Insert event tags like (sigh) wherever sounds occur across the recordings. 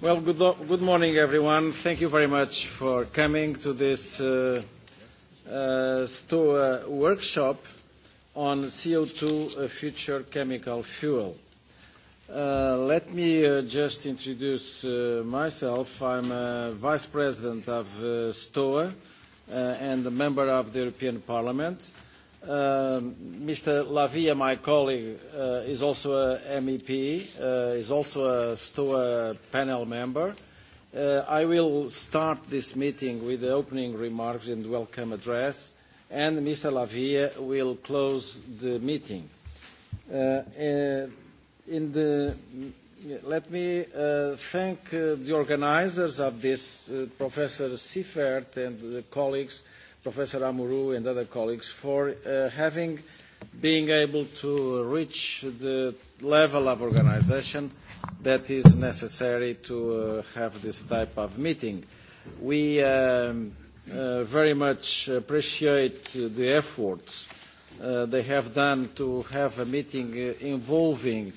Well, good, good morning, everyone. Thank you very much for coming to this uh, uh, uh workshop on CO2, a uh, future chemical fuel. Uh, let me uh, just introduce uh, myself. I'm a uh, vice president of uh, STOA uh, and a member of the European Parliament. Uh, Mr. Um, Lavia, my colleague, uh, is also a MEP, uh, is also a STOA panel member. Uh, I will start this meeting with the opening remarks and welcome address, and Mr. Lavia will close the meeting. Uh, uh, in the, let me uh, thank uh, the organizers of this, uh, Professor Seifert and the colleagues, Professor Amuru and other colleagues for uh, having being able to reach the level of organization that is necessary to uh, have this type of meeting. We um, uh, very much appreciate the efforts uh, they have done to have a meeting uh, involving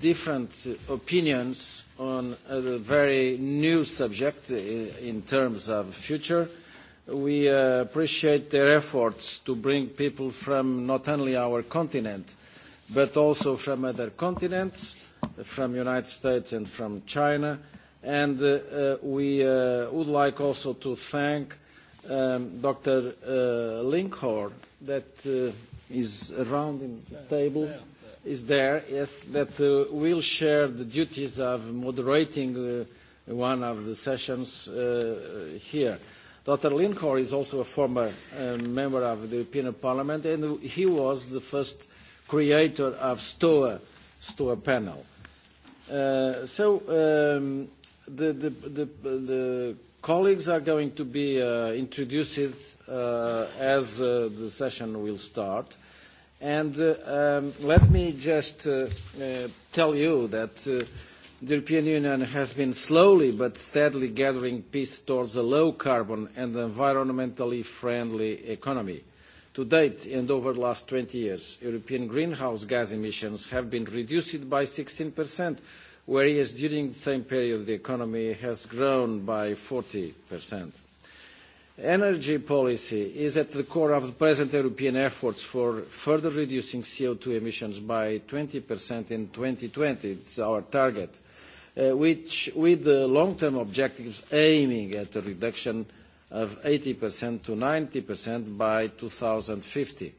different opinions on a very new subject uh, in terms of future. Uh, we uh, appreciate their efforts to bring people from not only our continent, but also from other continents, from United States and from China. And uh, uh, we uh, would like also to thank um, Dr. Uh, Linkhor, that uh, is around the table, is there, yes, that uh, will share the duties of moderating uh, one of the sessions uh, here. Dr. Lincor is also a former uh, member of the European Parliament, and he was the first creator of STOA, STOA panel. Uh, so um, the, the, the, the colleagues are going to be uh, introduced uh, as uh, the session will start. And uh, um, let me just uh, uh, tell you that uh, the European Union has been slowly but steadily gathering peace towards a low carbon and environmentally friendly economy. To date, and over the last 20 years, European greenhouse gas emissions have been reduced by 16%, whereas during the same period the economy has grown by 40%. Energy policy is at the core of the present European efforts for further reducing CO2 emissions by 20% in 2020. It's our target. Uh, which with the long-term objectives aiming at a reduction of 80%-90% by 2050.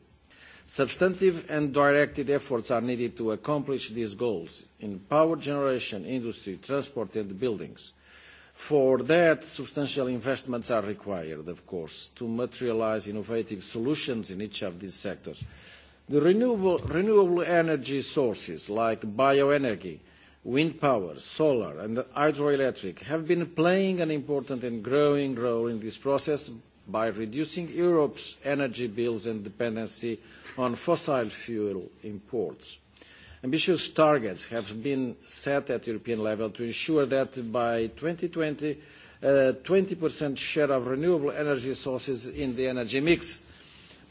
Substantive and directed efforts are needed to accomplish these goals in power generation, industry, transport, and buildings. For that, substantial investments are required, of course, to materialize innovative solutions in each of these sectors. The renewable energy sources like bioenergy, wind power, solar, and hydroelectric have been playing an important and growing role in this process by reducing Europe's energy bills and dependency on fossil fuel imports. Ambitious targets have been set at European level to ensure that by 2020, 20% uh, share of renewable energy sources in the energy mix,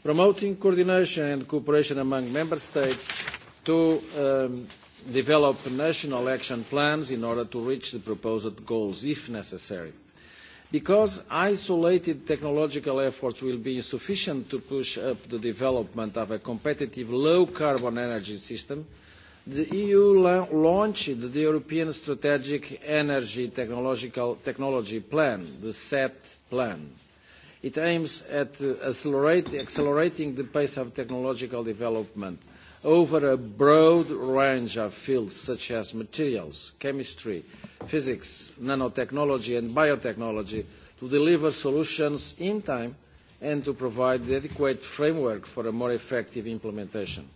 promoting coordination and cooperation among member states to um, develop national action plans in order to reach the proposed goals, if necessary. Because isolated technological efforts will be insufficient to push up the development of a competitive low-carbon energy system, the EU la launched the European Strategic Energy Technological Technology Plan, the SET plan. It aims at uh, accelerate, accelerating the pace of technological development over a broad range of fields such as materials, chemistry, physics, nanotechnology and biotechnology to deliver solutions in time and to provide the adequate framework for a more effective implementation.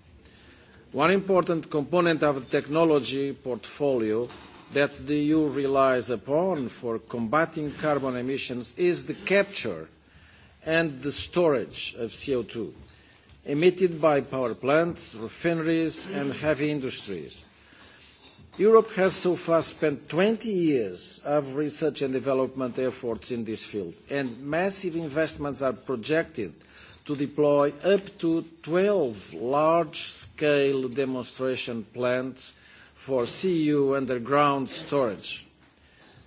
One important component of the technology portfolio that the EU relies upon for combating carbon emissions is the capture and the storage of CO2 emitted by power plants, refineries and heavy industries. Europe has so far spent 20 years of research and development efforts in this field, and massive investments are projected to deploy up to 12 large-scale demonstration plants for CU underground storage.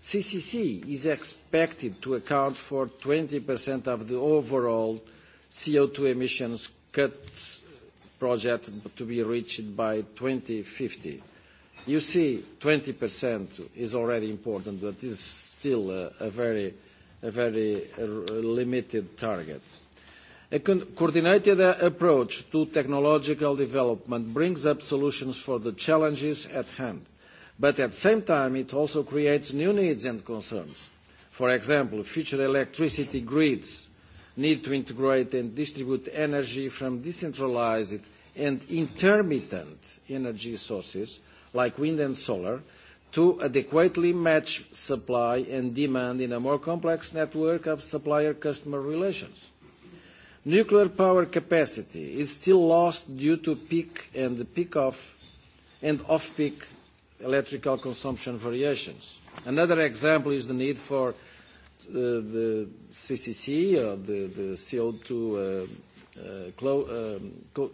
CCC is expected to account for 20% of the overall CO2 emissions cuts projected to be reached by 2050. You see, 20% is already important, but is still a very uh, limited target. A coordinated uh, approach to technological development brings up solutions for the challenges at hand, but at the same time, it also creates new needs and concerns. For example, future electricity grids need to integrate and distribute energy from decentralized and intermittent energy sources, like wind and solar, to adequately match supply and demand in a more complex network of supplier-customer relations. Nuclear power capacity is still lost due to peak and peak-off and off-peak electrical consumption variations. Another example is the need for Uh, the CCC or uh, the, the CO2 uh, uh, clo um, co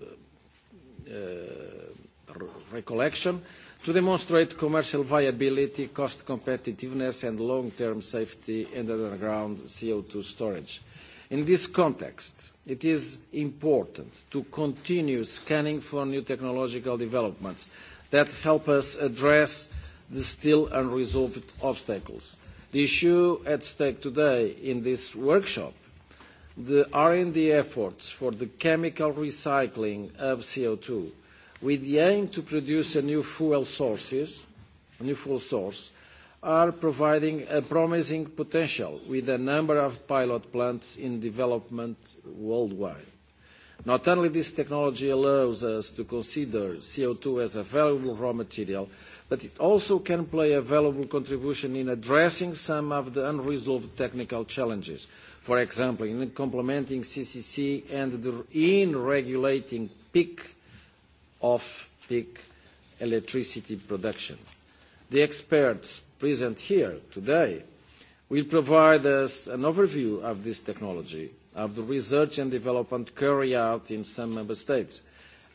uh, recollection to demonstrate commercial viability, cost competitiveness, and long-term safety in the underground CO2 storage. In this context, it is important to continue scanning for new technological developments that help us address the still unresolved obstacles. The issue at stake today in this workshop, the R&D efforts for the chemical recycling of CO2 with the aim to produce a new fuel sources, a new fuel source, are providing a promising potential with a number of pilot plants in development worldwide. Not only this technology allows us to consider CO2 as a valuable raw material, but it also can play a valuable contribution in addressing some of the unresolved technical challenges. For example, in complementing CCC and in regulating off-peak electricity production. The experts present here today will provide us an overview of this technology, of the research and development carried out in some member states,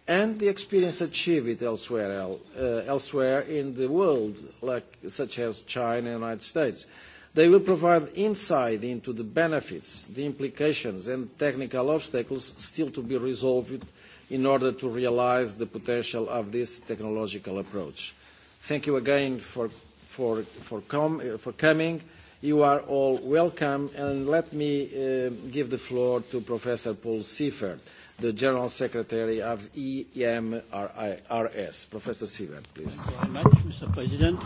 and the experience achieved elsewhere, el uh, elsewhere in the world, like, such as China and the United States. They will provide insight into the benefits, the implications and technical obstacles still to be resolved in order to realize the potential of this technological approach. Thank you again for, for, for, com uh, for coming. You are all welcome. And let me uh, give the floor to Professor Paul Seifert the General Secretary of EMRS. Professor Sievert, please. Thank you very much, Mr. President.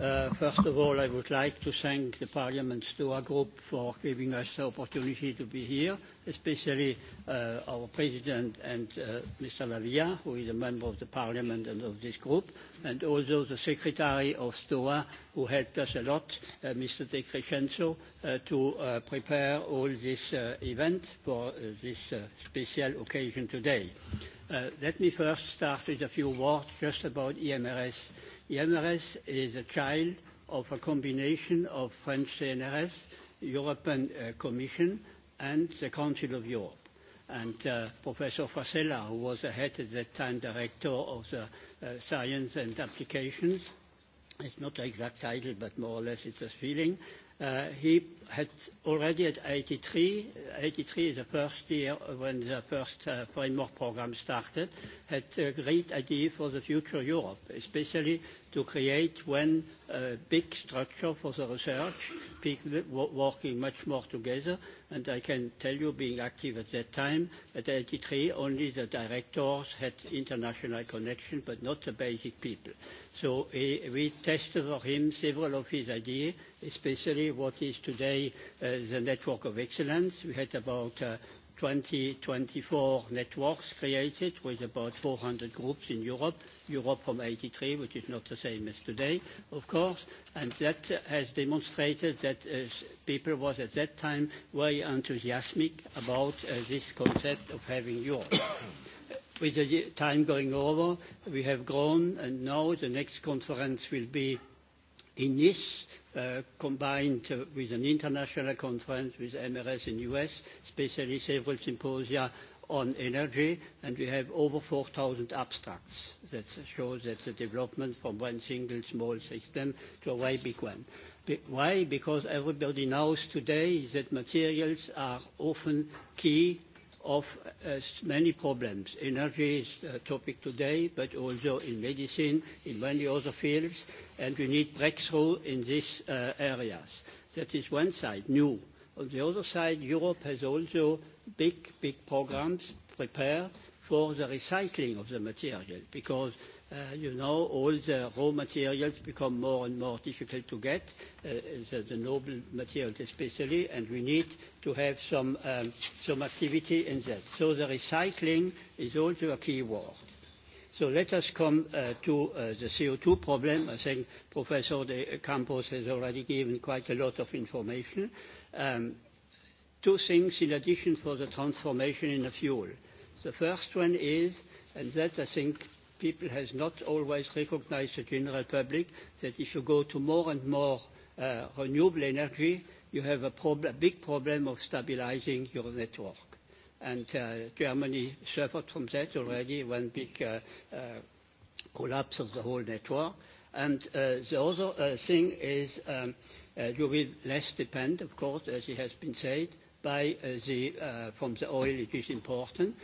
Uh, first of all, I would like to thank the Parliament Stoa Group for giving us the opportunity to be here, especially uh, our President and uh, Mr. Lavia, who is a member of the Parliament and of this group, and also the Secretary of Stoa, who helped us a lot, Mr. De Crescenzo, to prepare all this event for this special occasion today. Let me first start with a few words just about IMRS. E CNRS is a child of a combination of French CNRS, European uh, Commission, and the Council of Europe. And uh, Professor Fasella, who was the head at that time director of the uh, science and applications, it's not the exact title, but more or less it's a feeling, Uh, he had already at 83, 83, uh, the first year when the first uh, foreign work program started, had a great idea for the future Europe, especially to create one uh, big structure for the research, people working much more together. And I can tell you, being active at that time, at 83, only the directors had international connection, but not the basic people. So uh, we tested for him several of his ideas, especially what is today uh, the network of excellence. We had about 24 uh, networks created with about 400 groups in Europe. Europe from 83, which is not the same as today, of course. That has demonstrated that as uh, people was at that time very enthusiastic about this concept of having Europe. (coughs) With the time going over, we have grown, and now the next conference will be in Nice, uh, combined uh, with an international conference with MRS in U.S., especially several symposia on energy, and we have over 4,000 abstracts. That shows that the development from one single small system to a very big one. Why? Because everybody knows today that materials are often key of uh, many problems. Energy is a topic today, but also in medicine, in many other fields, and we need breakthrough in these uh, areas. That is one side, new. On the other side, Europe has also big, big programs prepared for the recycling of the material, because Uh, you know, all the raw materials become more and more difficult to get, uh, the noble materials especially, and we need to have some, um, some activity in that. So the recycling is also a key word. So let us come uh, to uh, the CO2 problem. I think Professor De Campos has already given quite a lot of information. Um, two things in addition for the transformation in the fuel. The first one is, and that I think people has not always recognized the general public that if you go to more and more uh, renewable energy, you have a, prob a big problem of stabilizing your network. And uh, Germany suffered from that already, one big uh, uh, collapse of the whole network. And uh, the other uh, thing is um, uh, you will less depend, of course, as it has been said, by uh, the, uh, from the oil, it is important.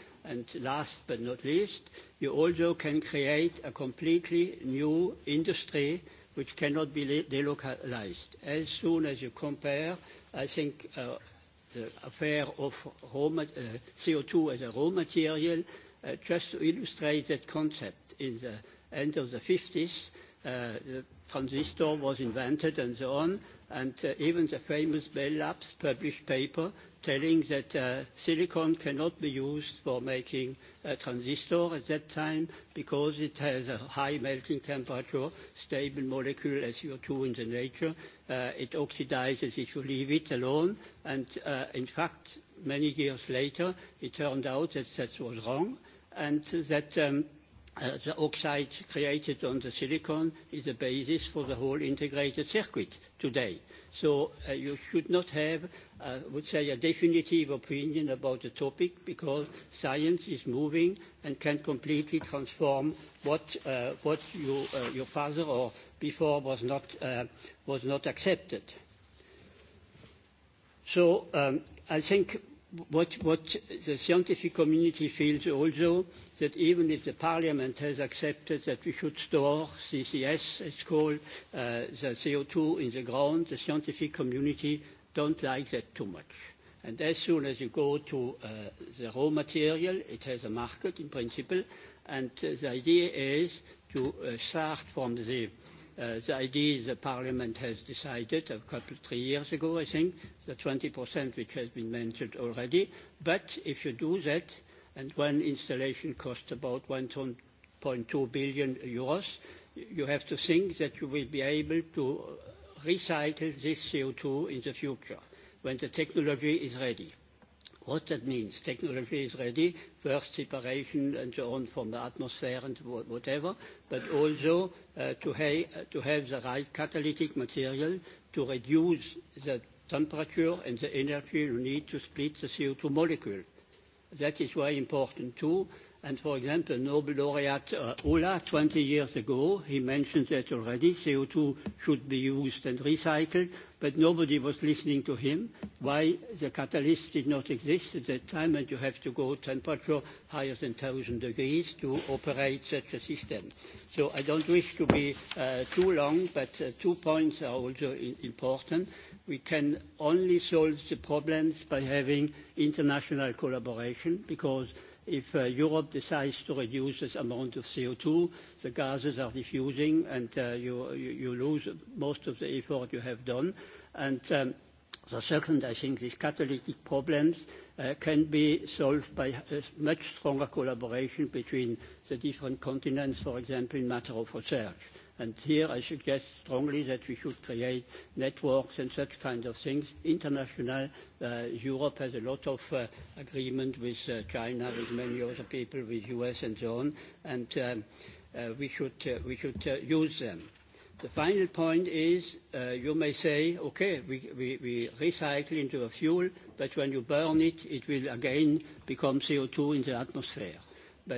Last but not least, you also can create a completely new industry which cannot be delocalized. As soon as you compare, I think, uh, the affair of uh, CO2 as a raw material, uh, just to illustrate that concept, in the end of the 1950s, the transistor was invented and so on, and even the famous Bell Labs published paper telling that uh, silicon cannot be used for making a transistor at that time because it has a high melting temperature, stable molecule SO2 in the nature. Uh, it oxidizes if you leave it alone. And uh, in fact, many years later, it turned out that that was wrong and that um, uh, the oxide created on the silicon is the basis for the whole integrated circuit today. So uh, you should not have, I uh, would say, a definitive opinion about the topic because science is moving and can completely transform what, uh, what you, uh, your father or before was not, uh, was not accepted. So um, I think what, what the scientific community feels also, that even if the parliament has accepted that we should store CCS, it's called, uh, the CO2 in the ground, the scientific community don't like that too much. And as soon as you go to uh, the raw material, it has a market in principle, and uh, the idea is to uh, start from the uh, Uh, the idea the parliament has decided a couple of three years ago, I think, the 20% which has been mentioned already. But if you do that, and one installation costs about 1.2 billion euros, you have to think that you will be able to recycle this CO2 in the future when the technology is ready what that means. Technology is ready, first separation and so on from the atmosphere and whatever, but also uh, to have the right catalytic material to reduce the temperature and the energy you need to split the CO2 molecule. That is very important too, And for example, Nobel laureate uh, Ola, 20 years ago, he mentioned that already CO2 should be used and recycled, but nobody was listening to him. Why the catalyst did not exist at that time, and you have to go temperature higher than 1,000 degrees to operate such a system. So I don't wish to be uh, too long, but uh, two points are also in- important. We can only solve the problems by having international collaboration, because if uh, Europe decides to reduce this amount of CO2, the gases are diffusing and uh, you, you lose most of the effort you have done. And um, the second, I think these catalytic problems uh, can be solved by a uh, much stronger collaboration between the different continents, for example, in matter of research. And here I suggest strongly that we should create networks and such kind of things. International, uh, Europe has a lot of uh, agreement with uh, China, with many other people, with US and so on, and um, uh, we should, uh, we should uh, use them. The final point is uh, you may say, okay, we, we, we recycle into a fuel, but when you burn it, it will again become CO2 in the atmosphere.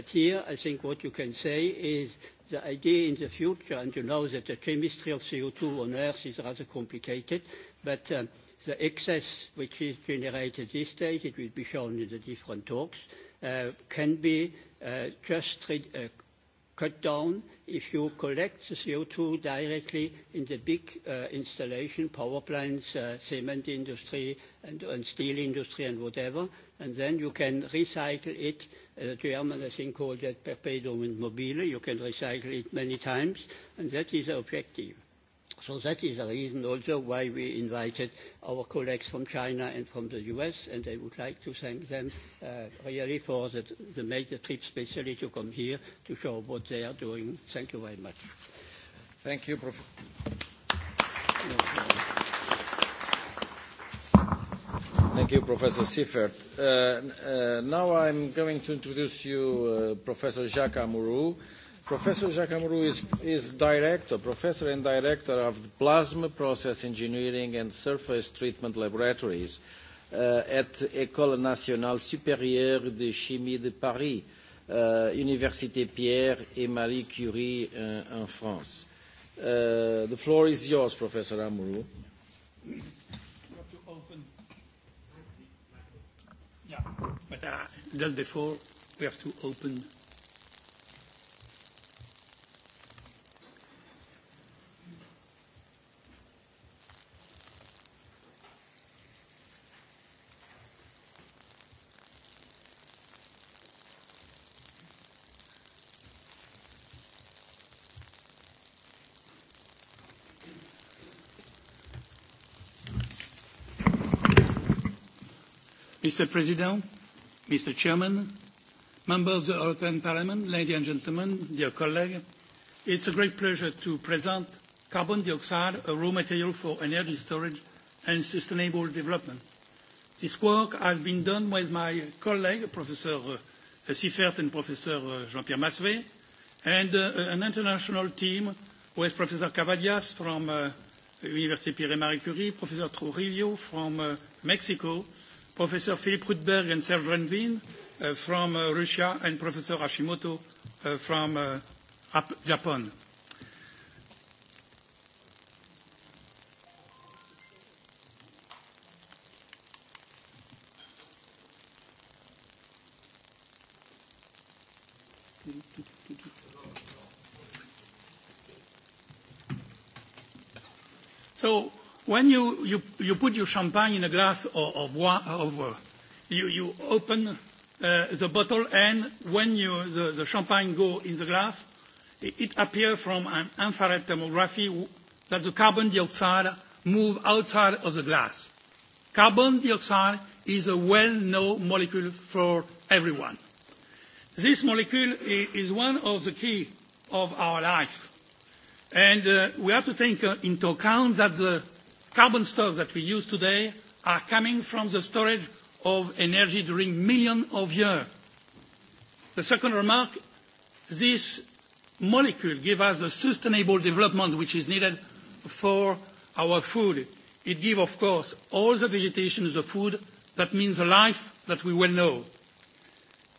Here, I think what you can say is the idea in the future, and you know that the chemistry of CO2 on Earth is rather complicated, but um, the excess which is generated this stage, it will be shown in the different talks, uh, can be uh, just uh, cut down if you collect the CO2 directly in the big installation, power plants, cement industry and steel industry and whatever, and then you can recycle it uh, eh, that you have this thing called that perpetuum in mobile, you can recycle it many times, and that is the objective. So that is the reason also why we invited our colleagues from China and from the US, and I would like to thank them uh, really for the, the major trip specially to come here to show what they are doing. Thank you very much. Thank you, Professor. Thank you, Professor Siffert. Uh, uh, now I'm going to introduce you uh, Professor Jacques Amourou. Professor Jacques Amourou is, is director, professor and director of the Plasma Process Engineering and Surface Treatment Laboratories uh, at École Nationale Supérieure de Chimie de Paris, uh, Université Pierre et Marie Curie uh, in France. Uh, the floor is yours, Professor Amourou. but uh, than before, we have to open Mr. President, Mr. Chairman, members of the European Parliament, ladies and gentlemen, dear colleagues, it's a great pleasure to present carbon dioxide, a raw material for energy storage and sustainable development. This work has been done with my colleague, Professor uh, Siffert and Professor uh, Jean-Pierre Massuet, and uh, an international team with Professor Cavadias from uh, University Pierre Marie Curie, Professor Trujillo from uh, Mexico, Professor Philippe Rutberg and Serge Renvin uh, from uh, Russia and Professor Hashimoto uh, from uh, Japan. So when you, you, you put your champagne in a glass of, of, of uh, you, you open uh, the bottle and when you, the, the champagne go in the glass, it, it appears from an infrared thermography that the carbon dioxide move outside of the glass. Carbon dioxide is a well-known molecule for everyone. This molecule is, is one of the key of our life. And uh, we have to take uh, into account that the carbon stocks that we use today are coming from the storage of energy during millions of years. The second remark, this molecule gives us a sustainable development which is needed for our food. It gives, of course, all the vegetation the food that means the life that we well know.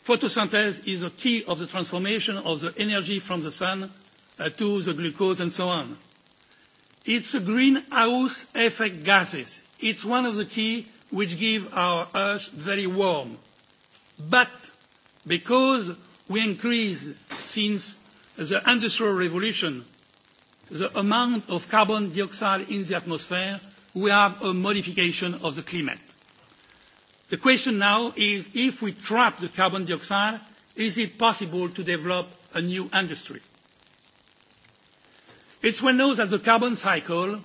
Photosynthesis is a key of the transformation of the energy from the sun uh, to the glucose and so on. It's a greenhouse effect gases. It's one of the key which give our Earth very warm. Because we increase since the Industrial Revolution, the amount of carbon dioxide in the atmosphere, we have a modification of the climate. The question now is, if we trap the carbon dioxide, is it possible to develop a new industry? It's well known that the carbon cycle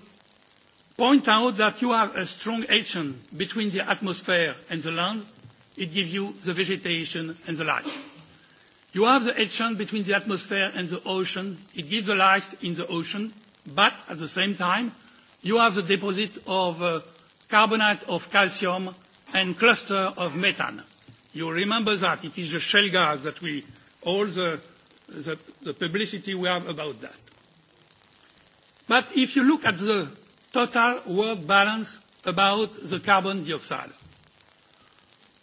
points out that you have a strong action between the atmosphere and the land. It gives you the vegetation and the life. You have the action between the atmosphere and the ocean. It gives the life in the ocean. But at the same time, you have the deposit of uh, carbonate of calcium and cluster of methane. You remember that. It is the shale gas that we, all the, the, the publicity we have about that. If you look at the total world balance about the carbon dioxide,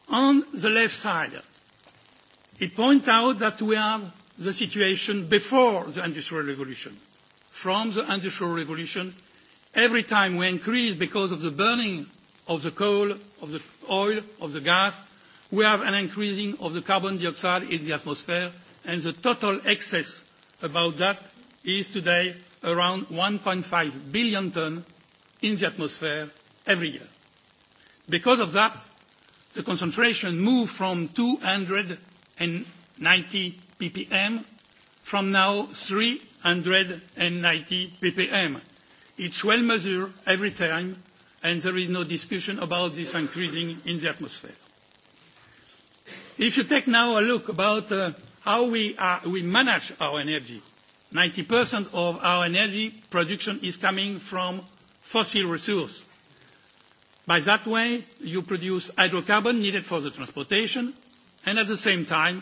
on the left side, it point out that we have the situation before the Industrial Revolution. From the Industrial Revolution, every time we increase because of the burning of the coal, of the oil, of the gas, we have an increasing of the carbon dioxide in the atmosphere, and the total excess about that is today around 1.5 billion tons in the atmosphere every year. Because of that, the concentration moved from 290 ppm from now 390 ppm. It's well measured every time and there is no discussion about this increasing in the atmosphere. If you take now a look about uh, how we, uh, we manage our energy, 90% of our energy production is coming from fossil resource. By that way, you produce hydrocarbon needed for the transportation, and at the same time,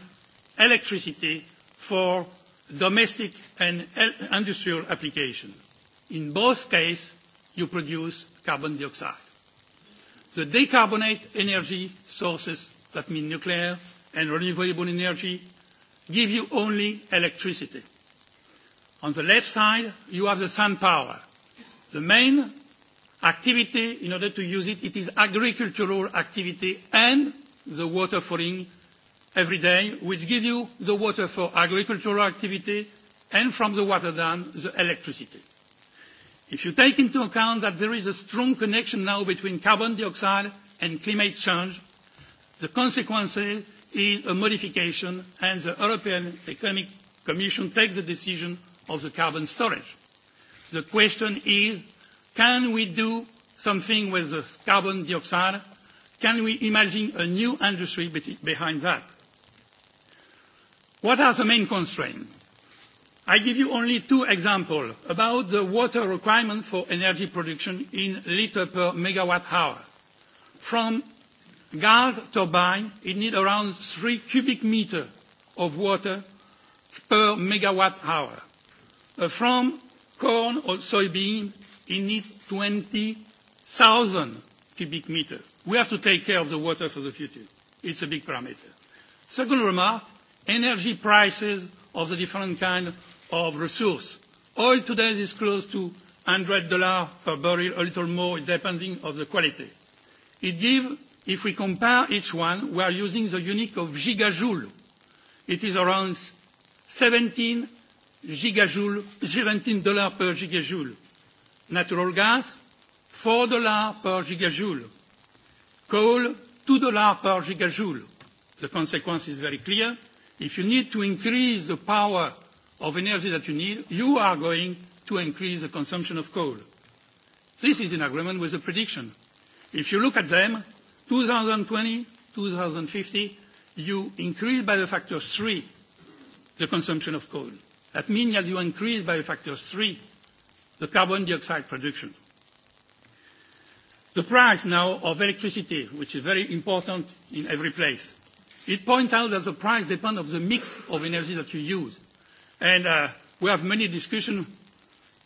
electricity for domestic and industrial application. In both case, you produce carbon dioxide. The decarbonate energy sources, that mean nuclear and renewable energy, give you only electricity. On the left side, you have the sun power. The main activity in order to use it, it is agricultural activity and the water falling every day, which gives you the water for agricultural activity and from the water down, the electricity. If you take into account that there is a strong connection now between carbon dioxide and climate change, the consequence is a modification and the European Economic Commission takes the decision of the carbon storage. The question is, can we do something with the carbon dioxide? Can we imagine a new industry behind that? What are the main constraints? I give you only two example about the water requirement for energy production in liter per megawatt hour. From gas turbine, it need around 3 cubic meter of water per megawatt hour. Uh, from corn or soybean, it needs 20,000 cubic meters. We have to take care of the water for the future. It's a big parameter. Second remark, energy prices of the different kind of resource. Oil today is close to $100 per barrel, a little more depending on the quality. It gives, if we compare each one, we are using the unique of gigajoule. It is around 17 gigajoule, 17 dollars per gigajoule. Natural gas, 4 dollars per gigajoule. Coal, 2 dollars per gigajoule. The consequence is very clear. If you need to increase the power of energy that you need, you are going to increase the consumption of coal. This is in agreement with the prediction. If you look at them, 2020, 2050, you increase by the factor of three the consumption of coal. That means that you increase by a factor of three the carbon dioxide production. The price now of electricity, which is very important in every place, it points out that the price depends on the mix of energy that you use. And uh, we have many discussions,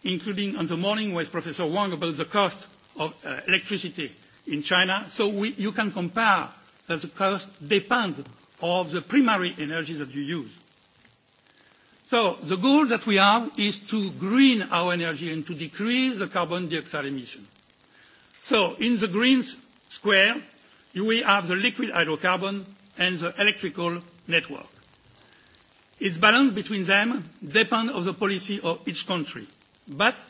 including on the morning with Professor Wang about the cost of uh, electricity in China. So we, you can compare that the cost depends on the primary energy that you use. The goal that we have is to green our energy and to decrease the carbon dioxide emission. In the green square, we have the liquid hydrocarbon and the electrical network. Its balance between them depend on the policy of each country.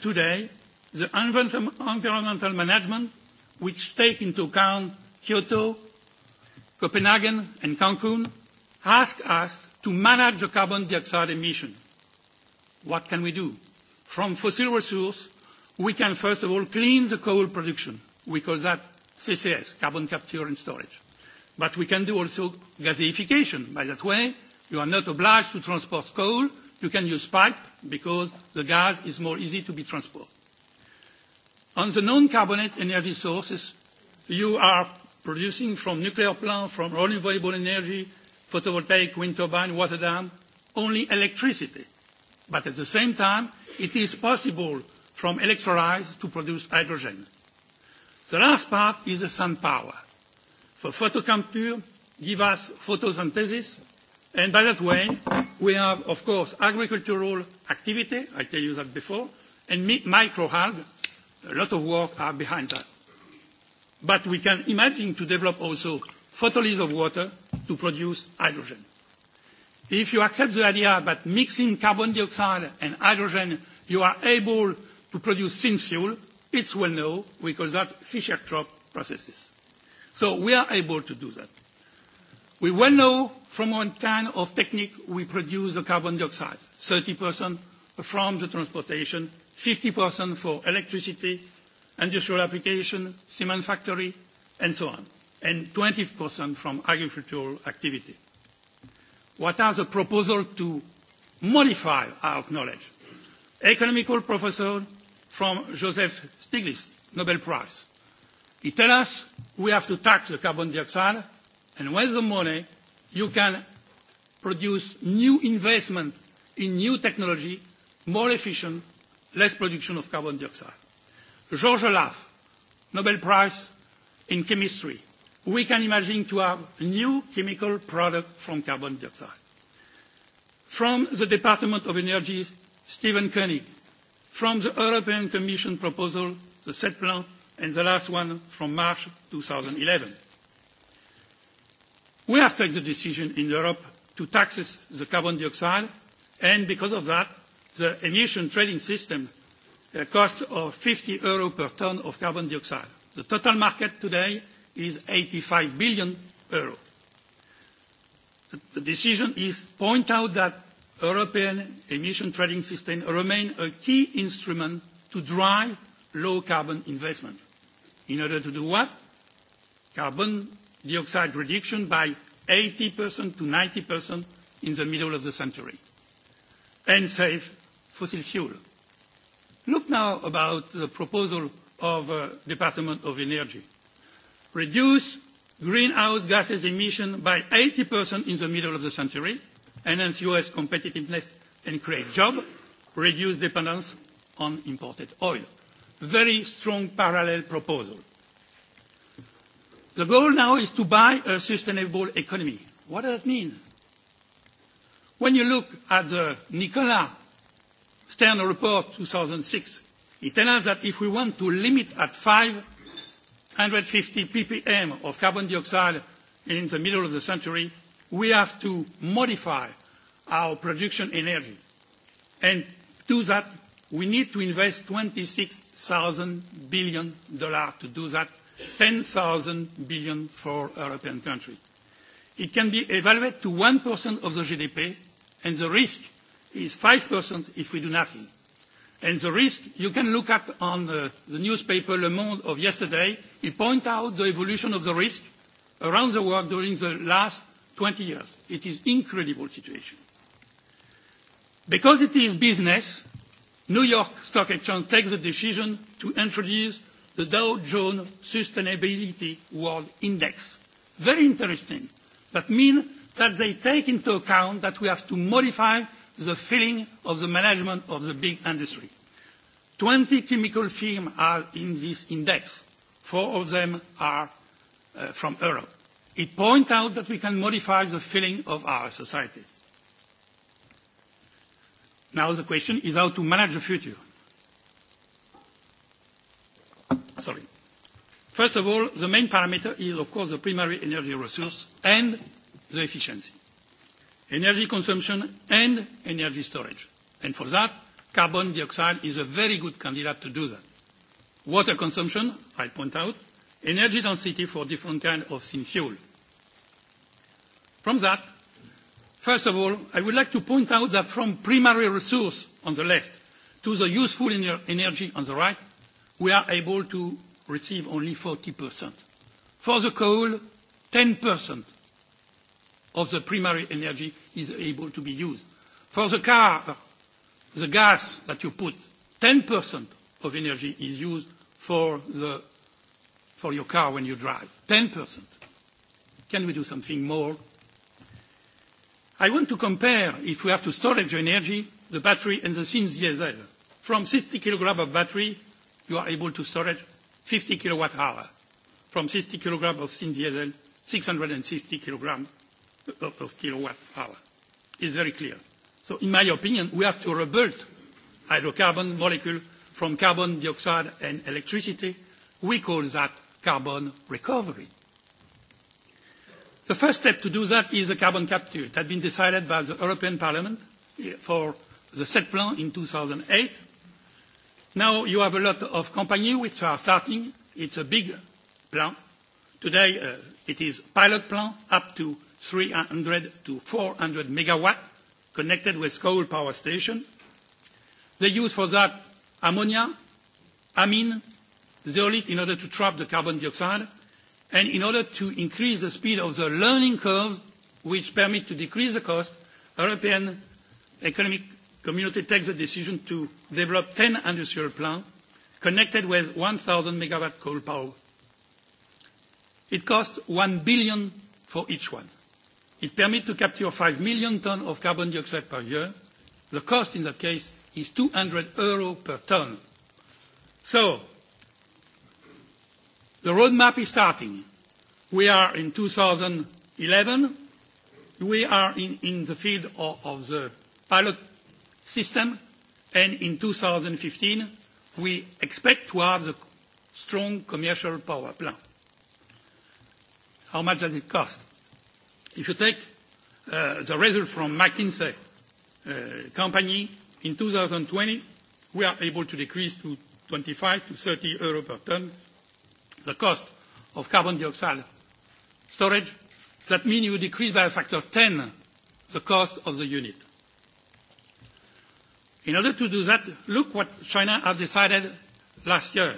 Today, the environmental management, which take into account Kyoto, Copenhagen, and Cancun, ask us to manage the carbon dioxide emission. What can we do? From fossil resources, we can first of all clean the coal production. We call that CCS, carbon capture and storage. But we can do also gasification. By that way, you are not obliged to transport coal. You can use pipe because the gas is more easy to be transported. On the non-carbonate energy sources, you are producing from nuclear plants, from renewable energy, photovoltaic wind turbine water down only electricity. But at the same time, it is possible from electrolyze to produce hydrogen. The last part is the sun power. For photocampure, give us photosynthesis, and by that way, we have, of course, agricultural activity, I tell you that before, and microalgae, a lot of work are behind that. But we can imagine to develop also photolysis of water to produce hydrogen. If you accept the idea that mixing carbon dioxide and hydrogen, you are able to produce syn-fuel, it's well known, we call that Fischer-Tropsch processes. We are able to do that. We well know from what kind of technique we produce the carbon dioxide, 30% from the transportation, 50% for electricity, industrial application, cement factory, and so on and 20% from agricultural activity. What are the proposal to modify our knowledge? Economical professor from Joseph Stiglitz, Nobel Prize. He tell us we have to tax the carbon dioxide, and with the money, you can produce new investment in new technology, more efficient, less production of carbon dioxide. Georges Lasse, Nobel Prize in chemistry we can imagine to have new chemical product from carbon dioxide. From the Department of Energy, Stephen Koenig, from the European Commission proposal, the set plan, and the last one from March 2011. We have taken the decision in Europe to tax the carbon dioxide, and because of that, the emission trading system a uh, cost of 50 euro per ton of carbon dioxide. The total market today is 85 billion euro. The decision points out that European emission trading system remains a key instrument to drive low carbon investment. In order to do what? Carbon dioxide reduction by 80%-90% in the middle of the century, and save fossil fuel. Look now about the proposal of uh, Department of Energy reduce greenhouse gases emission by 80% in the middle of the century, enhance U.S. competitiveness and create jobs, reduce dependence on imported oil. Very strong parallel proposal. The goal now is to buy a sustainable economy. What does that mean? When you look at the Nicola Stern report 2006, it tells us that if we want to limit at five 150 ppm of carbon dioxide in the middle of the century, we have to modify our production energy. And to do that, we need to invest $26,000 billion to do that, $10,000 billion for European countries. It can be evaluated to 1% of the GDP, and the risk is 5% if we do nothing and the risk you can look at on uh, the newspaper le monde of yesterday it point out the evolution of the risk around the world during the last 20 years it is incredible situation because it is business new york stock exchange takes the decision to introduce the dow jones sustainability world index very interesting that means that they take into account that we have to modify the feeling of the management of the big industry. 20 chemical firms are in this index. Four of them are uh, from Europe. It points out that we can modify the feeling of our society. Now the question is how to manage the future. Sorry. First of all, the main parameter is, of course, the primary energy resource and the efficiency energy consumption and energy storage. For that, carbon dioxide is a very good candidate to do that. Water consumption, I point out, energy density for different kind of syn-fuel. From that, first of all, I would like to point out that from primary resource on the left to the useful energy on the right, we are able to receive only 40%. For the coal, 10% of the primary energy is able to be used. For the car, the gas that you put, 10% of energy is used for, the, for your car when you drive. 10%. Can we do something more? I want to compare, if we have to storage energy, the battery and the SINS diesel. From 60 kilograms of battery, you are able to storage 50 kilowatt hour. From 60 kilograms of SINS diesel, 660 kilograms of kilowatt hour. It's very clear. In my opinion, we have to rebuild hydrocarbon molecule from carbon dioxide and electricity. We call that carbon recovery. The first step to do that is a carbon capture. It had been decided by the European Parliament for the set plan in 2008. Now you have a lot of company which are starting. It's a big plan. Today, uh, it is pilot plan up to 300-400 MW connected with coal power station. They use for that ammonia, amine, zeolite in order to trap the carbon dioxide, and in order to increase the speed of the learning curve, which permit to decrease the cost, European economic community takes a decision to develop 10 industrial plant connected with 1,000 MW coal power. It costs 1 billion for each one. It permit to capture 5 million tons of carbon dioxide per year. The cost in that case is 200 euro per ton. The roadmap is starting. We are in 2011. We are in the field of the pilot system, and in 2015, we expect to have the strong commercial power plant. How much does it cost? If you take uh, the result from McKinsey uh, company in 2020, we are able to decrease to 25-30 euro per ton the cost of carbon dioxide storage. That mean you decrease by a factor of 10 the cost of the unit. In order to do that, look what China have decided last year.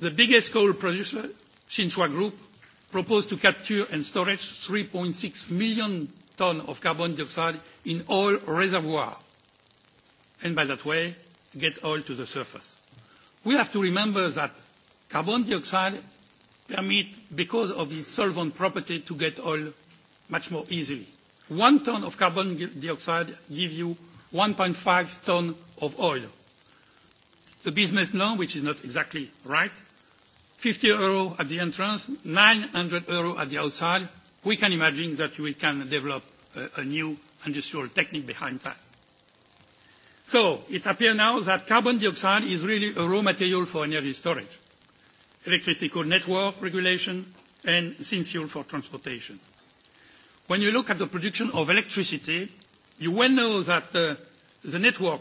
The biggest coal producer, Tsinghua Group, proposed to capture and storage 3.6 million tons of carbon dioxide in oil reservoirs, and by that way, get oil to the surface. We have to remember that carbon dioxide permit, because of its solvent property, to get oil much more easily. One ton of carbon dioxide gives you 1.5 ton of oil. The business now, which is not exactly right, 50 euro at the entrance, 900 euro at the outside, we can imagine that we can develop uh, a new industrial technique behind that. It appear now that carbon dioxide is really a raw material for energy storage, electrical network regulation, and since fuel for transportation. When you look at the production of electricity, you well know that uh, the network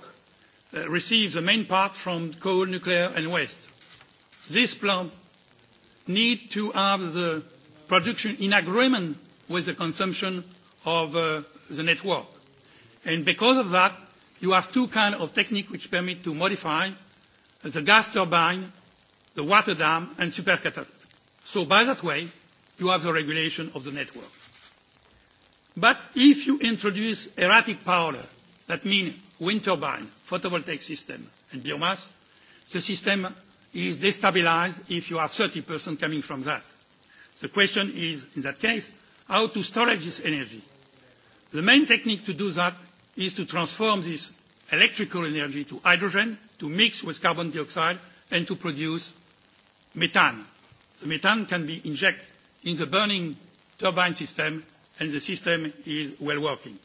uh, receives the main part from coal, nuclear, and waste. This plant need to have the production in agreement with the consumption of uh, the network. And because of that, you have two kinds of techniques which permit to modify the gas turbine, the water dam, and supercatalyst. So by that way, you have the regulation of the network. But if you introduce erratic power, that means wind turbine, photovoltaic system, and biomass, the system is destabilized if you have 30% coming from that. The question is, in that case, how to storage this energy? The main technique to do that is to transform this electrical energy to hydrogen, to mix with carbon dioxide, and to produce methane. The methane can be injected in the burning turbine system, and the system is well working.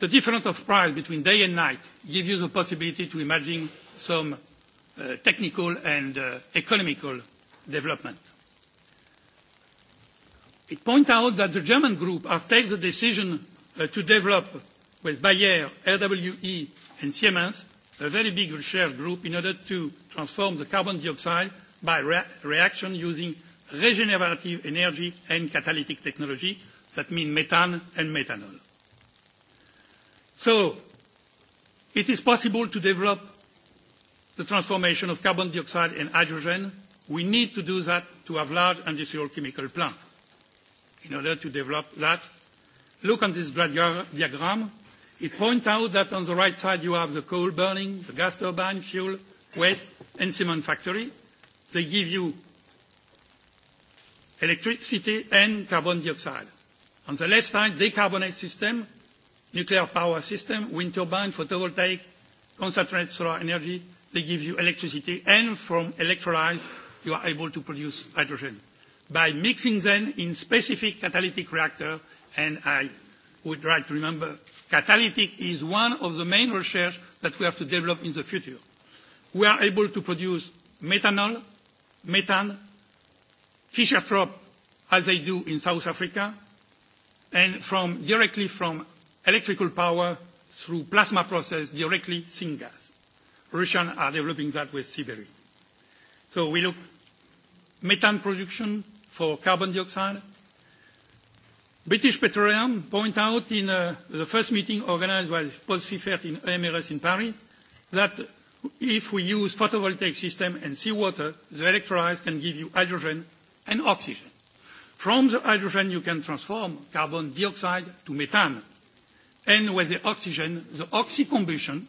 The difference of price between day and night give you the possibility to imagine some uh, technical and uh, economical development. It points out that the German group are taking the decision uh, to develop with Bayer, RWE and Siemens a very big research group in order to transform the carbon dioxide by re- reaction using regenerative energy and catalytic technology that mean methane and methanol. So it is possible to develop the transformation of carbon dioxide and hydrogen, we need to do that to have large industrial chemical plants. In order to develop that, look on this diagram. It points out that on the right side you have the coal burning, the gas turbine, fuel, waste, and cement factory. They give you electricity and carbon dioxide. On the left side, decarbonized system, nuclear power system, wind turbine, photovoltaic, concentrated solar energy, they give you electricity, and from electrolyze, you are able to produce hydrogen by mixing them in specific catalytic reactor. And I would like to remember, catalytic is one of the main research that we have to develop in the future. We are able to produce methanol, methane, Fischer-Tropsch, as they do in South Africa, and from, directly from electrical power through plasma process, directly syngas. Russian are developing that with Sibiri. We look methane production for carbon dioxide. British Petroleum point out in uh, the first meeting organized by Paul Siffert in AMRS in Paris, that if we use photovoltaic system and seawater, the electrolyzer can give you hydrogen and oxygen. From the hydrogen, you can transform carbon dioxide to methane. With the oxygen, the oxy-combustion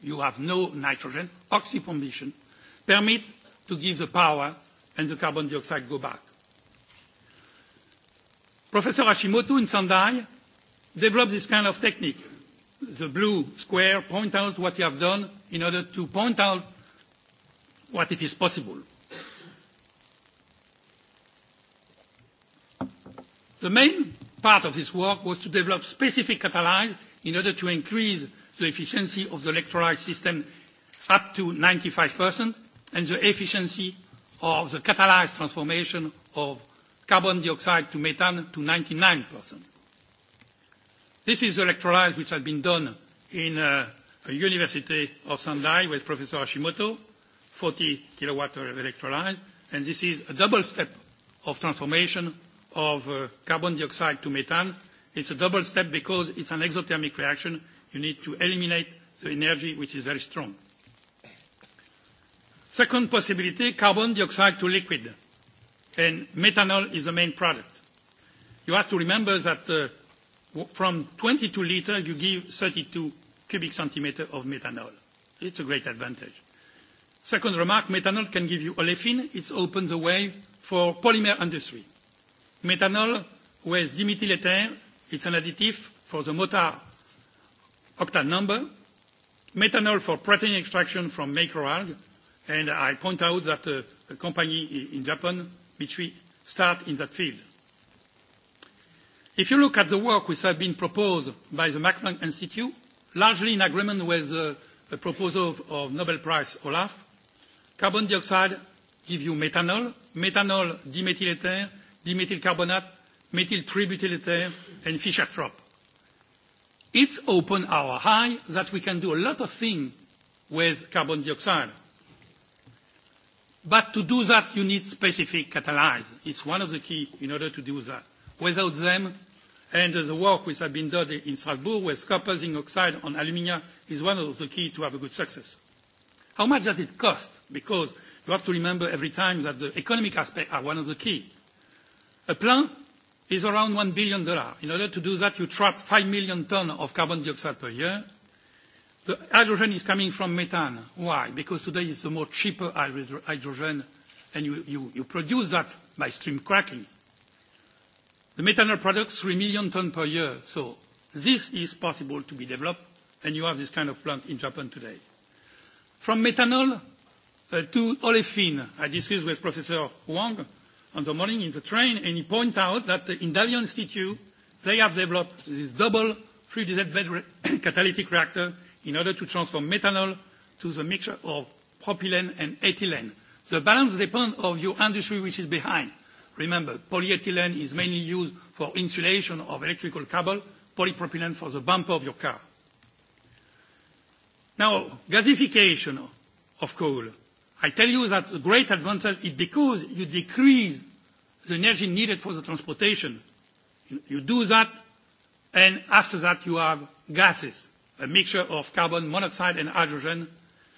you have no nitrogen, oxypombation, permit to give the power and the carbon dioxide go back. Professor Hashimoto in Sendai developed this kind of technique. The blue square point out what you have done in order to point out what it is possible. The main part of this work was to develop specific catalyze in order to increase the efficiency of the electrolyte system up to 95% and the efficiency of the catalyzed transformation of carbon dioxide to methane to 99%. This is the electrolyte which has been done in uh, a university of Sendai with Professor Hashimoto, 40 kilowatt of electrolyte, and this is a double step of transformation of uh, carbon dioxide to methane. It's a double step because it's an exothermic reaction You need to eliminate the energy, which is very strong. Second possibility, carbon dioxide to liquid. And methanol is the main product. You have to remember that uh, from 22 liters, you give 32 cubic centimeters of methanol. It's a great advantage. Second remark, methanol can give you olefin. It opens the way for polymer industry. Methanol, with dimethyl ether, it's an additive for the motor octal number, methanol for protein extraction from macroalgae, and I point out that uh, a company in Japan, Mitsui, start in that field. If you look at the work which have been proposed by the Max Planck Institute, largely in agreement with the uh, proposal of Nobel Prize Olaf, carbon dioxide give you methanol dimethyl ether, dimethyl carbonate, methyl tributyl ether, and Fischer-Tropsch. It's opened our eye that we can do a lot of things with carbon dioxide. But to do that, you need specific catalysts. It's one of the key in order to do that. Without them, and the work which have been done in Strasbourg with copper, zinc oxide on alumina, is one of the key to have a good success. How much does it cost? Because you have to remember every time that the economic aspect are one of the key. A plant is around $1 billion. In order to do that, you trap 5 million tons of carbon dioxide per year. The hydrogen is coming from methane. Why? Because today it's the more cheaper hydrogen, and you produce that by steam cracking. The methanol products, 3 million tons per year. This is possible to be developed, and you have this kind of plant in Japan today. From methanol uh, to olefin, I discussed with Professor Wang, on the morning in the train, and he point out that in Dalian Institute, they have developed this double 3DZ bed re (coughs) catalytic reactor in order to transform methanol to the mixture of propylene and ethylene. The balance depends on your industry which is behind. Remember, polyethylene is mainly used for insulation of electrical cable, polypropylene for the bumper of your car. Now, gasification of coal. I tell you that the great advantage is because you decrease the energy needed for the transportation. You do that, and after that you have gases, a mixture of carbon monoxide and hydrogen.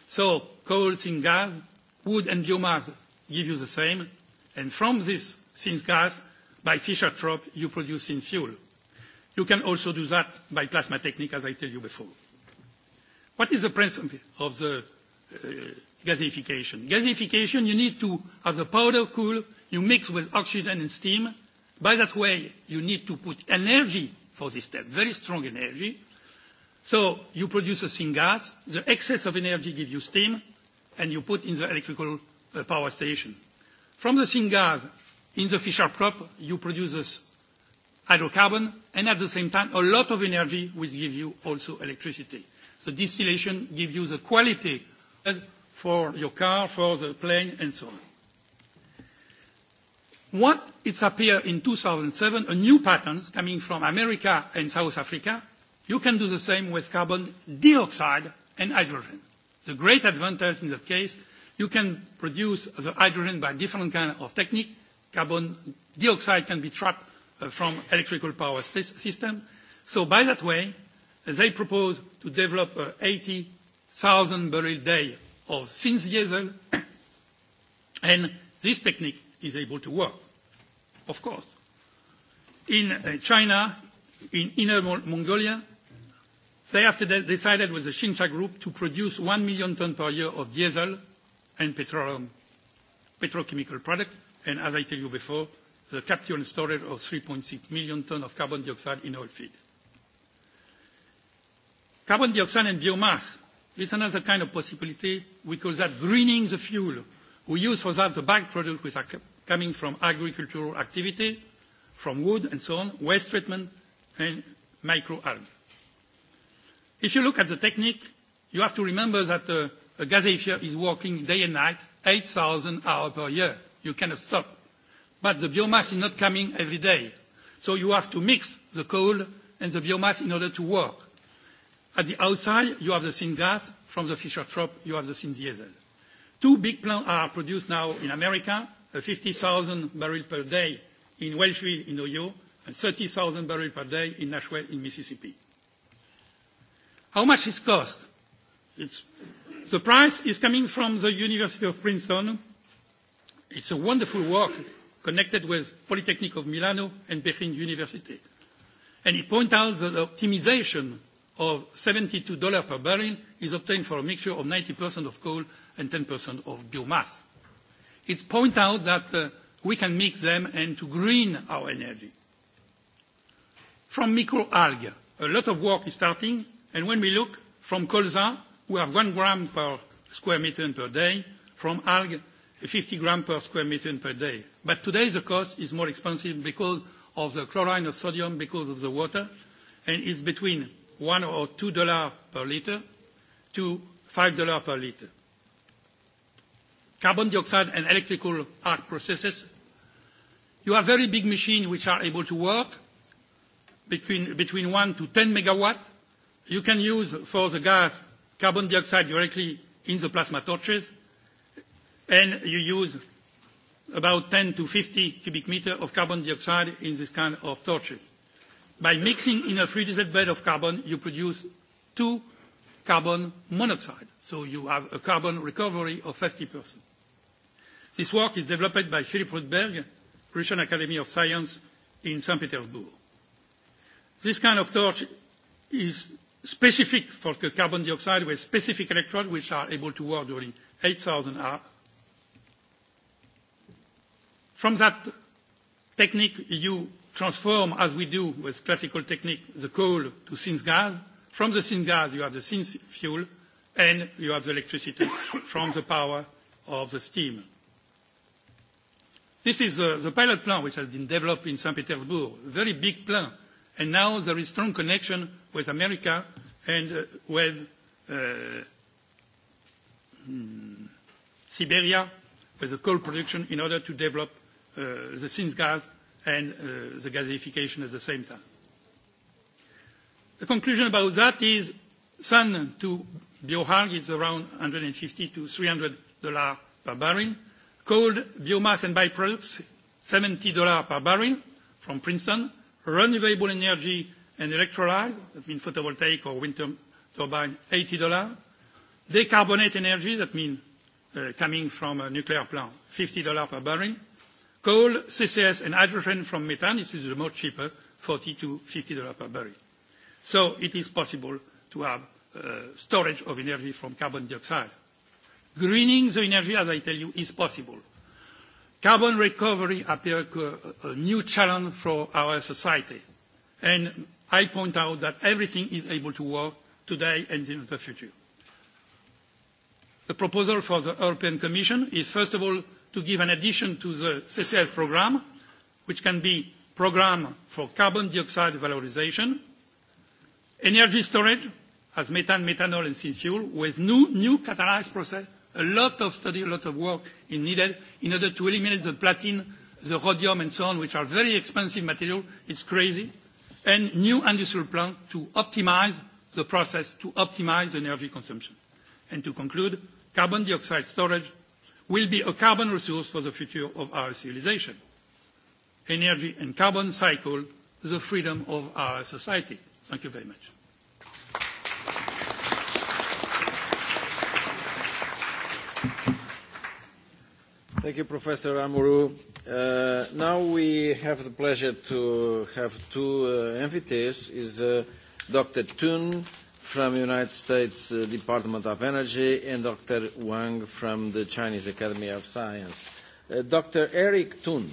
So coal, syn gas, wood and biomass give you the same. And from this syn gas, by fischer trop you produce syn fuel. You can also do that by plasma technique, as I tell you before. What is the principle of the uh, gasification. Gasification, you need to have the powder cool, you mix with oxygen and steam. By that way, you need to put energy for this step, very strong energy. So you produce a syngas, the excess of energy gives you steam, and you put in the electrical uh, power station. From the syngas, in the Fischer prop, you produce this hydrocarbon, and at the same time, a lot of energy will give you also electricity. The distillation gives you the quality. Uh, for your car, for the plane, and so on. What it's appear in 2007, a new patent coming from America and South Africa, you can do the same with carbon dioxide and hydrogen. The great advantage in that case, you can produce the hydrogen by different kind of technique. Carbon dioxide can be trapped uh, from electrical power system. By that way, they propose to develop 80,000 uh, barrel a day of synth diesel, and this technique is able to work, of course. In uh, China, in Inner Mongolia, they have decided with the Xinsha Group to produce 1 million tons per year of diesel and petroleum, petrochemical product, and as I tell you before, the capture and storage of 3.6 million tons of carbon dioxide in oil feed. Carbon dioxide and biomass is another kind of possibility we call that greening the fuel. We use for that the byproduct which are coming from agricultural activity, from wood and so on, waste treatment and microalgae. If you look at the technique, you have to remember that uh, a gazetier is working day and night, 8,000 hours per year. You cannot stop. But the biomass is not coming every day. So you have to mix the coal and the biomass in order to work. At the outside, you have the syngas. From the Fischer-Tropsch, you have the syngas. Two big plants are produced now in America, a 50,000 barrel per day in Wellsville in Ohio, and 30,000 barrel per day in Nashua in Mississippi. How much it cost? The price is coming from the University of Princeton. It's a wonderful work connected with Politecnico di Milano and Berlin University. It point out the optimization of $72 per barrel is obtained for a mixture of 90% of coal and 10% of biomass. It points out that uh, we can mix them and to green our energy. From microalgae, a lot of work is starting, and when we look from colza, we have 1 gram per square meter per day. From algae, 50 gram per square meter per day. But today, the cost is more expensive because of the chlorine of sodium, because of the water, and it's between $1 or $2 per liter to $5 per liter. Carbon dioxide and electrical arc processes. You have very big machine which are able to work between 1-10 MW. You can use for the gas carbon dioxide directly in the plasma torches, and you use about 10-50 cubic meter of carbon dioxide in this kind of torches. By mixing in a freezed bed of carbon, you produce two carbon monoxide, so you have a carbon recovery of 50%. This work is developed by Philipp Rüedberg, Russian Academy of Science in St. Petersburg. This kind of torch is specific for the carbon dioxide, with specific electrodes which are able to work during 8,000 hours. From that technique, you transform, as we do with classical technique, the coal to syngas. From the syngas, you have the syn fuel, and you have the electricity (coughs) from the power of the steam. This is uh, the pilot plant which has been developed in St. Petersburg. Very big plant. Now there is strong connection with America and uh, with uh, hmm, Siberia, with the coal production in order to develop the syngas and uh, the gasification at the same time. The conclusion about that is SAN to Johan is around $150-$300 per barrel. Coal, biomass, and byproducts, $70 per barrel from Princeton. Renewable energy and electrolyzer, that means photovoltaic or wind turbine, $80. Decarbonate energy, that means uh, coming from a nuclear plant, $50 per barrel coal, CCS, and hydrogen from methane, which is much cheaper, $40-$50 per barrel. So it is possible to have uh, storage of energy from carbon dioxide. Greening the energy, as I tell you, is possible. Carbon recovery appear uh, a new challenge for our society, and I point out that everything is able to work today and in the future. The proposal for the European Commission is, first of all, to give an addition to the CCS program, which can be program for carbon dioxide valorization, energy storage as methane, methanol, and C-fuel with new, new catalyzed process. A lot of study, a lot of work is needed in order to eliminate the platinum, the rhodium, and so on, which are very expensive material. It's crazy. And new industrial plant to optimize the process, to optimize energy consumption. And to conclude, carbon dioxide storage will be a carbon resource for the future of our civilization. Energy and carbon cycle, the freedom of our society. Thank you very much. Thank you, Professor Amuru. Uh, now we have the pleasure to have two uh, invitees, is uh, Dr. Toon from the United States uh, Department of Energy and Dr. Wang from the Chinese Academy of Science. Uh, Dr. Eric Tun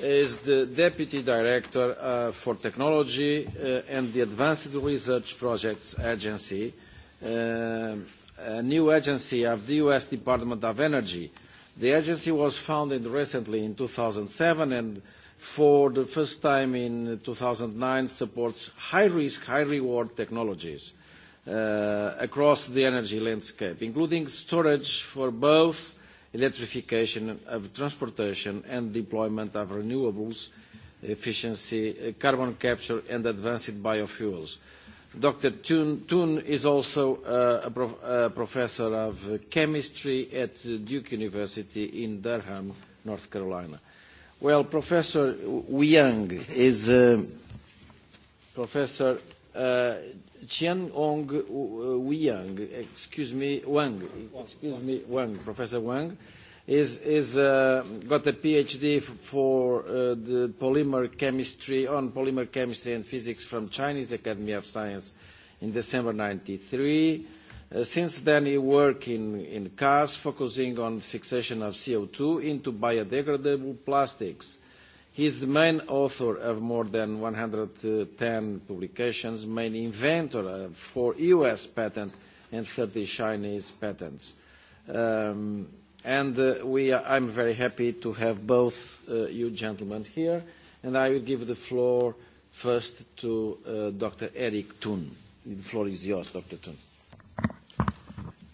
is the Deputy Director uh, for Technology uh, and the Advanced Research Projects Agency, uh, a new agency of the U.S. Department of Energy. The agency was founded recently in 2007 and for the first time in 2009 supports high-risk, high-reward technologies. Uh, across the energy landscape, including storage for both electrification of transportation and deployment of renewables, efficiency, uh, carbon capture and advanced biofuels. Dr. Thun, Thun is also uh, a, prof, a professor of chemistry at Duke University in Durham, North Carolina. Well, Professor Wu Young is uh, Professor uh, Chien Ong uh, Wiang, excuse me, Wang, excuse me, Wang, Professor Wang, is, is uh, got a PhD for uh, the polymer chemistry, on polymer chemistry and physics from Chinese Academy of Science in December 93. Uh, since then, he worked in, in CAS, focusing on fixation of CO2 into biodegradable plastics. Uh, He is the main author of more than 110 publications, main inventor of uh, four U.S. patents and 30 Chinese patents. Um, and uh, we are, I'm very happy to have both uh, you gentlemen here. And I will give the floor first to uh, Dr. Eric Thun. The floor is yours, Dr. Thun.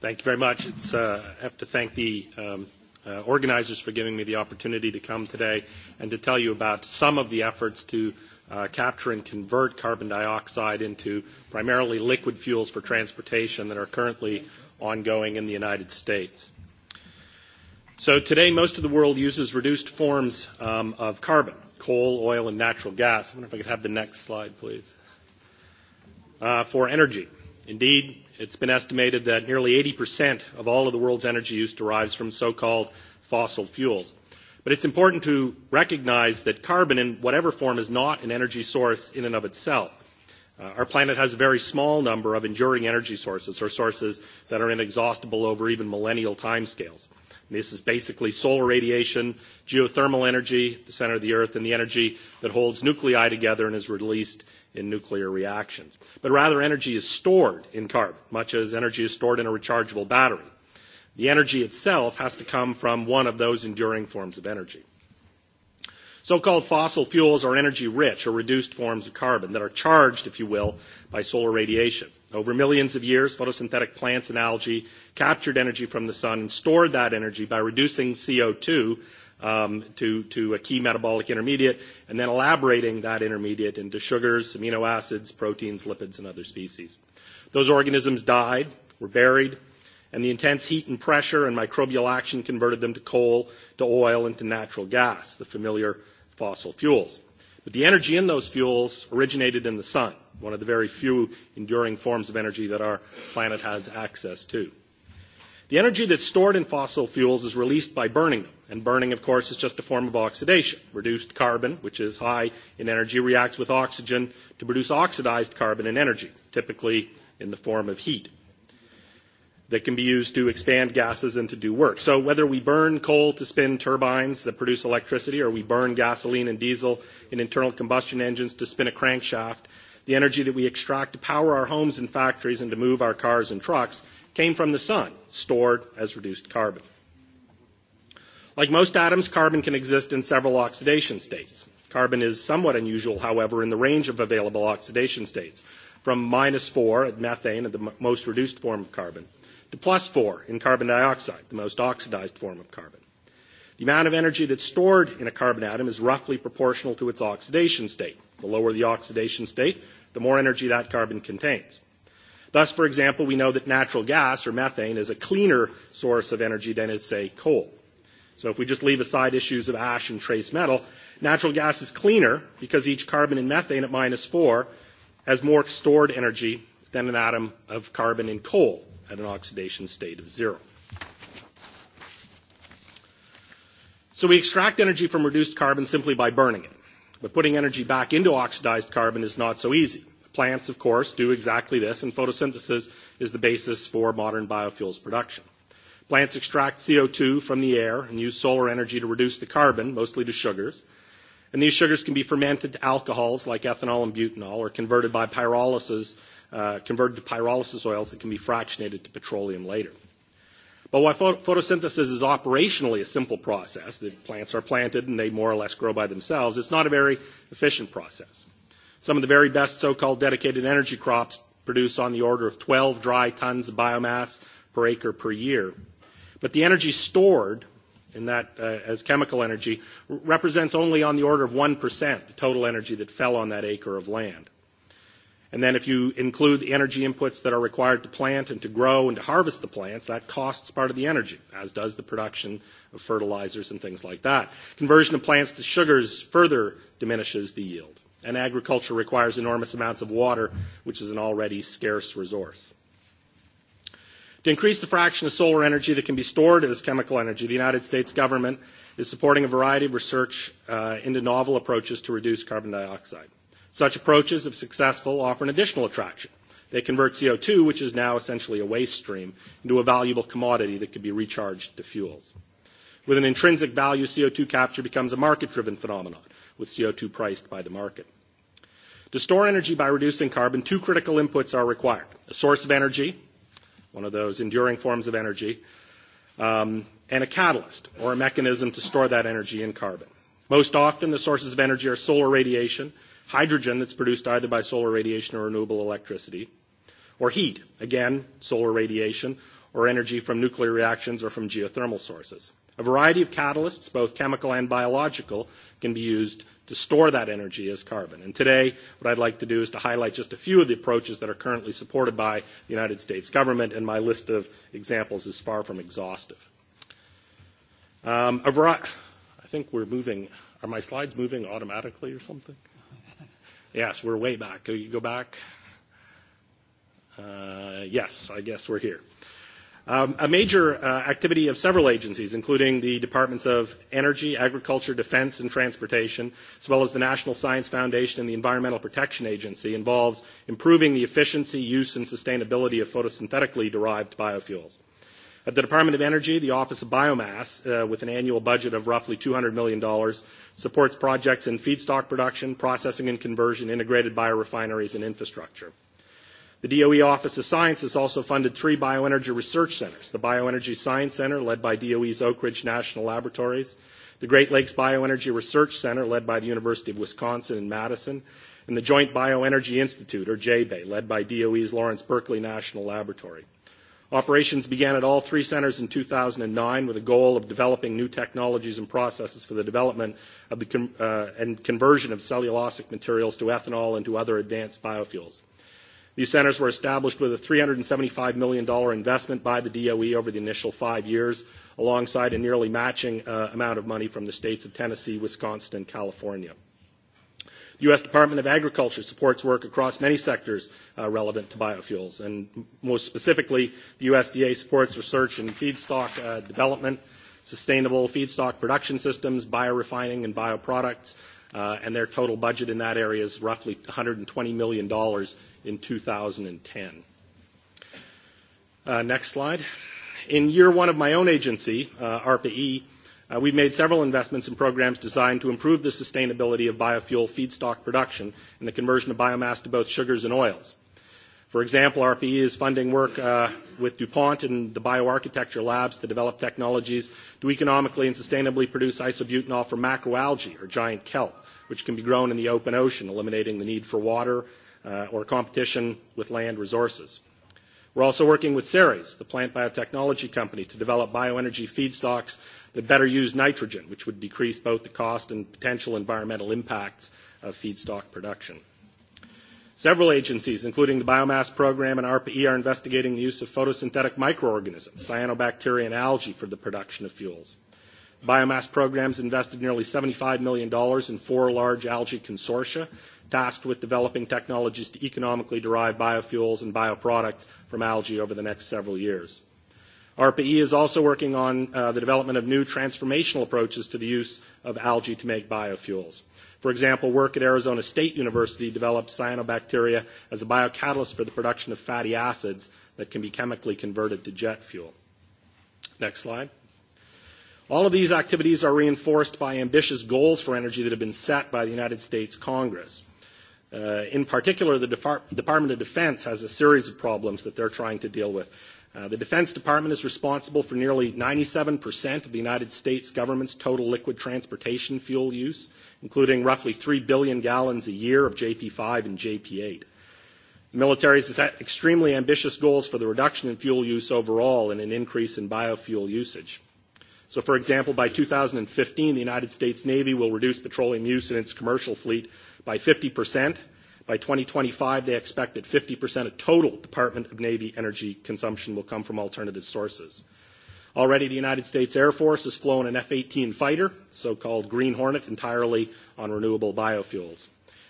Thank you very much. It's, uh, I have to thank the um, uh, organizers for giving me the opportunity to come today and to tell you about some of the efforts to uh, capture and convert carbon dioxide into primarily liquid fuels for transportation that are currently ongoing in the United States. So today, most of the world uses reduced forms um, of carbon, coal, oil, and natural gas. I wonder if I could have the next slide, please, uh, for energy. Indeed, It's been estimated that nearly 80% of all of the world's energy use derives from so called fossil fuels. But it's important to recognize that carbon, in whatever form, is not an energy source in and of itself. Uh, our planet has a very small number of enduring energy sources or sources that are inexhaustible over even millennial timescales. This is basically solar radiation, geothermal energy, the center of the Earth, and the energy that holds nuclei together and is released in nuclear reactions. But rather, energy is stored in carbon, much as energy is stored in a rechargeable battery. The energy itself has to come from one of those enduring forms of energy. So-called fossil fuels are energy-rich or reduced forms of carbon that are charged, if you will, by solar radiation. Over millions of years, photosynthetic plants and algae captured energy from the sun and stored that energy by reducing CO2 um, to, to a key metabolic intermediate and then elaborating that intermediate into sugars, amino acids, proteins, lipids, and other species. Those organisms died, were buried, and the intense heat and pressure and microbial action converted them to coal, to oil, and to natural gas, the familiar fossil fuels. But the energy in those fuels originated in the sun, one of the very few enduring forms of energy that our planet has access to. The energy that's stored in fossil fuels is released by burning them. And burning, of course, is just a form of oxidation. Reduced carbon, which is high in energy, reacts with oxygen to produce oxidized carbon and energy, typically in the form of heat that can be used to expand gases and to do work. So whether we burn coal to spin turbines that produce electricity or we burn gasoline and diesel in internal combustion engines to spin a crankshaft, the energy that we extract to power our homes and factories and to move our cars and trucks came from the sun, stored as reduced carbon. Like most atoms, carbon can exist in several oxidation states. Carbon is somewhat unusual, however, in the range of available oxidation states, from minus four at methane, the m- most reduced form of carbon, to plus 4 in carbon dioxide, the most oxidized form of carbon. The amount of energy that's stored in a carbon atom is roughly proportional to its oxidation state. The lower the oxidation state, the more energy that carbon contains. Thus, for example, we know that natural gas or methane is a cleaner source of energy than is, say, coal. So if we just leave aside issues of ash and trace metal, natural gas is cleaner because each carbon in methane at minus four has more stored energy than an atom of carbon in coal at an oxidation state of zero. So we extract energy from reduced carbon simply by burning it. But putting energy back into oxidized carbon is not so easy. Plants, of course, do exactly this, and photosynthesis is the basis for modern biofuels production. Plants extract CO2 from the air and use solar energy to reduce the carbon, mostly to sugars. And these sugars can be fermented to alcohols like ethanol and butanol or converted by pyrolysis Uh, converted to pyrolysis oils that can be fractionated to petroleum later. But while photosynthesis is operationally a simple process, the plants are planted and they more or less grow by themselves, it's not a very efficient process. Some of the very best so called dedicated energy crops produce on the order of 12 dry tons of biomass per acre per year. But the energy stored in that, uh, as chemical energy represents only on the order of 1% the total energy that fell on that acre of land. And then if you include the energy inputs that are required to plant and to grow and to harvest the plants, that costs part of the energy, as does the production of fertilizers and things like that. Conversion of plants to sugars further diminishes the yield. And agriculture requires enormous amounts of water, which is an already scarce resource. To increase the fraction of solar energy that can be stored as chemical energy, the United States government is supporting a variety of research uh, into novel approaches to reduce carbon dioxide. Such approaches, if successful, offer an additional attraction. They convert CO2, which is now essentially a waste stream, into a valuable commodity that can be recharged to fuels. With an intrinsic value, CO2 capture becomes a market-driven phenomenon, with CO2 priced by the market. To store energy by reducing carbon, two critical inputs are required. A source of energy, one of those enduring forms of energy, um, and a catalyst, or a mechanism to store that energy in carbon. Most often, the sources of energy are solar radiation, hydrogen that's produced either by solar radiation or renewable electricity, or heat, again, solar radiation, or energy from nuclear reactions or from geothermal sources. A variety of catalysts, both chemical and biological, can be used to store that energy as carbon. And today, what I'd like to do is to highlight just a few of the approaches that are currently supported by the United States government, and my list of examples is far from exhaustive. Um, a vari- I think we're moving. Are my slides moving automatically or something? Yes, we're way back. Can you go back? Uh, yes, I guess we're here. Um, a major uh, activity of several agencies, including the Departments of Energy, Agriculture, Defense, and Transportation, as well as the National Science Foundation and the Environmental Protection Agency, involves improving the efficiency, use, and sustainability of photosynthetically derived biofuels. At the Department of Energy, the Office of Biomass, uh, with an annual budget of roughly $200 million, supports projects in feedstock production, processing and conversion, integrated biorefineries, and infrastructure. The DOE Office of Science has also funded three bioenergy research centers the Bioenergy Science Center, led by DOE's Oak Ridge National Laboratories, the Great Lakes Bioenergy Research Center, led by the University of Wisconsin in Madison, and the Joint Bioenergy Institute, or JBAY, led by DOE's Lawrence Berkeley National Laboratory. Operations began at all three centers in 2009 with a goal of developing new technologies and processes for the development of the uh, and conversion of cellulosic materials to ethanol and to other advanced biofuels. These centers were established with a $375 million investment by the DOE over the initial five years, alongside a nearly matching uh, amount of money from the states of Tennessee, Wisconsin, and California. The U.S. Department of Agriculture supports work across many sectors uh, relevant to biofuels, and most specifically, the USDA supports research in feedstock uh, development, sustainable feedstock production systems, biorefining, and bioproducts, uh, and their total budget in that area is roughly $120 million in 2010. Uh, next slide. In year one of my own agency, uh, RPE, Uh, we've made several investments in programs designed to improve the sustainability of biofuel feedstock production and the conversion of biomass to both sugars and oils. For example, RPE is funding work uh, with DuPont and the bioarchitecture labs to develop technologies to economically and sustainably produce isobutanol from macroalgae or giant kelp, which can be grown in the open ocean, eliminating the need for water uh, or competition with land resources. We're also working with Ceres, the plant biotechnology company, to develop bioenergy feedstocks that better use nitrogen, which would decrease both the cost and potential environmental impacts of feedstock production. Several agencies, including the Biomass Program and ARPA-E, are investigating the use of photosynthetic microorganisms, cyanobacteria and algae, for the production of fuels. Biomass programs invested nearly $75 million in four large algae consortia tasked with developing technologies to economically derive biofuels and bioproducts from algae over the next several years. RPE is also working on uh, the development of new transformational approaches to the use of algae to make biofuels. For example, work at Arizona State University developed cyanobacteria as a biocatalyst for the production of fatty acids that can be chemically converted to jet fuel. Next slide. All of these activities are reinforced by ambitious goals for energy that have been set by the United States Congress. Uh, in particular, the Depart- Department of Defense has a series of problems that they're trying to deal with. Uh, the defense department is responsible for nearly 97% of the united states government's total liquid transportation fuel use, including roughly 3 billion gallons a year of jp5 and jp8. the military has set extremely ambitious goals for the reduction in fuel use overall and an increase in biofuel usage. so, for example, by 2015, the united states navy will reduce petroleum use in its commercial fleet by 50%. By 2025, they expect that 50% of total Department of Navy energy consumption will come from alternative sources. Already, the United States Air Force has flown an F 18 fighter, so called Green Hornet, entirely on renewable biofuels.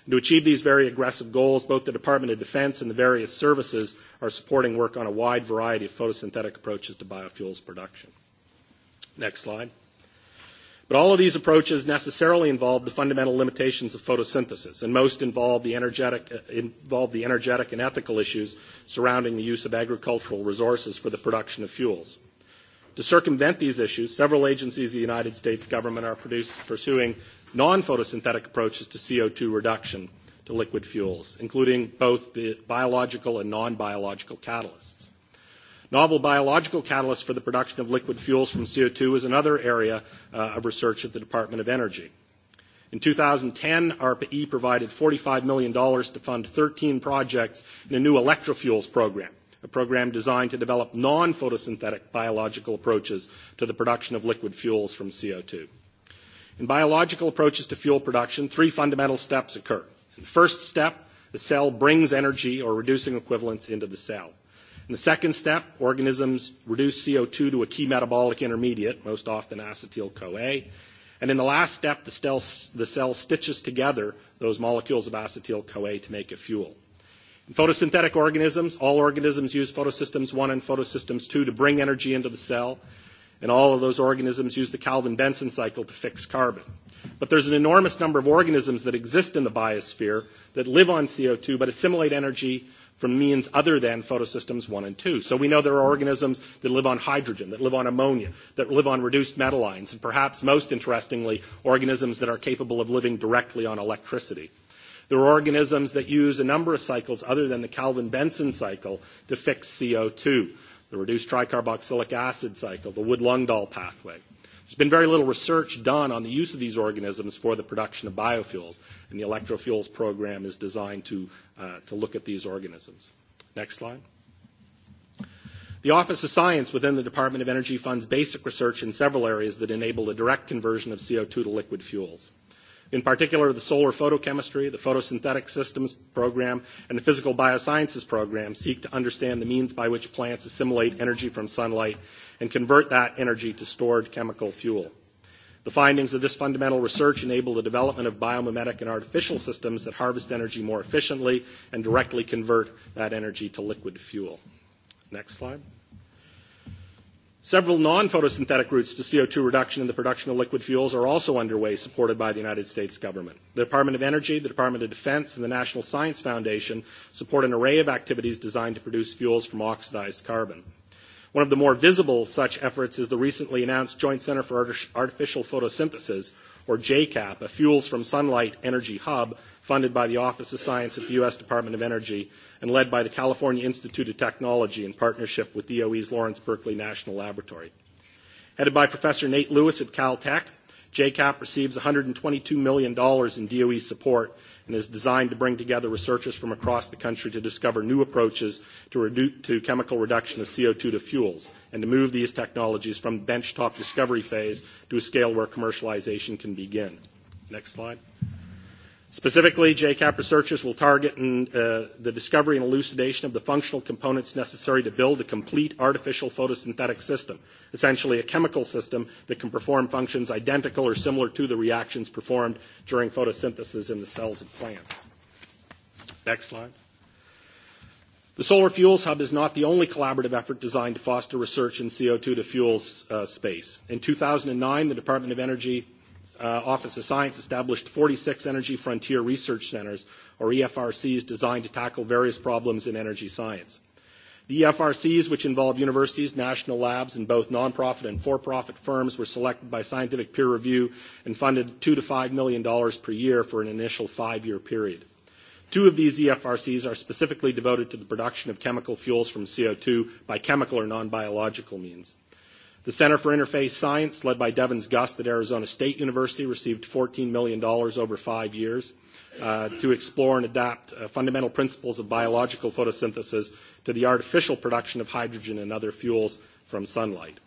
And to achieve these very aggressive goals, both the Department of Defense and the various services are supporting work on a wide variety of photosynthetic approaches to biofuels production. Next slide. But all of these approaches necessarily involve the fundamental limitations of photosynthesis, and most involve the energetic, uh, involve the energetic and ethical issues surrounding the use of agricultural resources for the production of fuels. To circumvent these issues, several agencies of the United States government are produced, pursuing non photosynthetic approaches to CO2 reduction to liquid fuels, including both the biological and non biological catalysts. Novel biological catalysts for the production of liquid fuels from CO2 is another area uh, of research at the Department of Energy. In 2010, ARPA-E provided $45 million to fund 13 projects in a new electrofuels program, a program designed to develop non-photosynthetic biological approaches to the production of liquid fuels from CO2. In biological approaches to fuel production, three fundamental steps occur. In the first step, the cell brings energy or reducing equivalents into the cell. In the second step, organisms reduce CO2 to a key metabolic intermediate, most often acetyl CoA. And in the last step, the cell, the cell stitches together those molecules of acetyl CoA to make a fuel. In photosynthetic organisms, all organisms use photosystems 1 and photosystems 2 to bring energy into the cell. And all of those organisms use the Calvin Benson cycle to fix carbon. But there's an enormous number of organisms that exist in the biosphere that live on CO2 but assimilate energy from means other than photosystems 1 and 2. So we know there are organisms that live on hydrogen, that live on ammonia, that live on reduced metal ions, and perhaps most interestingly, organisms that are capable of living directly on electricity. There are organisms that use a number of cycles other than the Calvin Benson cycle to fix CO2, the reduced tricarboxylic acid cycle, the Wood Lungdahl pathway. There's been very little research done on the use of these organisms for the production of biofuels, and the electrofuels program is designed to, uh, to look at these organisms. Next slide. The Office of Science within the Department of Energy funds basic research in several areas that enable the direct conversion of CO2 to liquid fuels in particular the solar photochemistry, the photosynthetic systems program, and the physical biosciences program seek to understand the means by which plants assimilate energy from sunlight and convert that energy to stored chemical fuel. The findings of this fundamental research enable the development of biomimetic and artificial systems that harvest energy more efficiently and directly convert that energy to liquid fuel. Next slide. Several non-photosynthetic routes to CO2 reduction in the production of liquid fuels are also underway, supported by the United States government. The Department of Energy, the Department of Defense, and the National Science Foundation support an array of activities designed to produce fuels from oxidized carbon. One of the more visible such efforts is the recently announced Joint Center for Artificial Photosynthesis, or JCAP, a fuels from sunlight energy hub funded by the Office of Science at the U.S. Department of Energy and led by the California Institute of Technology in partnership with DOE's Lawrence Berkeley National Laboratory. Headed by Professor Nate Lewis at Caltech, JCAP receives $122 million in DOE support and is designed to bring together researchers from across the country to discover new approaches to, redu- to chemical reduction of CO2 to fuels and to move these technologies from benchtop discovery phase to a scale where commercialization can begin. Next slide. Specifically, JCAP researchers will target in, uh, the discovery and elucidation of the functional components necessary to build a complete artificial photosynthetic system, essentially a chemical system that can perform functions identical or similar to the reactions performed during photosynthesis in the cells of plants. Next slide. The Solar Fuels Hub is not the only collaborative effort designed to foster research in CO2 to fuels uh, space. In 2009, the Department of Energy uh, Office of Science established 46 Energy Frontier Research Centers, or EFRCs, designed to tackle various problems in energy science. The EFRCs, which involve universities, national labs, and both nonprofit and for profit firms, were selected by scientific peer review and funded two to five million dollars per year for an initial five year period. Two of these EFRCs are specifically devoted to the production of chemical fuels from CO2 by chemical or non biological means. The Center for Interfaith Science, led by Devin's Gust at Arizona State University, received $14 million over five years uh, to explore and adapt uh, fundamental principles of biological photosynthesis to the artificial production of hydrogen and other fuels from sunlight.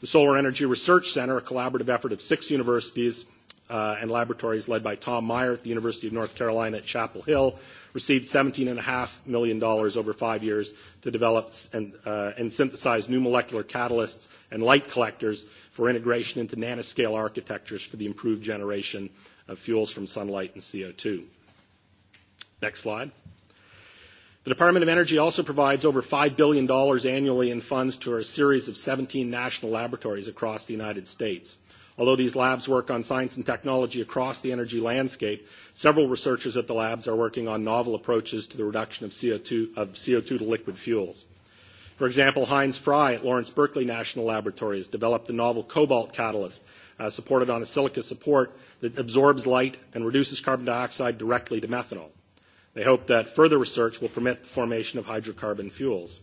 The Solar Energy Research Center, a collaborative effort of six universities uh, and laboratories led by Tom Meyer at the University of North Carolina at Chapel Hill, received $17.5 million over five years to develop uh, and synthesize new molecular catalysts and light collectors for integration into nanoscale architectures for the improved generation of fuels from sunlight and CO2. Next slide. The Department of Energy also provides over $5 billion annually in funds to a series of 17 national laboratories across the United States. Although these labs work on science and technology across the energy landscape, several researchers at the labs are working on novel approaches to the reduction of CO2, of CO2 to liquid fuels. For example, Heinz Fry at Lawrence Berkeley National Laboratory has developed a novel cobalt catalyst uh, supported on a silica support that absorbs light and reduces carbon dioxide directly to methanol. They hope that further research will permit the formation of hydrocarbon fuels.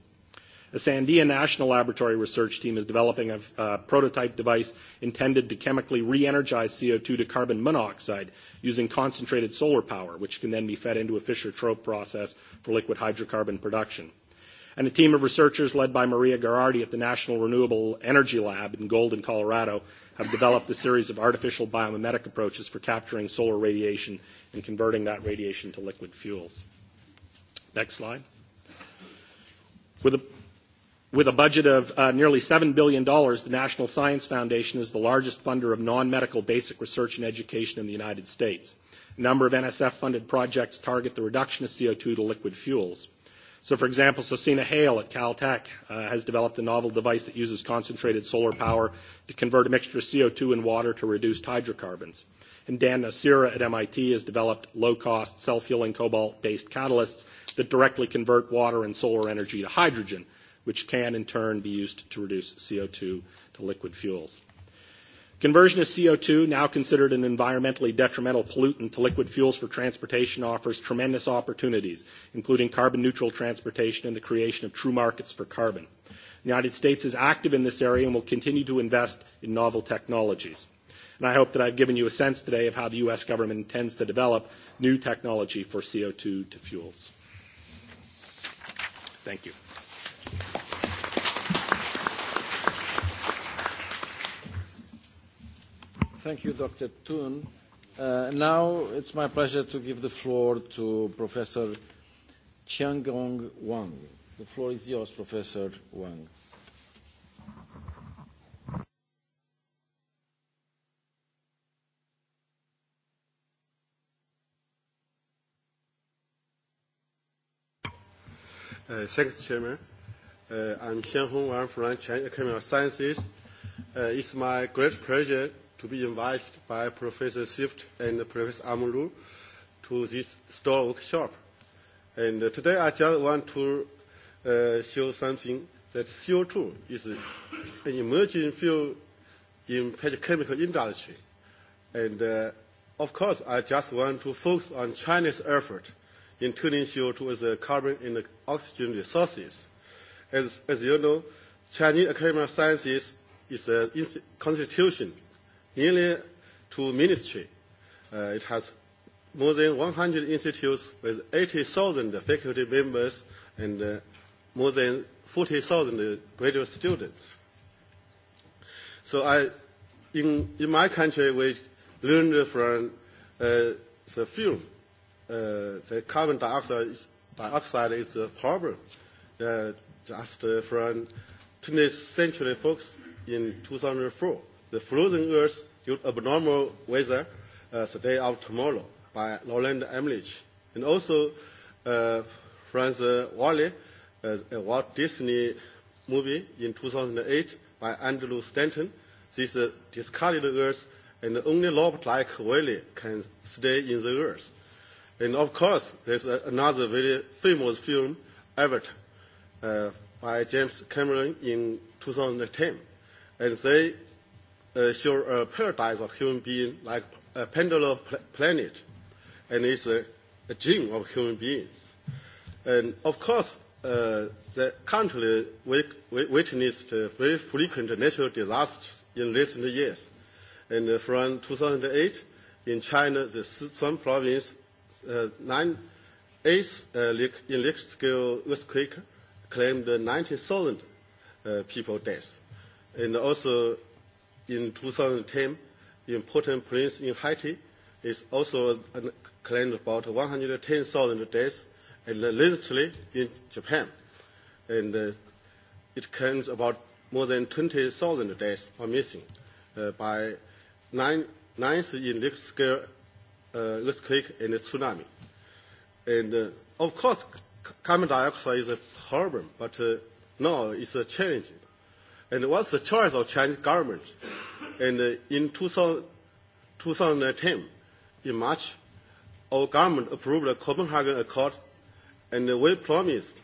A Sandia National Laboratory research team is developing a, a prototype device intended to chemically re-energize CO2 to carbon monoxide using concentrated solar power, which can then be fed into a Fischer-Trope process for liquid hydrocarbon production. And a team of researchers led by Maria Garardi at the National Renewable Energy Lab in Golden, Colorado, have developed a series of artificial biomimetic approaches for capturing solar radiation and converting that radiation to liquid fuels. Next slide. With a With a budget of uh, nearly $7 billion, the National Science Foundation is the largest funder of non-medical basic research and education in the United States. A number of NSF-funded projects target the reduction of CO2 to liquid fuels. So, for example, Socina Hale at Caltech uh, has developed a novel device that uses concentrated solar power to convert a mixture of CO2 and water to reduce hydrocarbons. And Dan Nasira at MIT has developed low-cost, self-healing cobalt-based catalysts that directly convert water and solar energy to hydrogen – which can in turn be used to reduce CO2 to liquid fuels. Conversion of CO2, now considered an environmentally detrimental pollutant to liquid fuels for transportation, offers tremendous opportunities, including carbon neutral transportation and the creation of true markets for carbon. The United States is active in this area and will continue to invest in novel technologies. I hope that I've given you a sense today of how the U.S. government intends to develop new technology for CO2 to fuels. Thank you. Thank you, Dr. Thun. Uh, now it's my pleasure to give the floor to Professor Chiangong Wang. The floor is yours, Professor Wang. Uh, Secretary Chairman, Uh, I'm Xian Hong Wang from Chinese Academy of Sciences. Uh, it's my great pleasure to be invited by Professor Swift and Professor Amulu to this store workshop. And uh, today I just want to uh, show something that CO2 is an emerging field in petrochemical industry. And uh, of course, I just want to focus on China's effort in turning CO2 as a carbon and oxygen resources. Uh, As, as you know, Chinese Academy of Sciences is a constitution, nearly to ministry. Uh, it has more than 100 institutes with 80,000 faculty members and uh, more than 40,000 graduate students. So I, in, in my country, we learned from uh, the film, uh, the carbon dioxide is, dioxide is a problem. Uh, just uh, from 20th century folks in 2004. The frozen earth due abnormal weather uh, the day of tomorrow by Roland Emlich. And also uh, from the uh, Wally, uh, a Walt Disney movie in 2008 by Andrew Stanton. This uh, discarded earth and only lob-like whale can stay in the earth. And of course, there's uh, another very famous film, Avatar uh, by James Cameron in 2010, and they uh, show a paradise of human being like a pendulum pl- planet, and it's a, a dream of human beings. And of course, uh, the country we, we witnessed uh, very frequent natural disasters in recent years. And uh, from 2008, in China, the Sichuan province, uh, nine eighths uh, in lake scale earthquake, claimed 90,000 uh, people deaths. And also in 2010, in Port-au-Prince in Haiti, is also uh, claimed about 110,000 deaths, and recently in Japan. And uh, it claims about more than 20,000 deaths are missing uh, by nine, ninth in earthquake, uh, earthquake and tsunami. And uh, of course, carbon dioxide is a problem, but uh, now it's a challenge. And what's the choice of Chinese government? And uh, in 2000, 2010, in March, our government approved the Copenhagen Accord, and uh, we promised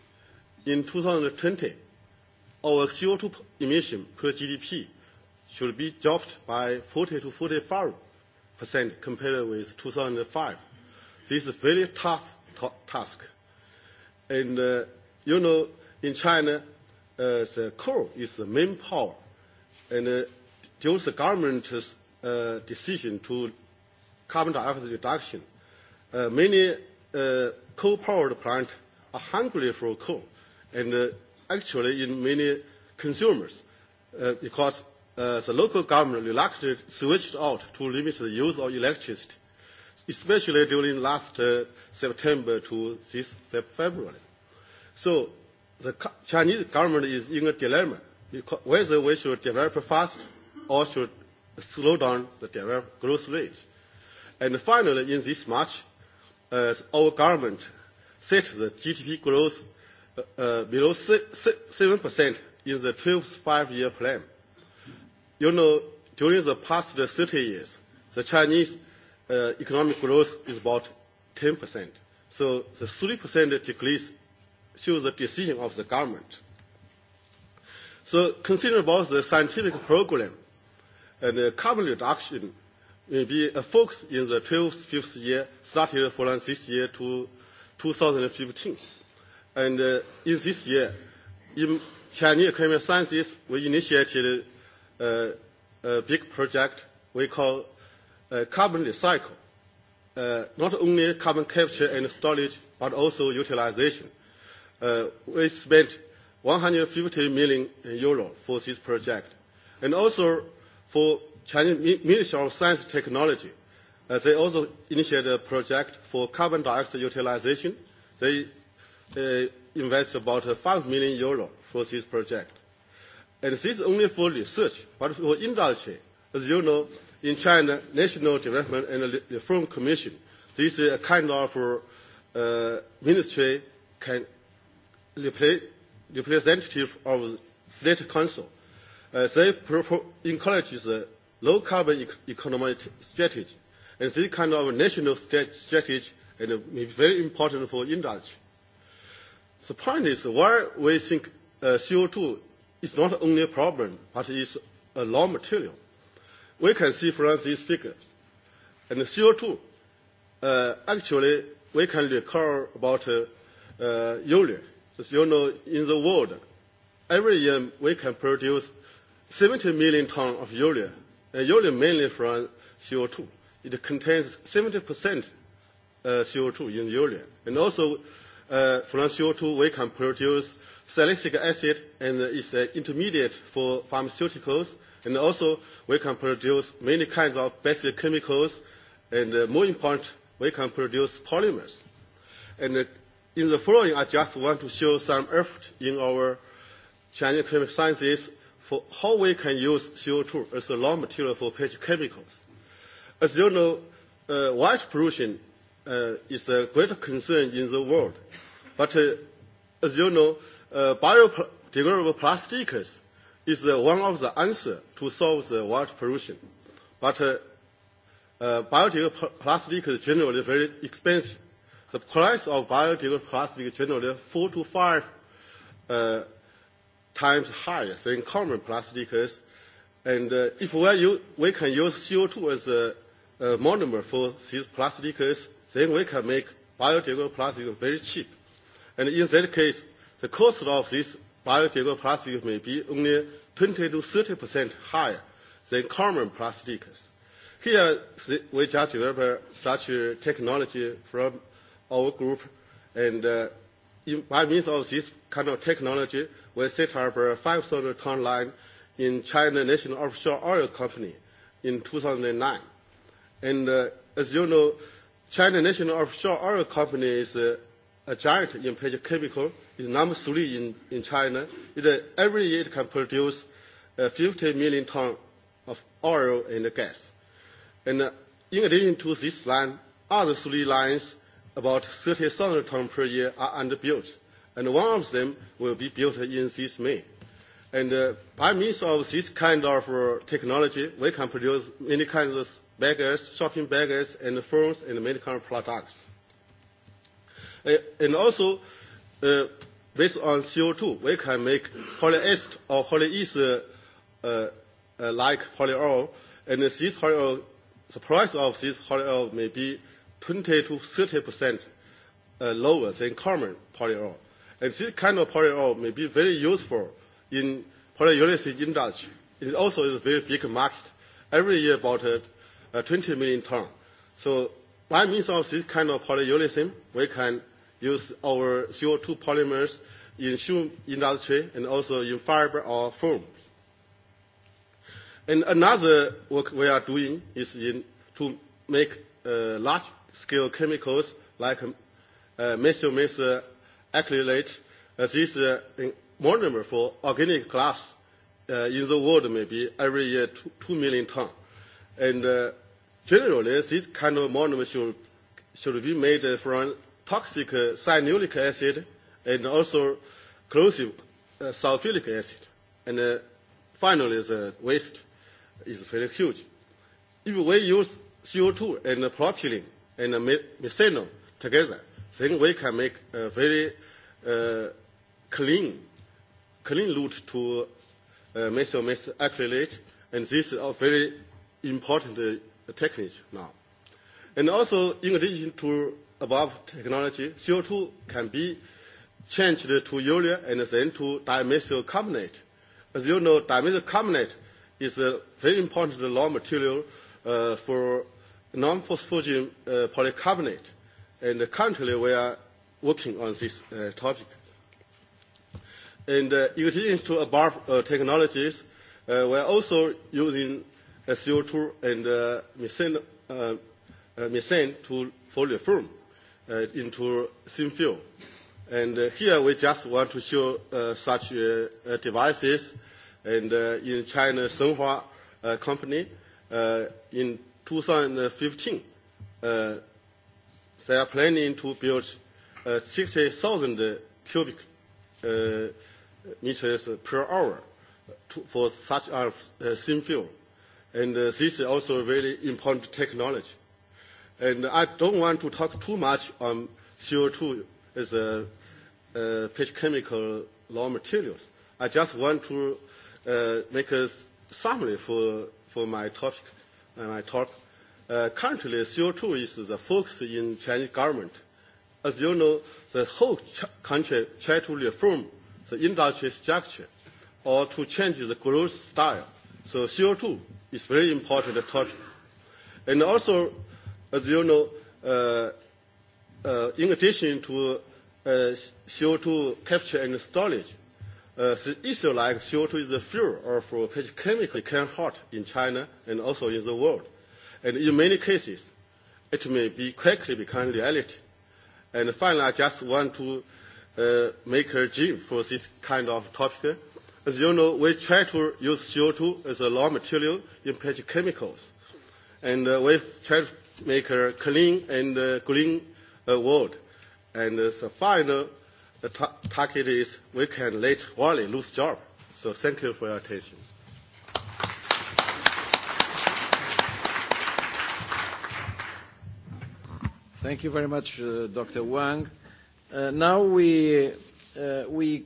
in 2020, our CO2 emission per GDP should be dropped by 40 to 45 percent compared with 2005. This is a very tough task. And uh, you know, in China, uh, the coal is the main power. And uh, due to the government's uh, decision to carbon dioxide reduction, uh, many uh, coal-powered plants are hungry for coal. And uh, actually, in many consumers, uh, because uh, the local government reluctantly switched out to limit the use of electricity, especially during last uh, September to this February. So the Chinese government is in a dilemma because whether we should develop fast or should slow down the develop growth rate. And finally, in this March, uh, our government set the GDP growth uh, uh, below 7% in the 12th five-year plan. You know, during the past 30 years, the Chinese uh, economic growth is about 10%. So the 3% decrease shows the decision of the government. So consider about the scientific program and the carbon reduction may be a focus in the 12th, 5th year, started from this year to 2015. And uh, in this year, in Chinese Climate Sciences, we initiated uh, a big project we call Uh, carbon recycle, uh, not only carbon capture and storage, but also utilization. Uh, we spent 150 million euro for this project. And also for Chinese Ministry of Science and Technology, uh, they also initiated a project for carbon dioxide utilization. They uh, invest about 5 million euro for this project. And this is only for research, but for industry, as you know, in China National Development and Reform Commission. This is a kind of uh, ministry can representative of state council. Uh, they encourage the low carbon e economic strategy. And this kind of national strategy and uh, very important for industry. The point is why we think uh, CO2 is not only a problem, but is a raw material we can see from these figures. And the CO2, uh, actually, we can recall about uh, uh, urea. As you know, in the world, every year we can produce 70 million tons of urea, and urea mainly from CO2. It contains 70% uh, CO2 in urea. And also, uh, from CO2, we can produce salicylic acid, and it's an uh, intermediate for pharmaceuticals, uh, And also, we can produce many kinds of basic chemicals, and uh, more important, we can produce polymers. And uh, in the following, I just want to show some effort in our Chinese chemical sciences for how we can use CO2 as a raw material for petrochemicals. As you know, uh, white pollution uh, is a great concern in the world. But uh, as you know, uh, biodegradable plastics is uh, one of the answers to solve the water pollution. But uh, uh, biodegradable plastic is generally very expensive. The price of biodegradable plastic is generally four to five uh, times higher than common plastic. And uh, if we, are, we can use CO2 as a, a monomer for these plastics, then we can make biodegradable plastic very cheap. And in that case, the cost of this biodegradable plastic may be only 20 to 30 percent higher than common plastics. Here we just developed such technology from our group, and uh, in, by means of this kind of technology, we set up a 500 ton line in China National Offshore Oil Company in 2009. And uh, as you know, China National Offshore Oil Company is uh, a giant in petrochemical chemical is number three in, in China. It, uh, every year it can produce uh, 50 million tons of oil and gas. And uh, in addition to this line, other three lines, about 30,000 tons per year, are underbuilt. And one of them will be built in this May. And uh, by means of this kind of uh, technology, we can produce many kinds of baggers, shopping baggers, and phones, and many kinds of products. Uh, and also, uh, based on CO2, we can make polyester or polyester uh, uh, like polyol, and this polyol, the price of this polyol may be 20 to 30 percent uh, lower than common polyol. And this kind of polyol may be very useful in polyurethane industry. It also is a very big market, every year about uh, 20 million tons. So by means of this kind of polyurethane, we can use our CO2 polymers in shoe industry and also in fiber or foams. And another work we are doing is in, to make uh, large-scale chemicals like um, uh, methyl methyl acrylate. Uh, this is uh, a monomer for organic glass uh, in the world, maybe every year two, two million tons. And uh, generally, this kind of monomer should, should be made from toxic uh, cyanuric acid and also corrosive uh, sulfuric acid. And uh, finally, the waste is very huge. If we use CO2 and propylene and methane together, then we can make a very uh, clean, clean route to uh, methyl acrylate, and this is a very important uh, technique now. And also, in addition to above technology, CO2 can be changed to urea and then to dimethyl carbonate. As you know, dimethyl carbonate is a very important raw material uh, for non-phosphogene uh, polycarbonate. And currently, we are working on this uh, topic. And uh, in addition to above uh, technologies, uh, we are also using uh, CO2 and uh, methane, uh, uh, methane to foliar form. Uh, uh, into thin film. And uh, here we just want to show uh, such uh, uh, devices. And uh, in China, Senhua uh, company, uh, in 2015, uh, they are planning to build uh, 60,000 cubic uh, meters per hour to, for such a uh, thin film. And uh, this is also very really important technology. And I don't want to talk too much on CO2 as a, a petrochemical raw materials. I just want to uh, make a summary for, for my topic and uh, my talk. Uh, currently, CO2 is the focus in Chinese government. As you know, the whole ch- country try to reform the industry structure or to change the growth style. So CO2 is very important topic. And also, as you know, uh, uh, in addition to uh, CO2 capture and storage, uh, the issue like CO2 is the fuel or for petrochemical can hot in China and also in the world. And in many cases, it may be quickly become reality. And finally, I just want to uh, make a dream for this kind of topic. As you know, we try to use CO2 as a raw material in petrochemicals. And uh, we try to make a clean and uh, green uh, world. And uh, the final uh, t- target is we can let Wally lose job. So thank you for your attention. Thank you very much, uh, Dr. Wang. Uh, now we, uh, we,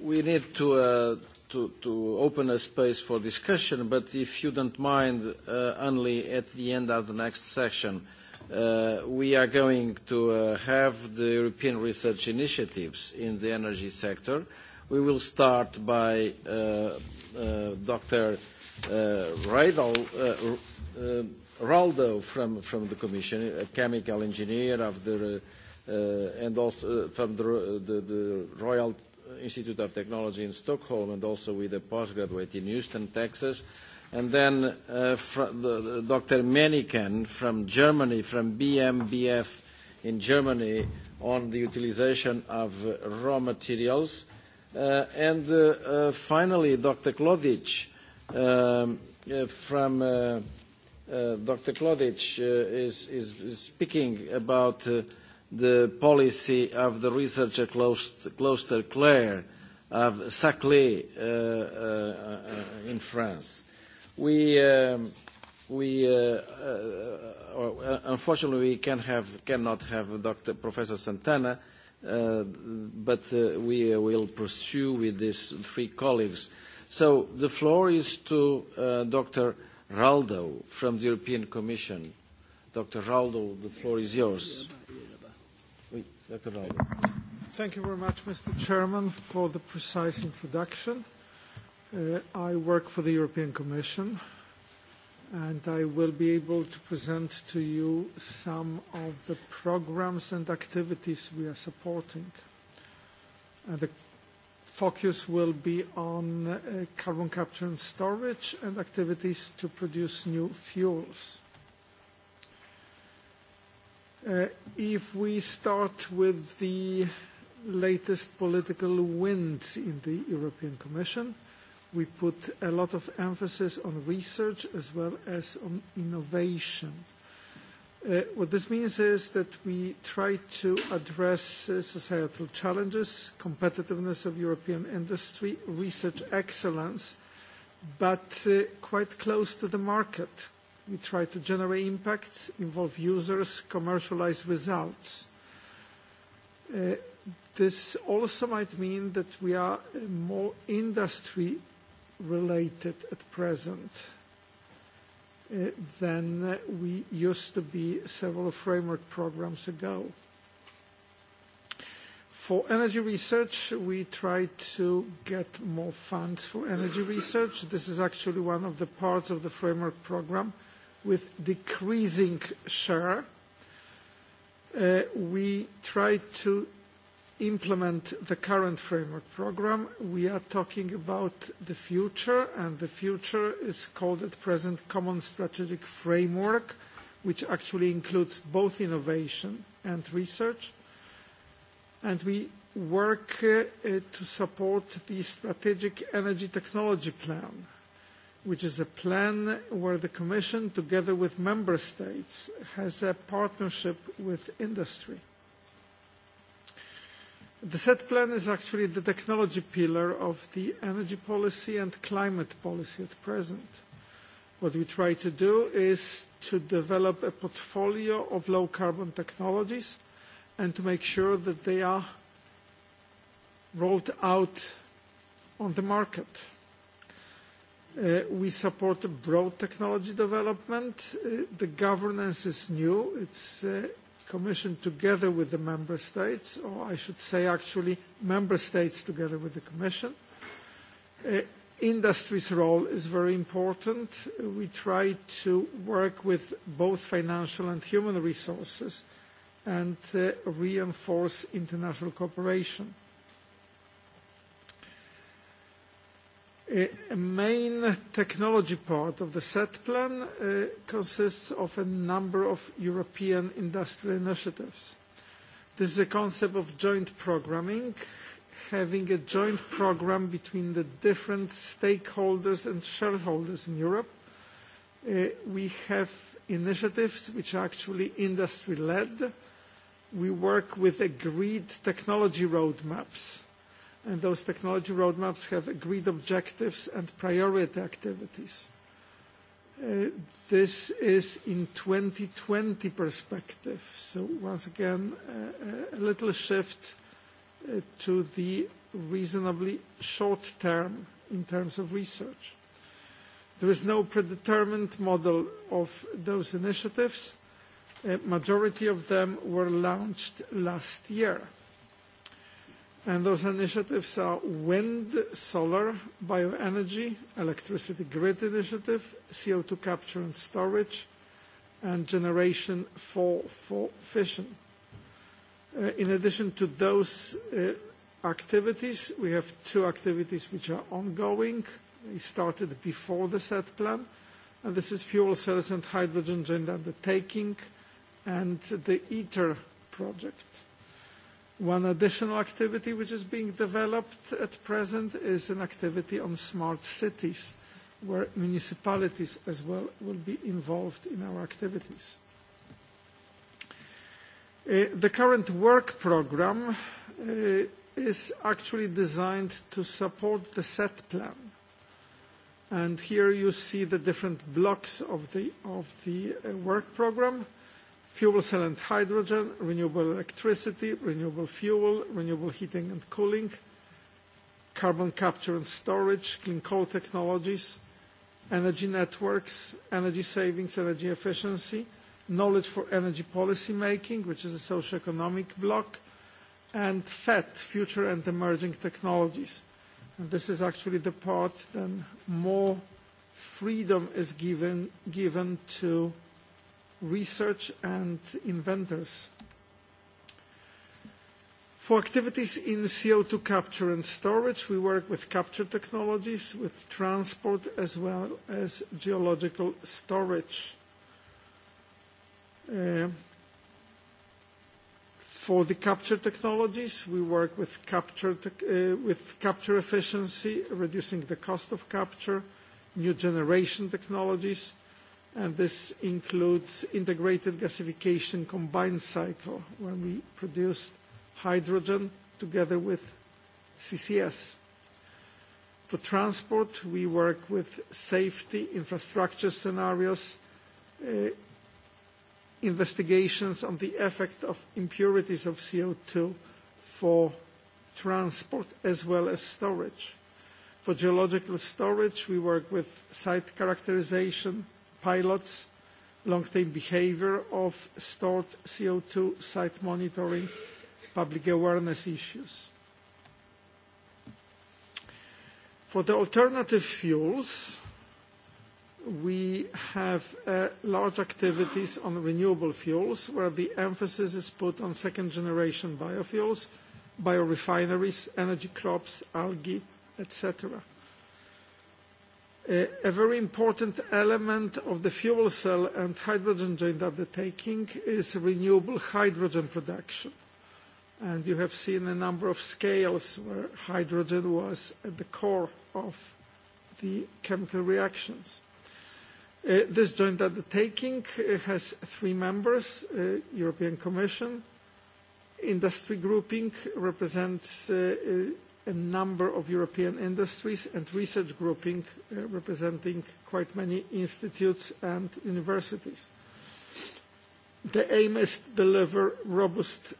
we need to uh, to, to open a space for discussion, but if you don't mind, uh, only at the end of the next session, uh, we are going to uh, have the European research initiatives in the energy sector. We will start by uh, uh, Dr. Uh, Raidal, uh, uh, Raldo from, from the Commission, a chemical engineer of the, uh, uh and also uh, from the, the, the Royal Uh, Institute of Technology in Stockholm and also with a postgraduate in Houston, Texas. And then uh, the, the Dr. Menniken from Germany, from BMBF in Germany, on the utilization of uh, raw materials. Uh, and uh, uh, finally, Dr. Klodic um, uh, from uh, uh, Dr. Klodic uh, is, is, is speaking about. Uh, the policy of the researcher Closter Clare of Saclay uh, uh, uh, in France. We, um, we uh, uh, uh, unfortunately, we can have, cannot have Dr. Professor Santana, uh, but uh, we uh, will pursue with these three colleagues. So the floor is to uh, Dr. Raldo from the European Commission. Dr. Raldo, the floor is yours. Yeah. That's about it. Thank you very much, Mr. Chairman, for the precise introduction. Uh, I work for the European Commission, and I will be able to present to you some of the programs and activities we are supporting. Uh, the focus will be on uh, carbon capture and storage and activities to produce new fuels. Uh, if we start with the latest political winds in the European Commission, we put a lot of emphasis on research as well as on innovation. Uh, what this means is that we try to address uh, societal challenges, competitiveness of European industry, research excellence, but uh, quite close to the market we try to generate impacts, involve users, commercialize results. Uh, this also might mean that we are uh, more industry-related at present uh, than we used to be several framework programs ago. For energy research, we try to get more funds for energy research. This is actually one of the parts of the framework program with decreasing share, uh, we try to implement the current framework program. We are talking about the future, and the future is called at present Common Strategic Framework, which actually includes both innovation and research. We work uh, to support the strategic energy technology plan, which is a plan where the Commission, together with member states, has a partnership with industry. The set plan is actually the technology pillar of the energy policy and climate policy at present. What we try to do is to develop a portfolio of low carbon technologies and to make sure that they are rolled out on the market. Uh, we support broad technology development. Uh, the governance is new. It's uh, commissioned together with the member states, or I should say actually member states together with the commission. Industry's role is very important. We try to work with both financial and human resources and reinforce international cooperation. main technology part of the said plan uh, consists of a number of European industrial initiatives. This is a concept of joint programming, having a joint program between the different stakeholders and shareholders in Europe. Uh, we have initiatives which are actually industry-led. We work with agreed technology roadmaps and those technology roadmaps have agreed objectives and priority activities. Uh, this is in 2020 perspective, so once again, uh, uh, a little shift to the reasonably short term in terms of research. There is no predetermined model of those initiatives. A majority of them were launched last year and those initiatives are wind, solar, bioenergy, electricity grid initiative, CO2 capture and storage, and generation for fission. Uh, in addition to those uh, activities, we have two activities which are ongoing. We started before the said plan, and this is fuel cells and hydrogen joint undertaking and the ITER e project. One additional activity which is being developed at present is an activity on smart cities, where municipalities as well will be involved in our activities. Uh, the current work program uh, is actually designed to support the set plan, and here you see the different blocks of the uh, work program fuel cell and hydrogen, renewable electricity, renewable fuel, renewable heating and cooling, carbon capture and storage, clean coal technologies, energy networks, energy savings, energy efficiency, knowledge for energy policy making, which is a socioeconomic block, and FET, future and emerging technologies. This is actually the part then more freedom is given to research and inventors. For activities in CO2 capture and storage, we work with capture technologies, with transport, as well as geological storage. Uh, for the capture technologies, we work with capture, uh, with capture efficiency, reducing the cost of capture, new generation technologies, and this includes integrated gasification combined cycle, where we produce hydrogen together with CCS. For transport, we work with safety, infrastructure scenarios, eh, investigations on the effect of impurities of CO2 for transport as well as storage. For geological storage, we work with site characterization, pilots, long-term behavior of stored CO2 site monitoring, public awareness issues. For the alternative fuels, we have uh, large activities on renewable fuels where the emphasis is put on second generation biofuels, biorefineries, energy crops, algae, etc. A very important element of the fuel cell and hydrogen joint undertaking is renewable hydrogen production. You have seen a number of scales where hydrogen was at the core of the chemical reactions. Uh, this joint undertaking uh, has three members, uh, European Commission, industry grouping represents the a number of European industries and research grouping uh, representing quite many institutes and universities. The aim is to deliver robust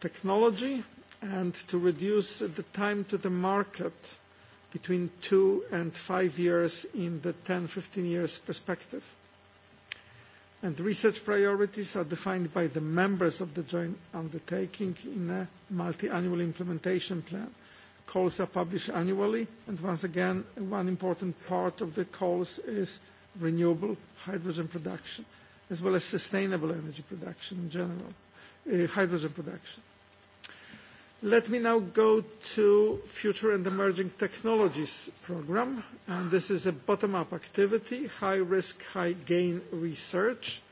technology and to reduce the time to the market between two and five years in the 10-15 years perspective. Research priorities are defined by the members of the joint undertaking in a multi-annual implementation plan calls are published annually, and once again, one important part of the calls is renewable hydrogen production, as well as sustainable energy production in general, uh, hydrogen production. Let me now go to Future and Emerging Technologies program, and this is a bottom-up activity, high-risk, high-gain research,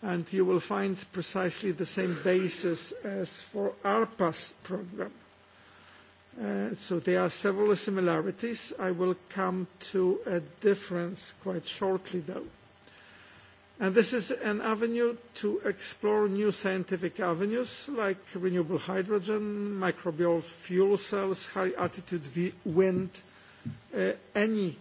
and you will find precisely the same basis as for ARPA's program. Uh, so there are several similarities. I will come to a difference quite shortly, though. And this is an avenue to explore new scientific avenues like renewable hydrogen, microbial fuel cells, high altitude v- wind, uh, any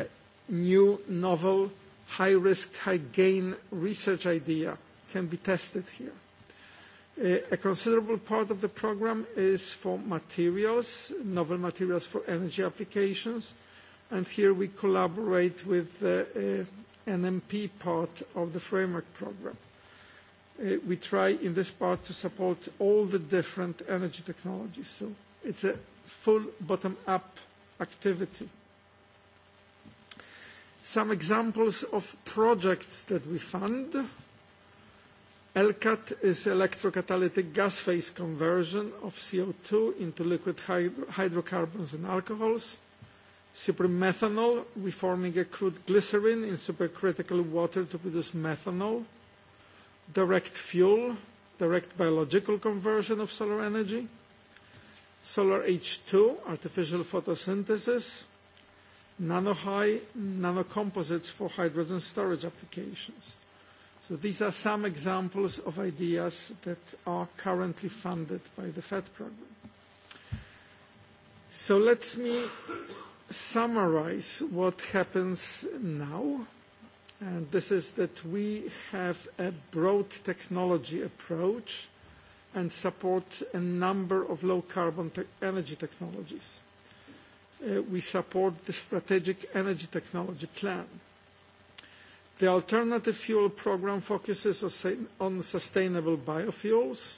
uh, new, novel, high risk, high gain research idea can be tested here. A considerable part of the program is for materials, novel materials for energy applications, and here we collaborate with the uh, uh, NMP part of the framework program. Uh, we try in this part to support all the different energy technologies, so it's a full bottom-up activity. Some examples of projects that we fund ELCAT is electrocatalytic gas phase conversion of CO2 into liquid hydrocarbons and alcohols. Supramethanol, reforming a crude glycerine in supercritical water to produce methanol. Direct fuel, direct biological conversion of solar energy. Solar H2, artificial photosynthesis. Nanohy, nanocomposites for hydrogen storage applications. So these are some examples of ideas that are currently funded by the FED program. So let me summarize what happens now. And this is that we have a broad technology approach and support a number of low carbon te- energy technologies. Uh, we support the strategic energy technology plan. The alternative fuel program focuses on sustainable biofuels.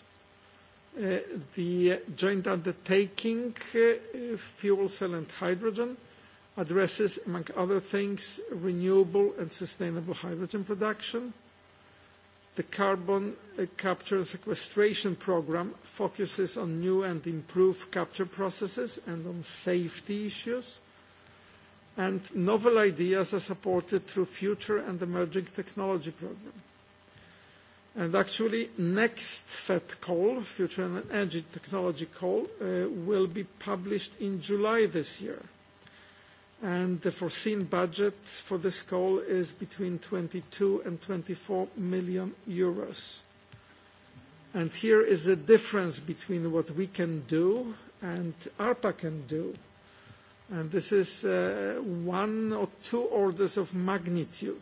Uh, the joint undertaking, uh, fuel cell and hydrogen, addresses, among other things, renewable and sustainable hydrogen production. The carbon uh, capture and sequestration program focuses on new and improved capture processes and on safety issues and novel ideas are supported through future and emerging technology program. And actually, next FED call, Future and Energy Technology call, uh, will be published in July this year. And the foreseen budget for this call is between 22 and 24 million euros. And here is the difference between what we can do and ARPA can do and this is uh, one or two orders of magnitude.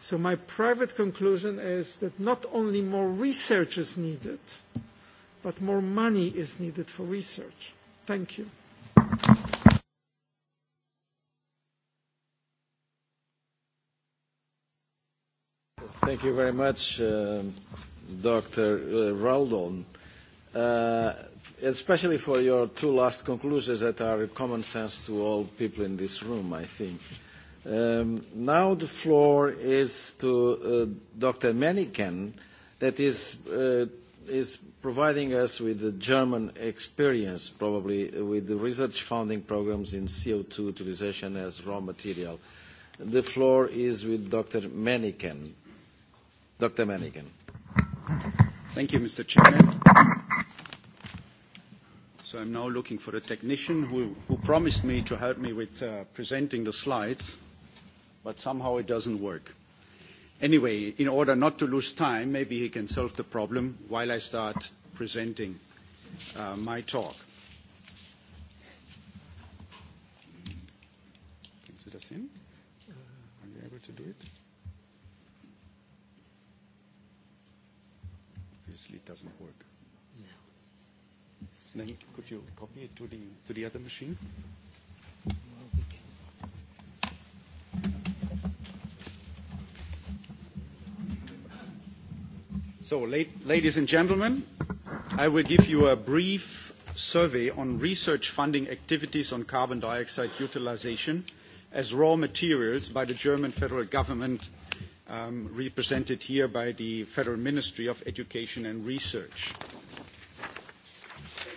So my private conclusion is that not only more research is needed, but more money is needed for research. Thank you. Thank you very much, uh, Dr. Uh, Raldon uh, especially for your two last conclusions that are common sense to all people in this room, I think. Um, now the floor is to uh, Dr. Menniken, that is, uh, is providing us with the German experience, probably, with the research funding programs in CO2 utilization as raw material. The floor is with Dr. Menniken. Dr. Menniken. Thank you, Mr. Chairman. So I'm now looking for a technician who, who promised me to help me with uh, presenting the slides, but somehow it doesn't work. Anyway, in order not to lose time, maybe he can solve the problem while I start presenting uh, my talk. Can you see in? Are you able to do it? Obviously, it doesn't work. Yes. Then could you copy it to the other machine? Ladies and gentlemen, I will give you a brief survey on research funding activities on carbon dioxide utilization as raw materials by the German federal government, um, represented here by the Federal Ministry of Education and Research.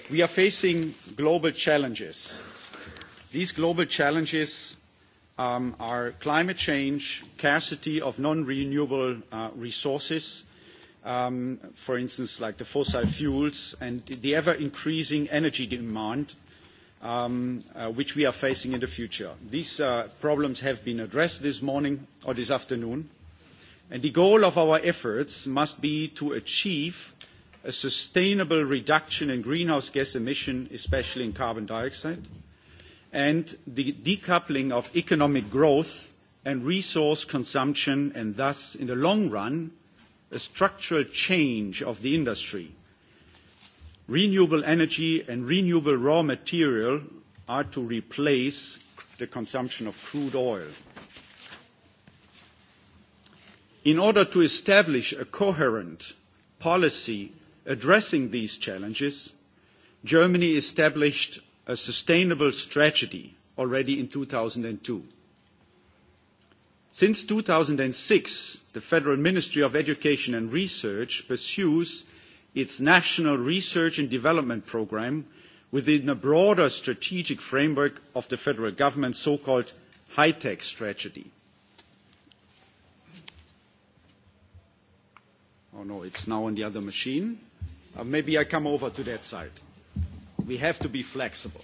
We are facing global challenges. These global challenges um, are climate change, scarcity of non-renewable uh, resources, um, for instance, like the fossil fuels, and the ever-increasing energy demand, um, uh, which we are facing in the future. These uh, problems have been addressed this morning or this afternoon, and the goal of our efforts must be to achieve a sustainable reduction in greenhouse gas emission, especially in carbon dioxide, and the decoupling of economic growth and resource consumption, and thus, in the long run, a structural change of the industry. Renewable energy and renewable raw material are to replace the consumption of crude oil. In order to establish a coherent policy addressing these challenges, Germany established a sustainable strategy already in 2002. Since 2006, the Federal Ministry of Education and Research pursues its national research and development program within a broader strategic framework of the federal government, so-called high-tech strategy. Oh no, it's now on the other machine. Uh, maybe I come over to that side. We have to be flexible.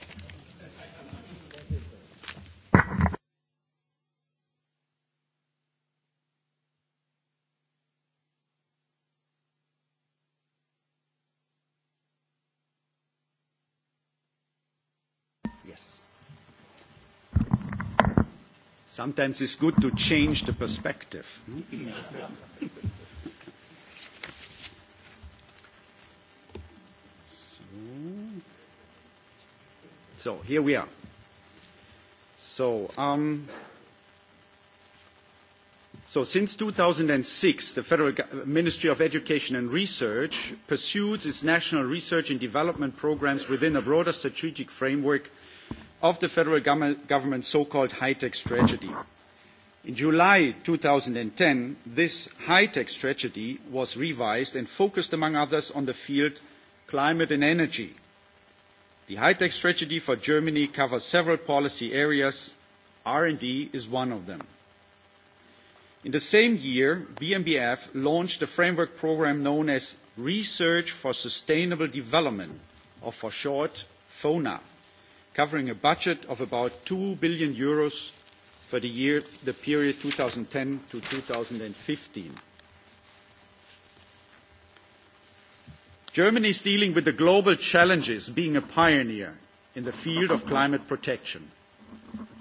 Yes. Sometimes it's good to change the perspective. (laughs) So here we are. So, um, so since 2006, the Federal Ministry of Education and Research pursues its national research and development programs within a broader strategic framework of the federal government's so-called high-tech strategy. In July 2010, this high-tech strategy was revised and focused, among others, on the field climate and energy. The high-tech strategy for Germany covers several policy areas. R&D is one of them. In the same year, BMBF launched a framework program known as Research for Sustainable Development, or for short, FONA, covering a budget of about 2 billion euros for the period 2010 to 2015. Germany is dealing with the global challenges being a pioneer in the field of climate protection.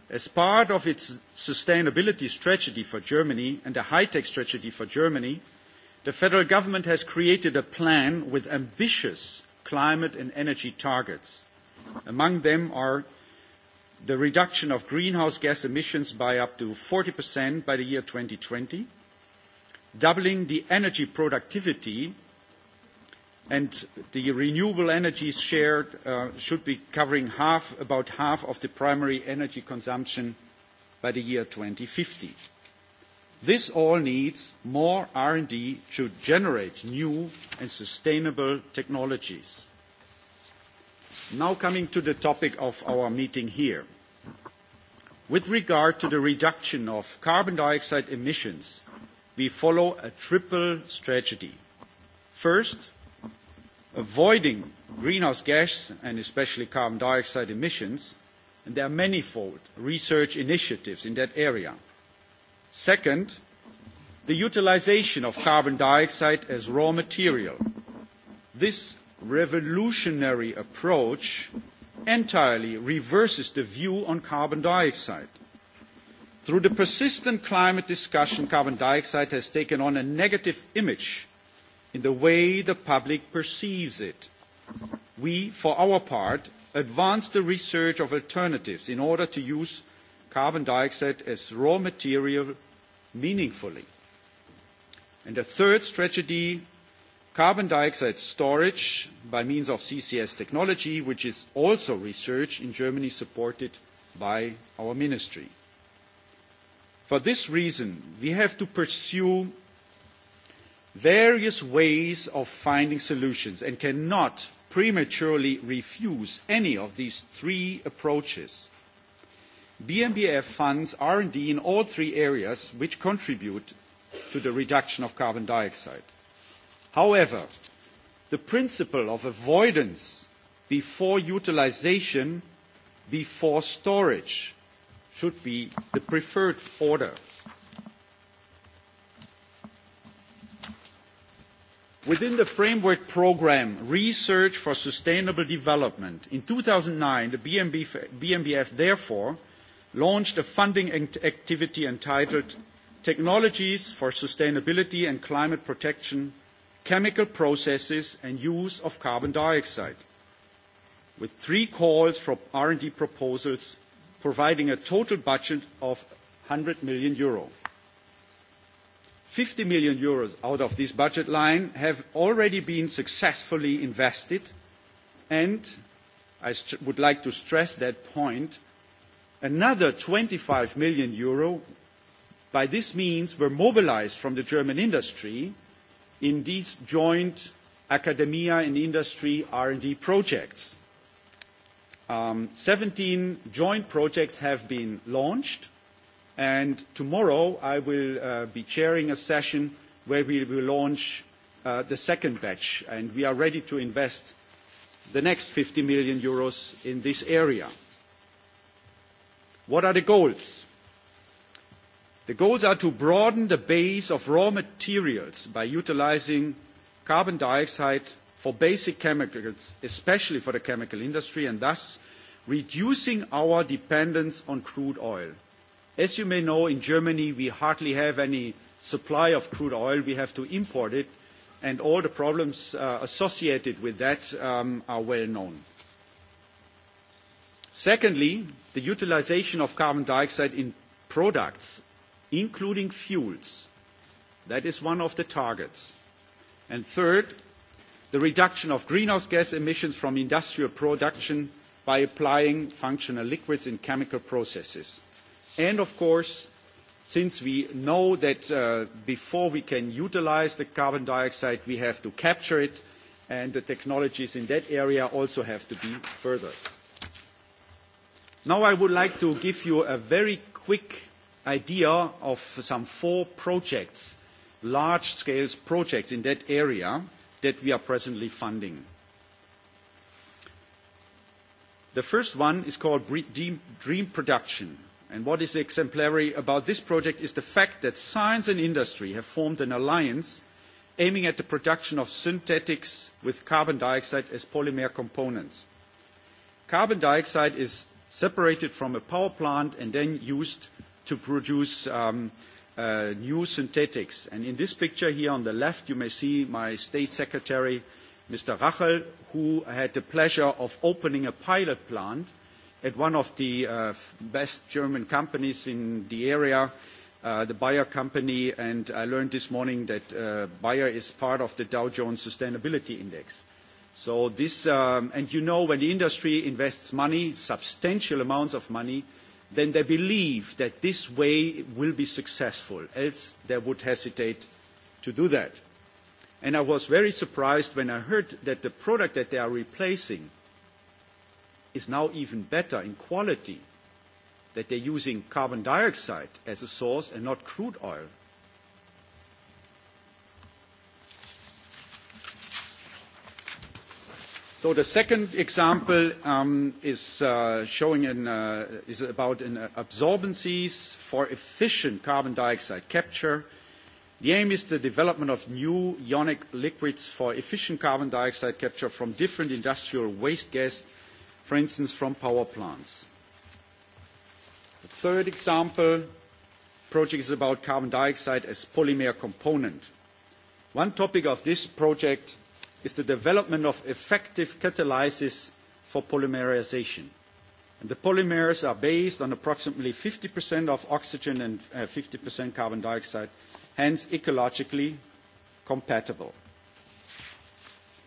As part of its sustainability strategy for Germany and a high-tech strategy for Germany, the federal government has created a plan with ambitious climate and energy targets. Among them are the reduction of greenhouse gas emissions by up to 40% by the year 2020, doubling the energy productivity and the renewable energies share uh, should be covering half, about half of the primary energy consumption by the year 2050. This all needs more R&D to generate new and sustainable technologies. Now coming to the topic of our meeting here. With regard to the reduction of carbon dioxide emissions, we follow a triple strategy. First, avoiding greenhouse gas and especially carbon dioxide emissions, and there are manifold research initiatives in that area. Second, the utilization of carbon dioxide as raw material. This revolutionary approach entirely reverses the view on carbon dioxide. Through the persistent climate discussion, carbon dioxide has taken on a negative image in the way the public perceives it. We, for our part, advance the research of alternatives in order to use carbon dioxide as raw material meaningfully. And the third strategy, carbon dioxide storage by means of CCS technology, which is also research in Germany supported by our ministry. For this reason, we have to pursue various ways of finding solutions and cannot prematurely refuse any of these three approaches. BMBF funds R&D in all three areas which contribute to the reduction of carbon dioxide. However, the principle of avoidance before utilization, before storage, should be the preferred order. Within the framework program Research for Sustainable Development, in 2009, the BMBF, BMBF therefore launched a funding act- activity entitled Technologies for Sustainability and Climate Protection, Chemical Processes and Use of Carbon Dioxide, with three calls for R&D proposals providing a total budget of 100 million euro. 50 million euros out of this budget line have already been successfully invested, and I would like to stress that point, another 25 million euro, by this means, were mobilized from the German industry in these joint academia and industry R&D projects. 17 um, joint projects have been launched, and tomorrow I will uh, be chairing a session where we will launch uh, the second batch, and we are ready to invest the next 50 million euros in this area. What are the goals? The goals are to broaden the base of raw materials by utilizing carbon dioxide for basic chemicals, especially for the chemical industry, and thus reducing our dependence on crude oil. As you may know, in Germany, we hardly have any supply of crude oil. We have to import it, and all the problems uh, associated with that um, are well known. Secondly, the utilization of carbon dioxide in products, including fuels, that is one of the targets. And third, the reduction of greenhouse gas emissions from industrial production by applying functional liquids in chemical processes. And of course, since we know that uh, before we can utilize the carbon dioxide, we have to capture it, and the technologies in that area also have to be furthered. Now I would like to give you a very quick idea of some four projects, large-scale projects in that area that we are presently funding. The first one is called Dream Production. What is exemplary about this project is the fact that science and industry have formed an alliance aiming at the production of synthetics with carbon dioxide as polymer components. Carbon dioxide is separated from a power plant and then used to produce um, uh, new synthetics. In this picture here on the left, you may see my State Secretary, Mr. Rachel, who had the pleasure of opening a pilot plant at one of the uh, best German companies in the area, uh, the Bayer company, and I learned this morning that uh, Bayer is part of the Dow Jones Sustainability Index. So this, um, and you know, when the industry invests money, substantial amounts of money, then they believe that this way will be successful, else they would hesitate to do that. And I was very surprised when I heard that the product that they are replacing is now even better in quality that they're using carbon dioxide as a source and not crude oil. So the second example um, is uh, showing an, uh, is about an uh, absorbencies for efficient carbon dioxide capture. The aim is the development of new ionic liquids for efficient carbon dioxide capture from different industrial waste gas for instance, from power plants. The third example project is about carbon dioxide as polymer component. One topic of this project is the development of effective catalysis for polymerization. The polymers are based on approximately 50% of oxygen and 50% uh, carbon dioxide, hence ecologically compatible.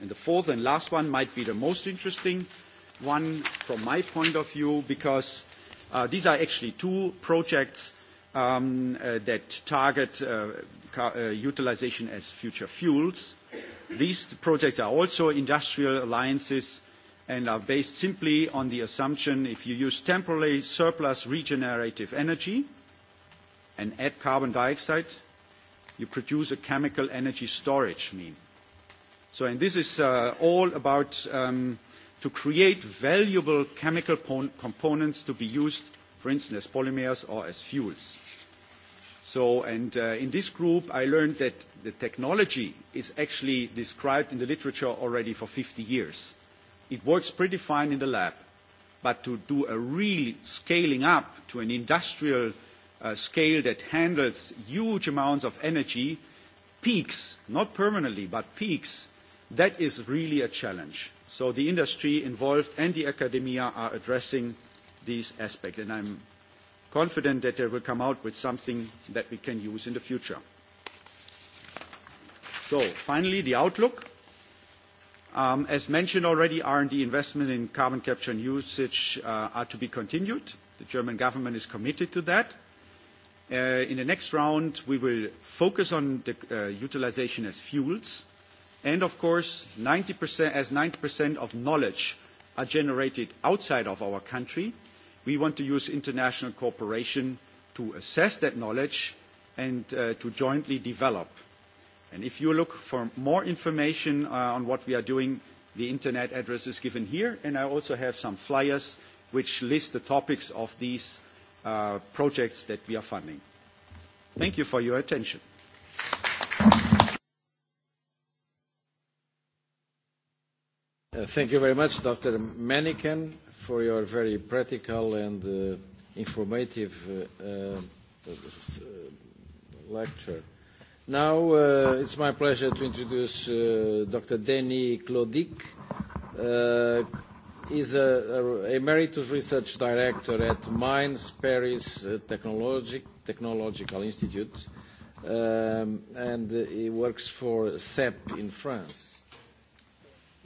The fourth and last one might be the most interesting, One from my point of view, because uh, these are actually two projects um, uh, that target uh, utilization as future fuels. These projects are also industrial alliances and are based simply on the assumption if you use temporary surplus regenerative energy and add carbon dioxide, you produce a chemical energy storage mean. This is all about the um, to create valuable chemical components to be used, for instance, as polymers or as fuels. So, and uh, in this group, I learned that the technology is actually described in the literature already for 50 years. It works pretty fine in the lab, but to do a real scaling up to an industrial uh, scale that handles huge amounts of energy peaks, not permanently, but peaks That is really a challenge. The industry involved and the academia are addressing these aspects, and I'm confident that they will come out with something that we can use in the future. Finally, the outlook. Um, as mentioned already, R&D investment in carbon capture and usage uh, are to be continued. The German government is committed to that. Uh, in the next round, we will focus on the uh, utilization as fuels, And of course, 90%, as 90% of knowledge are generated outside of our country, we want to use international cooperation to assess that knowledge and uh, to jointly develop. And if you look for more information uh, on what we are doing, the internet address is given here, and I also have some flyers which list the topics of these uh, projects that we are funding. Thank you for your attention. Uh, thank you very much, Dr. Manniken, for your very practical and uh, informative uh, lecture. Now, it's my pleasure to introduce Dr. Denis Clodig. He's a Emeritus Research Director at MINES Paris Technological Institute, um, and he works for CEP in France.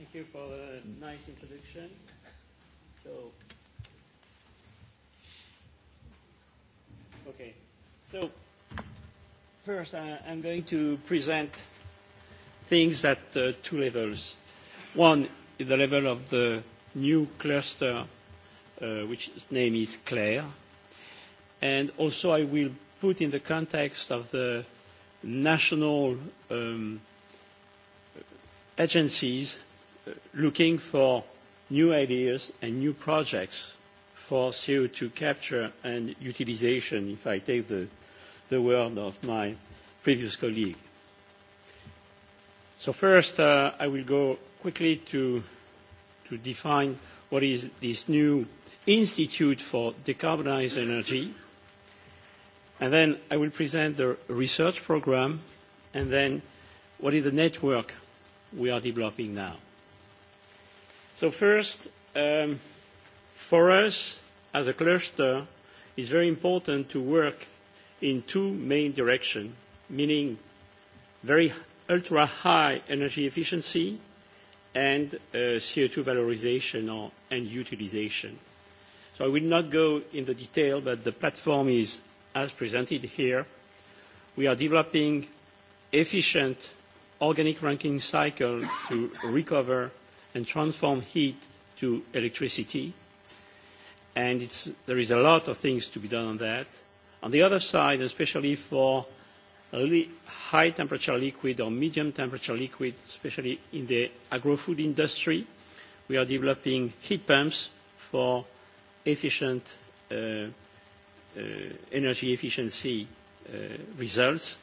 Thank you for the nice introduction. So, okay. So, first, uh, I'm going to present things at uh, two levels. One, the level of the new cluster, uh, which its name is Claire. And also, I will put in the context of the national um, agencies looking for new ideas and new projects for CO2 capture and utilization, if I take the, the word of my previous colleague. So first, uh, I will go quickly to, to define what is this new Institute for Decarbonized Energy. And then I will present the research program and then what is the network we are developing now first, um, for us as a cluster, it's very important to work in two main directions, meaning very ultra-high energy efficiency and uh, CO2 valorization or, and utilization. So I will not go into the detail, but the platform is as presented here. We are developing efficient organic ranking cycle to recover and transform heat to electricity. And it's, there is a lot of things to be done on that. On the other side, especially for high temperature liquid or medium temperature liquid, especially in the agro-food industry, we are developing heat pumps for efficient uh, uh, energy efficiency uh, results.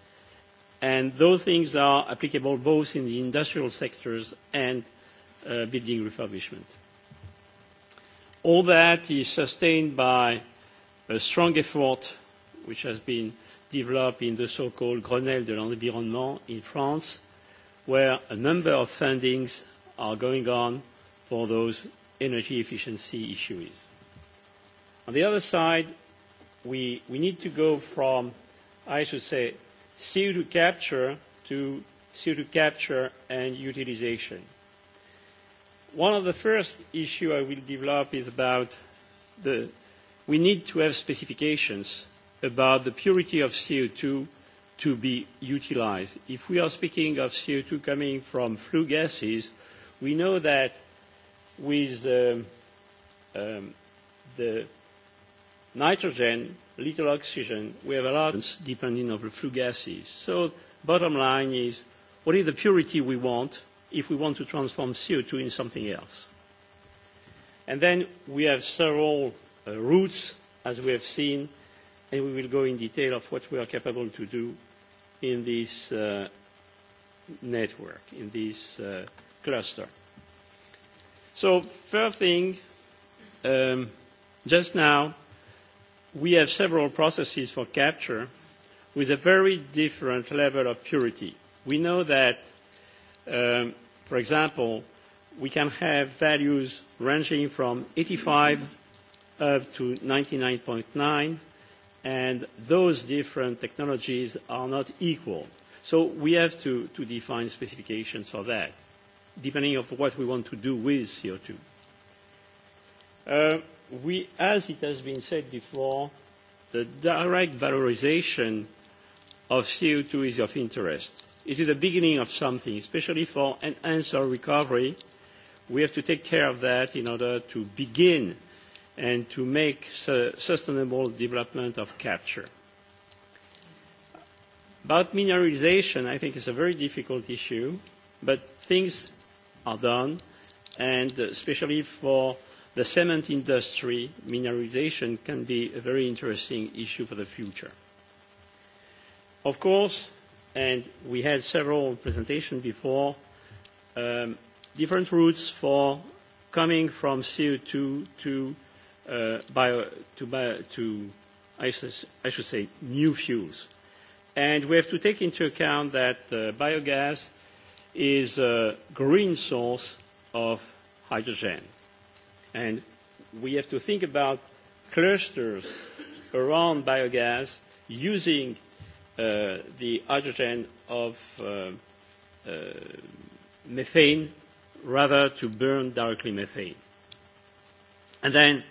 And those things are applicable both in the industrial sectors and Uh, building refurbishment. All that is sustained by a strong effort which has been developed in the so-called Grenelle de l'environnement in France, where a number of fundings are going on for those energy efficiency issues. On the other side, we need to go from, I should say, CO2 capture to CO2 capture and utilization. One of the first issue I will develop is about the we need to have specifications about the purity of CO2 to be utilized. If we are speaking of CO2 coming from flue gases, we know that with um, um, the nitrogen, little oxygen, we have a lot depending on the flue gases. So bottom line is, what is the purity we want if we want to transform CO2 in something else. We have several uh, routes, as we have seen, and we will go in detail of what we are capable to do in this uh, network, in this uh, cluster. First thing, um, just now, we have several processes for capture with a very different level of purity. We know that Um, for example, we can have values ranging from 85 up to 99.9, and those different technologies are not equal. So we have to, to define specifications for that, depending on what we want to do with CO2. Uh, we, as it has been said before, the direct valorization of CO2 is of interest it is the beginning of something especially for enhanced our recovery we have to take care of that in order to begin and to make su sustainable development of capture about mineralization i think it's a very difficult issue but things are done and especially for the cement industry mineralization can be a very interesting issue for the future of course and we had several presentations before, um, different routes for coming from CO2 to uh, bio, to, bio, to I, should, I should say, new fuels. And we have to take into account that uh, biogas is a green source of hydrogen. And we have to think about clusters around biogas using Uh, the hydrogen of uh, uh, methane rather to burn directly methane. And then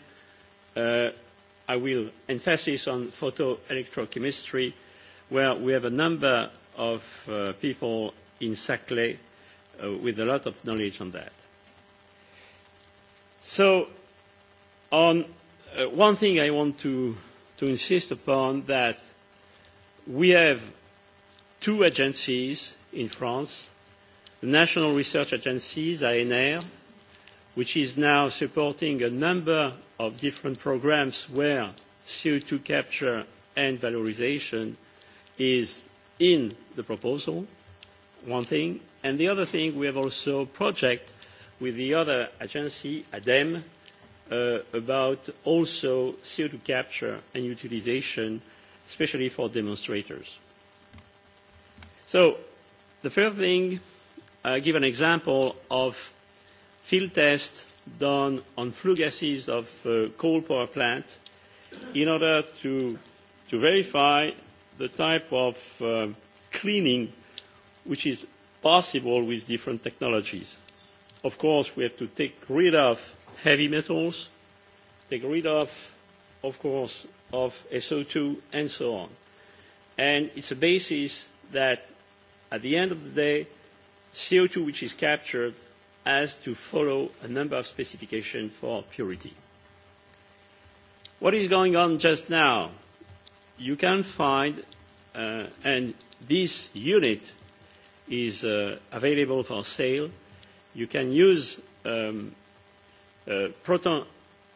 uh, I will emphasize on photoelectrochemistry where we have a number of uh, people in Saclay uh, with a lot of knowledge on that. So on uh, one thing I want to, to insist upon that we have two agencies in France, the National Research Agencies, ANR, which is now supporting a number of different programs where CO2 capture and valorization is in the proposal, one thing. And the other thing, we have also a project with the other agency, ADEM, uh, about also CO2 capture and utilization especially for demonstrators. So the first thing, I uh, give an example of field test done on flue gases of a uh, coal power plant in order to, to verify the type of uh, cleaning which is possible with different technologies. Of course, we have to take rid of heavy metals, take rid of, of course, of SO2, and so on. And it's a basis that, at the end of the day, CO2 which is captured has to follow a number of specifications for purity. What is going on just now? You can find, uh, and this unit is uh, available for sale, you can use um, a uh, proton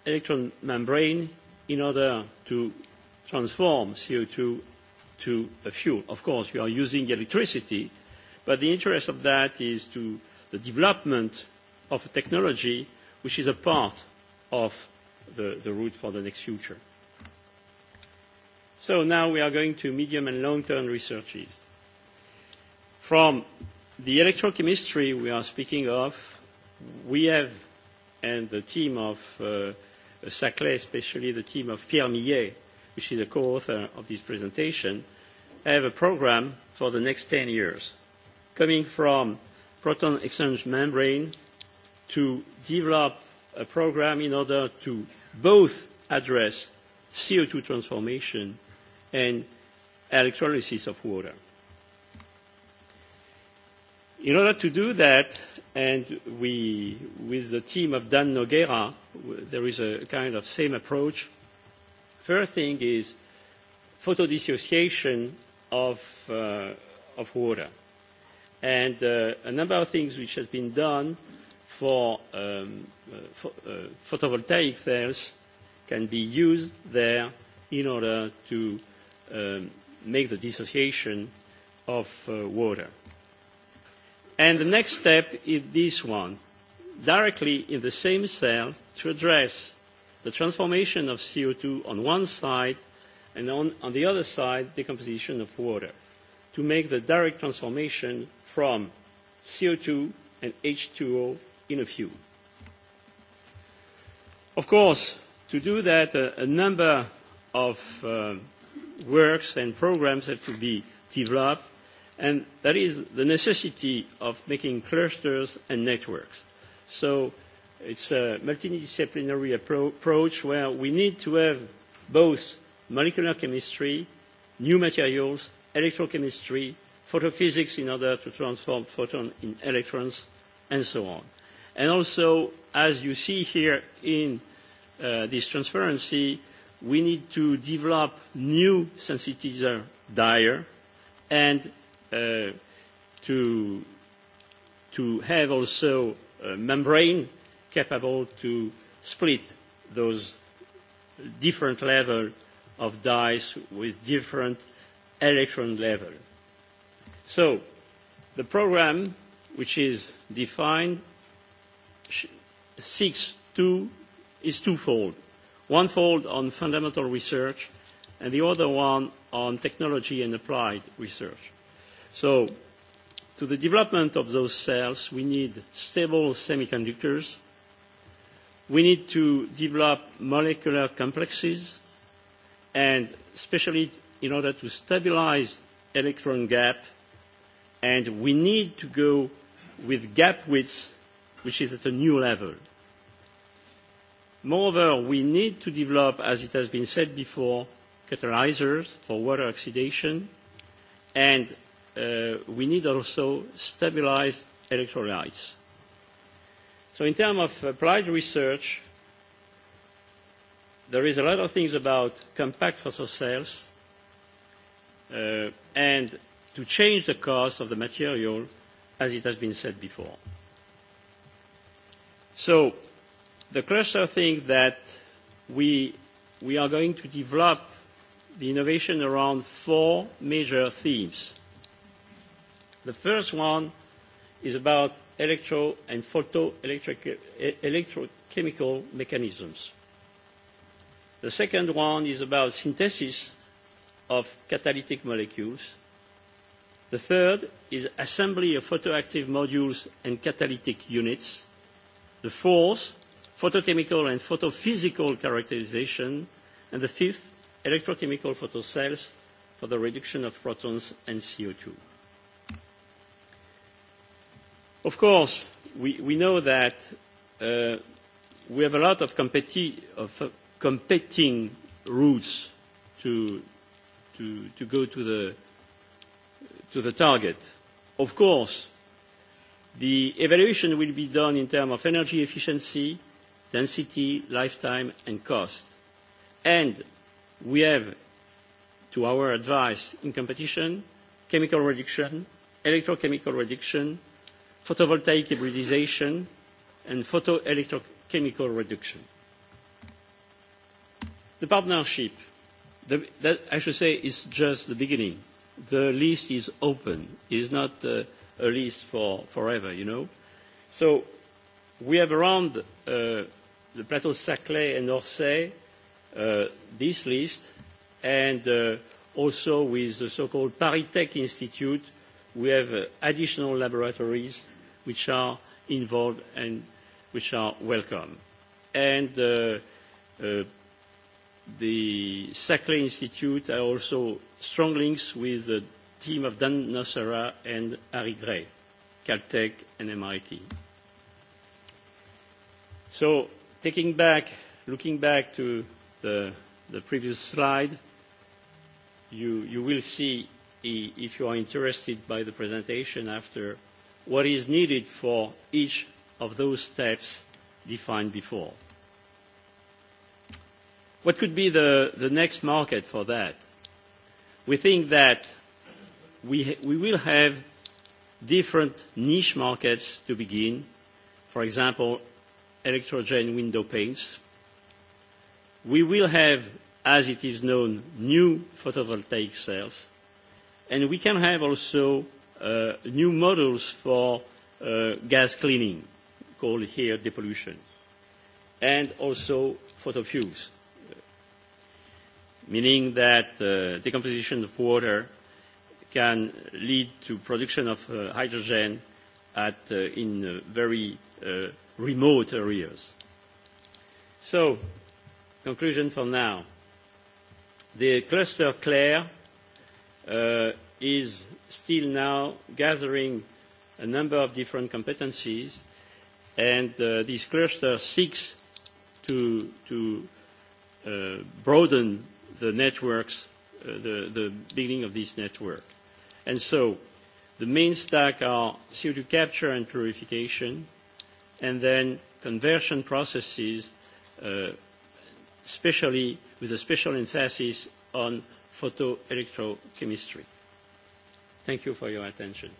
electron membrane in order to transform CO2 to a fuel. Of course, you are using electricity, but the interest of that is to the development of a technology which is a part of the, the route for the next future. So now we are going to medium and long-term researches. From the electrochemistry we are speaking of, we have, and the team of uh, Saclay, especially the team of Pierre Millet, which is a co-author of this presentation, have a program for the next 10 years, coming from proton exchange membrane to develop a program in order to both address CO2 transformation and electrolysis of water in order to do that and we with the team of dan nogueira there is a kind of same approach first thing is photo dissociation of, uh, of water and uh, a number of things which has been done for, um, uh, for uh, photovoltaic cells can be used there in order to um, make the dissociation of uh, water. And the next step is this one, directly in the same cell to address the transformation of CO2 on one side and on, on the other side, decomposition of water to make the direct transformation from CO2 and H2O in a few. Of course, to do that, a, a number of uh, works and programs have to be developed, and that is the necessity of making clusters and networks. So it's a multidisciplinary appro approach where we need to have both molecular chemistry, new materials, electrochemistry, photophysics in order to transform photons in electrons, and so on. And also, as you see here in uh, this transparency, we need to develop new sensitizer dyer and Uh, to to have also a membrane capable to split those different level of dyes with different electron level. So the program which is defined seeks to is twofold. One fold on fundamental research and the other one on technology and applied research. So to the development of those cells, we need stable semiconductors. We need to develop molecular complexes and especially in order to stabilize electron gap. And we need to go with gap widths, which is at a new level. Moreover, we need to develop, as it has been said before, catalyzers for water oxidation and uh, we need also stabilized electrolytes. So in terms of applied research, there is a lot of things about compact fossil cells uh, and to change the cost of the material, as it has been said before. So the cluster think that we, we are going to develop the innovation around four major themes. The first one is about electro and photoelectric e, electrochemical mechanisms. The second one is about synthesis of catalytic molecules. The third is assembly of photoactive modules and catalytic units. The fourth, photochemical and photophysical characterization. And the fifth, electrochemical photocells for the reduction of protons and CO2. Of course, we, we know that uh, we have a lot of, competi of uh, competing routes to, to, to go to the, to the target. Of course, the evaluation will be done in terms of energy efficiency, density, lifetime, and cost. And we have, to our advice in competition, chemical reduction, electrochemical reduction, photovoltaic hybridization, and photoelectrochemical reduction. The partnership, the, that I should say, is just the beginning. The list is open. It is not uh, a list for forever, you know. So we have around uh, the Plateau Saclay and Orsay uh, this list, and uh, also with the so-called Paris Tech Institute, we have uh, additional laboratories which are involved and which are welcome. And uh, uh, the Sackley Institute are also strong links with the team of Dan Nocera and Harry Gray, Caltech and MIT. So taking back, looking back to the, the previous slide, you, you will see if you are interested by the presentation after what is needed for each of those steps defined before. What could be the, the next market for that? We think that we, we will have different niche markets to begin. For example, electrogen window paints. We will have, as it is known, new photovoltaic cells. And we can have also uh, new models for uh, gas cleaning, called here depollution, and also photo fuels, meaning that uh, decomposition of water can lead to production of uh, hydrogen at, uh, in uh, very uh, remote areas. So, conclusion for now. The cluster CLARE uh, is still now gathering a number of different competencies, and uh, this cluster seeks to, to uh, broaden the networks, uh, the, the beginning of this network. And so the main stack are CO2 capture and purification, and then conversion processes, especially uh, with a special emphasis on photoelectrochemistry. Thank you for your attention.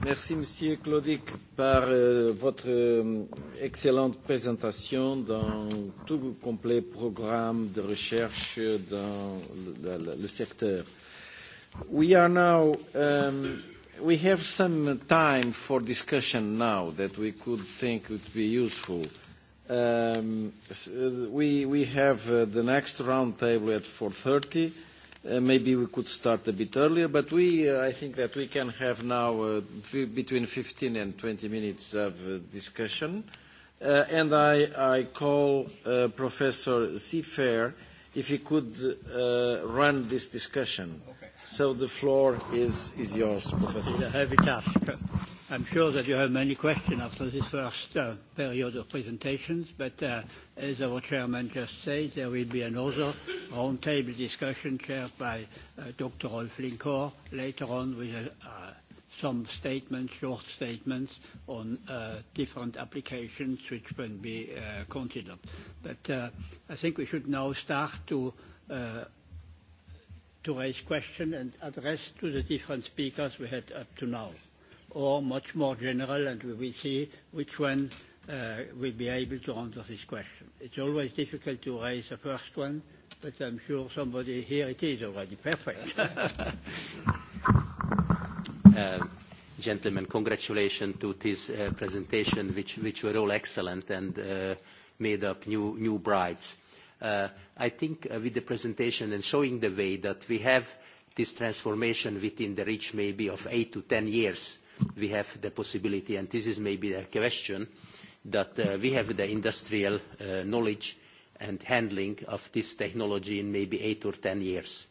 Merci, Monsieur Claudic, par euh, votre euh, excellente présentation dans tout complet programme de recherche dans le, le, le secteur. We are now, um, we have some time for discussion now that we could think would be useful. Uh, Um, uh, we, we have uh, the next round table at 4.30. Uh, maybe we could start a bit earlier, but we, uh, I think that we can have now uh, between 15 and 20 minutes of uh, discussion. Uh, and I, I call uh, Professor Seafair if he could uh, run this discussion. Okay. So the floor is, is yours, Professor. It's a heavy task. I'm sure that you have many questions after this first uh, period of presentations, but uh, as our chairman just said, there will be another roundtable discussion chaired by uh, Dr. Rolf Linkor later on with a, uh, some statements, short statements on uh, different applications which can be uh, considered. But uh, I think we should now start to uh, to raise questions and address to the different speakers we had up to now, or much more general, and we will see which one uh, will be able to answer this question. It's always difficult to raise the first one, but I'm sure somebody here it is already perfect. (laughs) uh, gentlemen, congratulations to this uh, presentation, which, which were all excellent and uh, made up new, new brides. Uh, I think uh, with the presentation and showing the way that we have this transformation within the reach maybe of 8-10 years, we have the possibility, and this is maybe a question, that uh, we have the industrial knowledge and handling of this technology in maybe 8 or 10 years.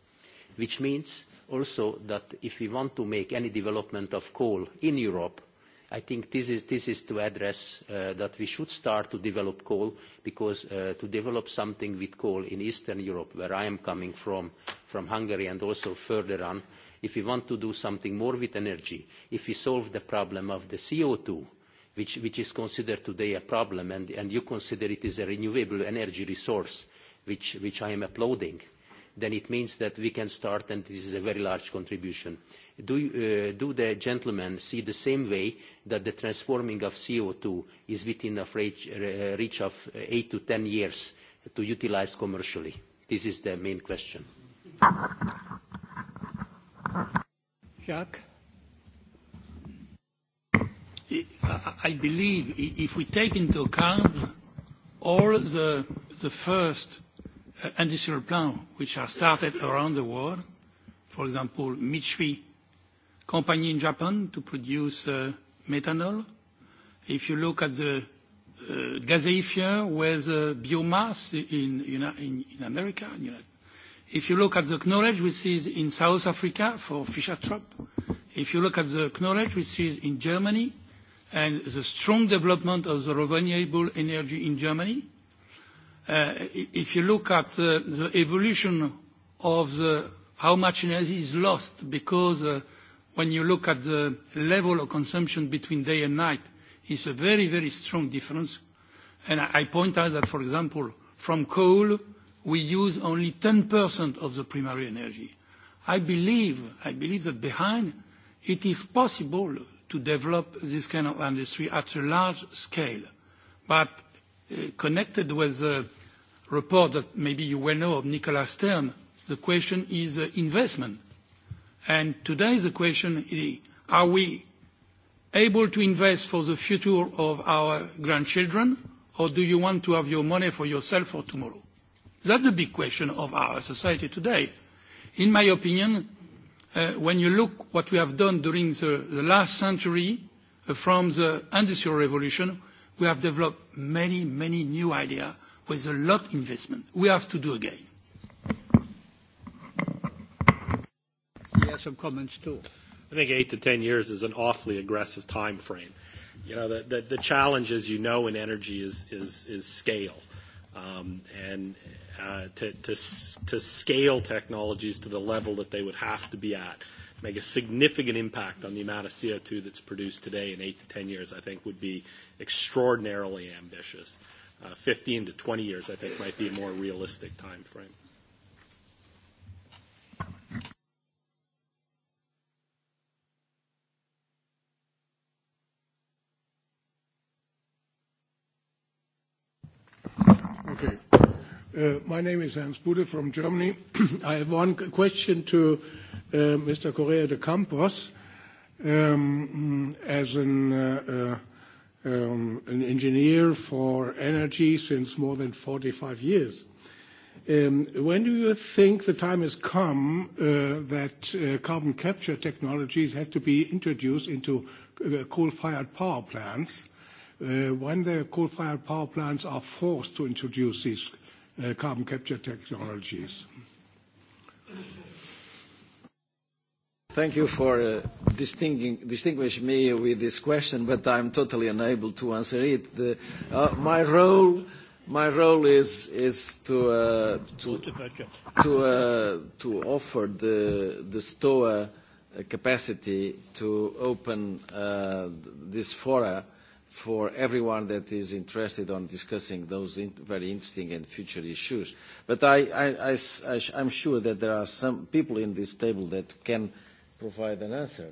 Which means also that if we want to make any development of coal in Europe, I think this is, this is to address uh, that we should start to develop coal because uh, to develop something with coal in Eastern Europe, where I am coming from, from Hungary and also further on, if we want to do something more with energy, if we solve the problem of the CO2, which, which is considered today a problem and, and you consider it is a renewable energy resource, which, which I am applauding, then it means that we can start and this is a very large contribution. Do, uh, do the gentlemen see the same way that the transforming of CO2 is within a reach, reach of 8 to 10 years to utilize commercially? This is the main question. Jacques? I believe if we take into account all the, the first uh, industrial plans which are started around the world, for example, Mitsui company in Japan to produce uh, methanol. If you look at the uh, gasifier with biomass in America, you know. If you look at the knowledge which is in South Africa for Fischer-Tropsch, if you look at the knowledge which is in Germany and the strong development of the renewable energy in Germany, uh, if you look at uh, the evolution of how much energy is lost because when you look at the level of consumption between day and night, it's a very, very strong difference. I point out that, for example, from coal, we use only 10% of the primary energy. I believe that behind it is possible to develop this kind of industry at a large scale. Uh, connected with the report that maybe you well know of Nicholas Stern, the question is uh, investment. And today, the question is, are we able to invest for the future of our grandchildren, or do you want to have your money for yourself for tomorrow? That's the big question of our society today. In my opinion, uh, when you look what we have done during the last century, uh, from the Industrial Revolution, we have developed many, many new idea with a lot investment. We have to do again. have some comments too. I think eight to ten years is an awfully aggressive time frame. You know, the, the, the challenge, as you know, in energy is, is, is scale. Um, and uh, to, to, to scale technologies to the level that they would have to be at, make a significant impact on the amount of CO2 that's produced today in eight to ten years, I think would be extraordinarily ambitious. Uh, 15 to 20 years, I think, might be a more realistic time frame. Okay. Uh, my name is Hans Bude from Germany. (clears throat) I have one question to uh, Mr. Correa de Campos. Um, as uh, um, an engineer for energy since more than 45 years, um, when do you think the time has come that carbon capture technologies have to be introduced into coal-fired power plants? Uh, when the coal-fired power plants are forced to introduce these uh, carbon capture technologies. Thank you for uh, distinguishing me with this question, but I'm totally unable to answer it. My role is to offer the STOA capacity to open this fora for everyone that is interested on discussing those very interesting and future issues. I'm sure that there are some people in this table that can provide an answer.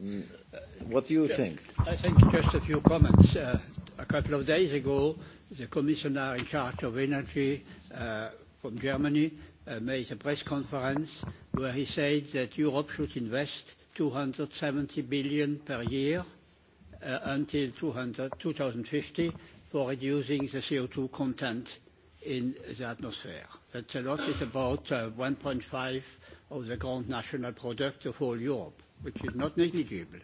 Mm, what do you think? I think just a few comments. Uh, a couple of days ago, the commissioner in charge of energy uh, from Germany uh, made a press conference where he said that Europe should invest 270 billion per year Uh, until 2050 for reducing the CO2 content in the atmosphere. That's a lot. It's about 1.5% uh, of the gross national product of all Europe, which is not negligible.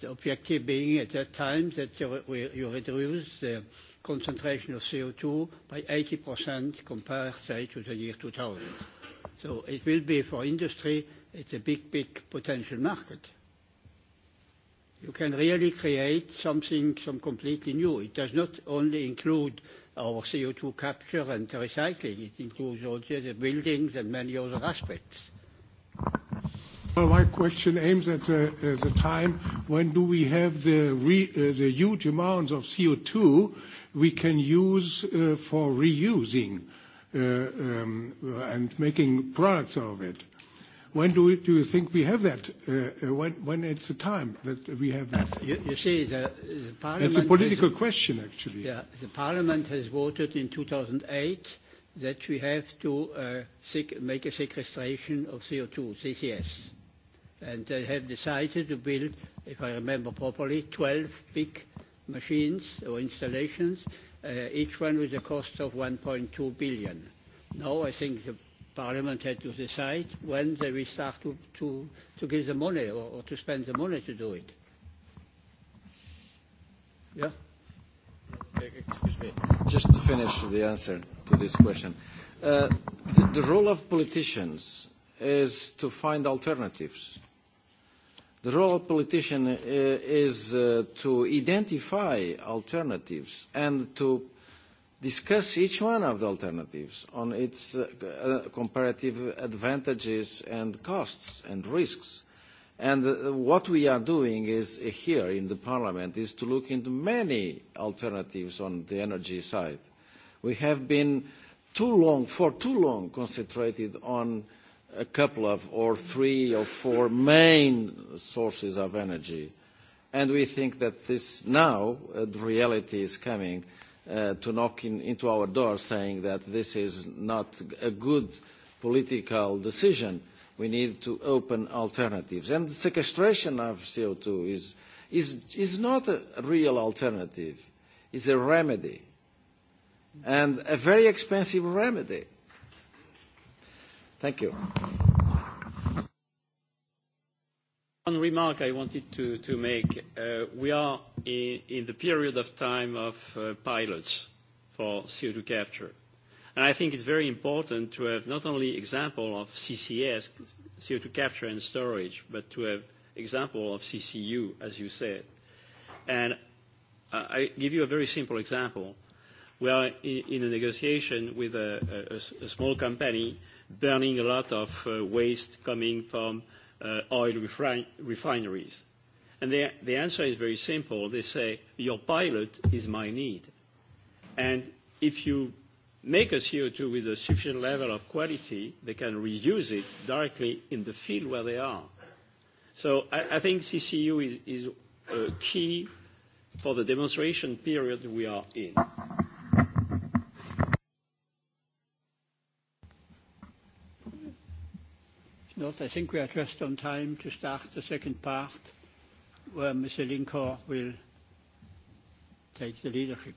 The objective being at that time that you reduce the concentration of CO2 by 80% compared, say, to the year 2000. It will be for industry, it's a big potential market you can really create something some completely new. It does not only include our CO2 capture and recycling, it includes also the buildings and many other aspects. Well, my question aims at the, at the time when do we have the, re, uh, the huge amounts of CO2 we can use uh, for reusing uh, um, and making products out of it. When do we, do you think we have that? Uh, uh when, when it's the time that we have that? Uh, you, you see, the, the parliament. It's a political has, question, actually. Yeah, the parliament has voted in 2008 that we have to uh, sec- make a sequestration of CO2, CCS. And they have decided to build, if I remember properly, 12 big machines or installations, uh, each one with a cost of 1.2 billion. No, I think the Parliament had to decide when they will start to, to, to give the money or, or to spend the money to do it. Yeah? Excuse me, just to finish the answer to this question. Uh, the, the role of politicians is to find alternatives. The role of politician uh, is uh, to identify alternatives and to discuss each one of the alternatives on its uh, uh, comparative advantages and costs and risks. And uh, what we are doing is uh, here in the Parliament is to look into many alternatives on the energy side. We have been too long, for too long, concentrated on a couple of or three or four main sources of energy. And we think that this now, uh, the reality is coming, uh, uh, to knock in, into our door saying that this is not a good political decision. We need to open alternatives. And the sequestration of CO2 is, is, is not a real alternative. It's a remedy, and a very expensive remedy. Thank you. Thank you. One remark I wanted to make. Uh, we are in the period of time of uh, pilots for CO2 capture. I think it's very important to have not only example of CCS, CO2 capture and storage, but to have example of CCU, as you said. I give you a very simple example. We are in a negotiation with a small company burning a lot of uh, waste coming from Uh, oil refineries? The answer is very simple. They say, "Your pilot is my need." If you make a CO2 with a sufficient level of quality, they can reuse it directly in the field where they are. I think CCU is uh, key for the demonstration period we are in. Not, I think we are just on time to start the second part where Mr. Linkor will take the leadership.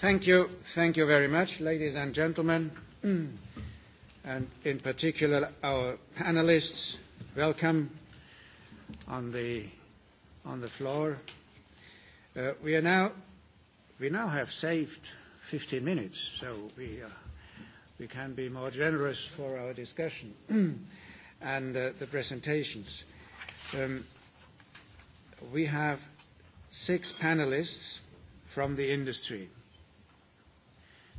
Thank you. Thank you very much, ladies and gentlemen, (clears throat) and in particular our panelists. Welcome on the on the floor. Uh, we are now we now have saved 15 minutes, so we uh, we can be more generous for our discussion (clears throat) and uh, the presentations. Um, we have six panelists from the industry.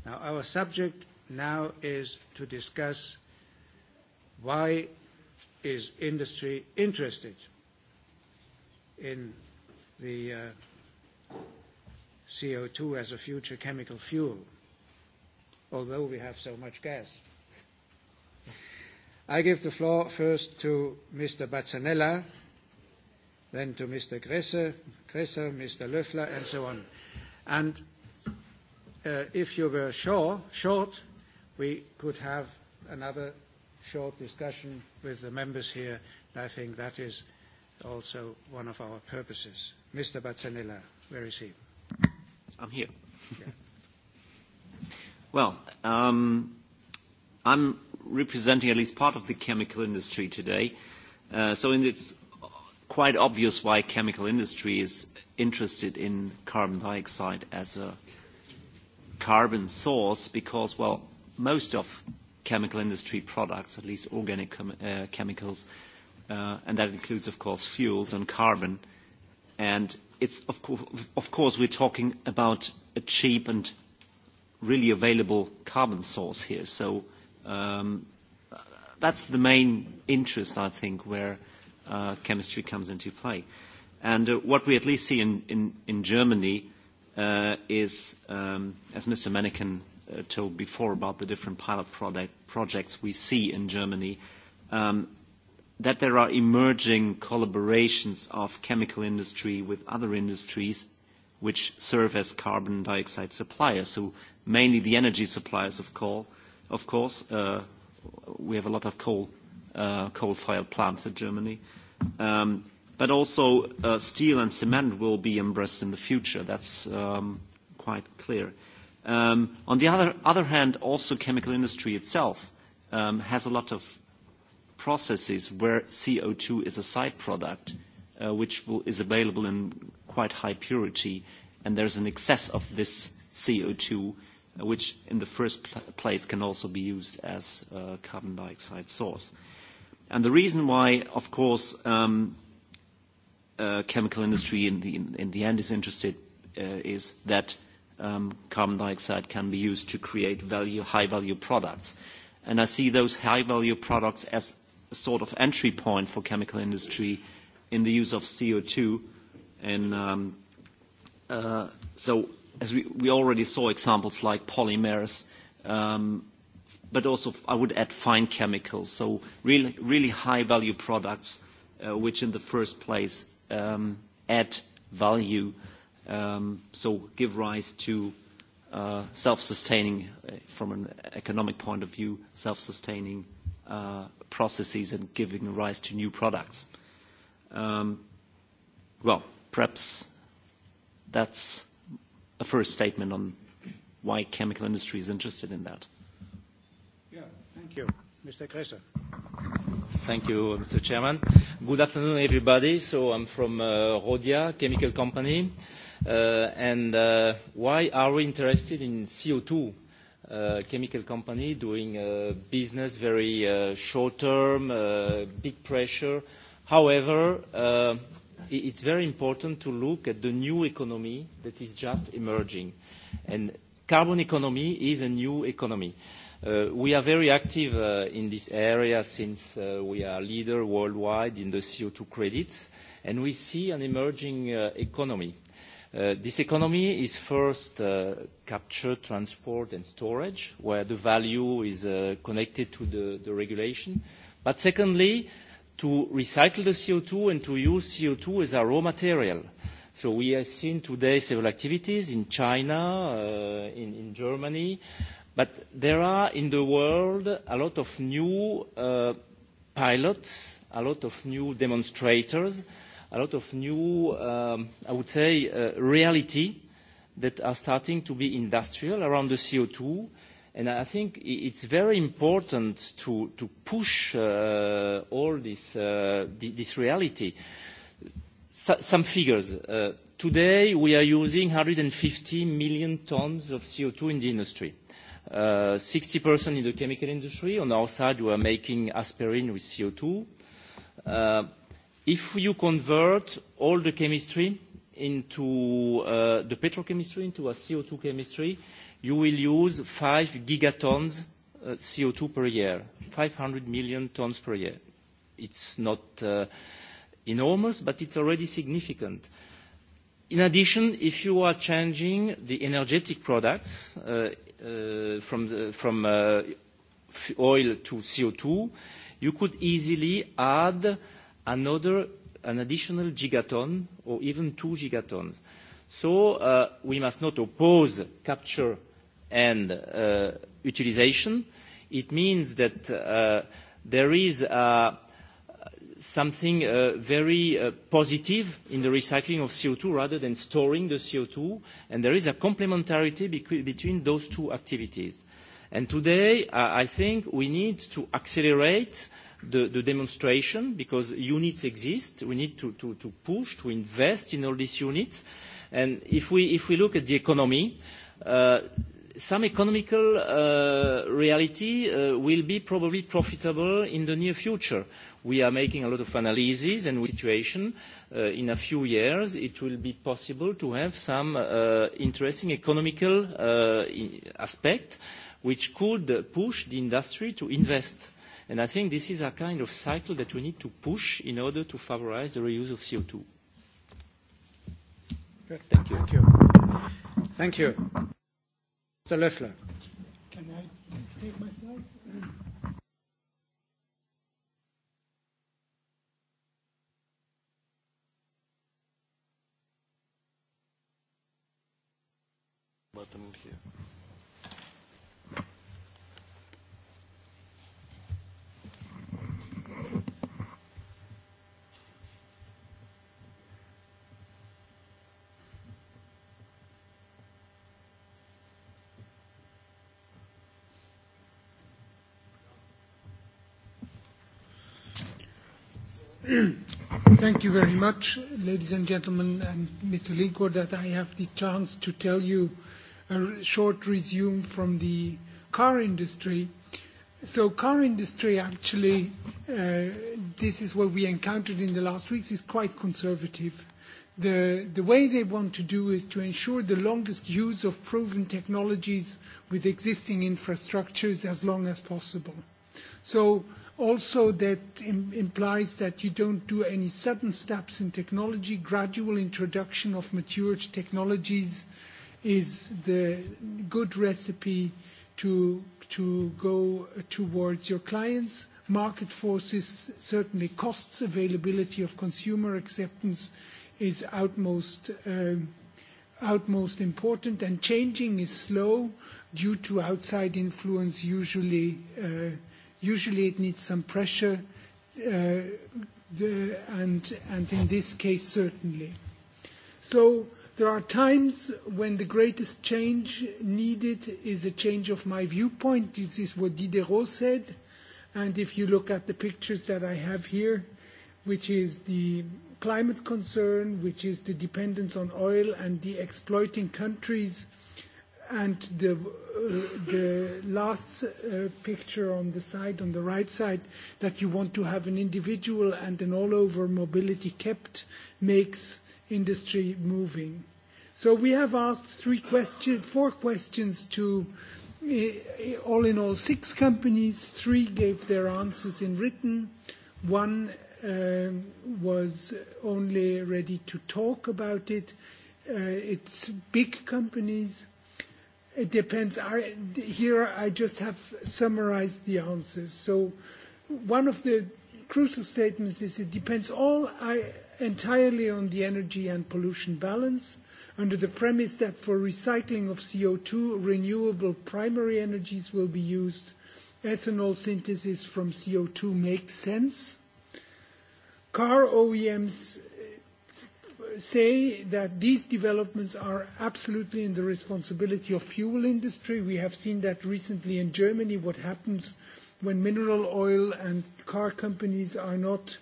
Now, our subject now is to discuss why is industry interested in the uh, CO2 as a future chemical fuel, although we have so much gas. I give the floor first to Mr. Bazzanella, then to Mr. Gresser, Gresser Mr. Löffler, and so on. And Uh, if you were sure, short, we could have another short discussion with the members here. I think that is also one of our purposes. Mr. Bazzanella, where is he? I'm here. (laughs) Well, um, I'm representing at least part of the chemical industry today. Uh, it's quite obvious why chemical industry is interested in carbon dioxide as a carbon source because, well, most of chemical industry products, at least organic chem- uh, chemicals, uh, and that includes, of course, fuels and carbon. And it's of, co- of course we're talking about a cheap and really available carbon source here. So um, that's the main interest, I think, where uh, chemistry comes into play. And uh, what we at least see in, in, in Germany. Uh, is, um, as Mr. Meneken uh, told before about the different pilot projects we see in Germany, um, that there are emerging collaborations of chemical industry with other industries which serve as carbon dioxide suppliers. Mainly the energy suppliers of coal, of course. Uh, we have a lot of coal-fired plants in Germany. Um, but also uh, steel and cement will be embraced in the future. That's um, quite clear. Um, on the other, other hand, also chemical industry itself um, has a lot of processes where CO2 is a side product, uh, which will, is available in quite high purity, and there's an excess of this CO2, uh, which in the first pl place can also be used as a carbon dioxide source. And the reason why, of course, um, Uh, chemical industry in the, in, in the end is interested uh, is that um, carbon dioxide can be used to create value, high-value products. And I see those high-value products as a sort of entry point for chemical industry in the use of CO2. And um, uh, so as we, we already saw examples like polymers, um, but also I would add fine chemicals, so really, really high-value products uh, which in the first place Um, add value, um, so give rise to uh, self-sustaining, uh, from an economic point of view, self-sustaining uh, processes and giving rise to new products. Um, well, perhaps that's a first statement on why chemical industry is interested in that. Yeah. Thank you. Mr. Grässer. Thank you, Mr. Chairman. Good afternoon, everybody. So I'm from uh, Rhodia Chemical Company. Uh, and uh, why are we interested in CO2 chemical company doing business very short term, big pressure? However, it's very important to look at the new economy that is just emerging, and carbon economy is a new economy. Uh, we are very active uh, in this area since uh, we are leader worldwide in the CO2 credits and we see an emerging uh, economy. Uh, this economy is first uh, capture, transport and storage where the value is uh, connected to the, the regulation. But secondly, to recycle the CO2 and to use CO2 as a raw material. So we have seen today several activities in China, uh, in, in Germany, uh, But there are in the world a lot of new uh, pilots, a lot of new demonstrators, a lot of new, um, I would say, uh, reality that are starting to be industrial around the CO2. And I think it's very important to, to push uh, all this, uh, this reality. S some figures. Uh, today, we are using 150 million tons of CO2 in the industry. Uh, 60% uh, in the chemical industry. On our side, we are making aspirin with CO2. Uh, if you convert all the chemistry into uh, the petrochemistry into a CO2 chemistry, you will use 5 gigatons CO2 per year, 500 million tons per year. It's not enormous, but it's already significant. In addition, if you are changing the energetic products, Uh, from, the, from uh, oil to CO2, you could easily add another, an additional gigaton or even two gigatons. So uh, we must not oppose capture and uh, utilization. It means that uh, there is a uh, something uh, very uh, positive in the recycling of CO2 rather than storing the CO2, and there is a complementarity be- between those two activities. And today, uh, I think we need to accelerate the, the demonstration because units exist. We need to, to, to push, to invest in all these units. And if we, if we look at the economy, uh, some economical uh, reality uh, will be probably profitable in the near future. We are making a lot of analysis and situation. Uh, in a few years, it will be possible to have some interesting economical aspect, which could push the industry to invest. I think this is a kind of cycle that we need to push in order to favorize the reuse of CO2. Good. Thank you. Thank you. Thank you. Mr. Loeffler. Can I take my slides? About the Thank you very much, ladies and gentlemen, and Mr. Lincourt, that I have the chance to tell you a short resume from the car industry. So car industry actually, uh, this is what we encountered in the last weeks, is quite conservative. The, the way they want to do is to ensure the longest use of proven technologies with existing infrastructures as long as possible. So Also, that implies that you don't do any sudden steps in technology. Gradual introduction of mature technologies is the good recipe to go towards your clients. Market forces, certainly costs, availability of consumer acceptance is utmost um, important, and changing is slow due to outside influence, usually, uh, usually it needs some pressure, uh, the, and, and in this case, certainly. So there are times when the greatest change needed is a change of my viewpoint. This is what Diderot said. And if you look at the pictures that I have here, which is the climate concern, which is the dependence on oil and the exploiting countries, and the uh, the last uh, picture on the side on the right side that you want to have an individual and an all over mobility kept makes industry moving so we have asked three questions four questions to uh, all in all six companies three gave their answers in written one uh, was only ready to talk about it uh, it's big companies It depends. I, here I just have summarized the answers. So one of the crucial statements is it depends all I, entirely on the energy and pollution balance under the premise that for recycling of CO2, renewable primary energies will be used. Ethanol synthesis from CO2 makes sense. Car OEMs say that these developments are absolutely in the responsibility of fuel industry. We have seen that recently in Germany, what happens when mineral oil and car companies are not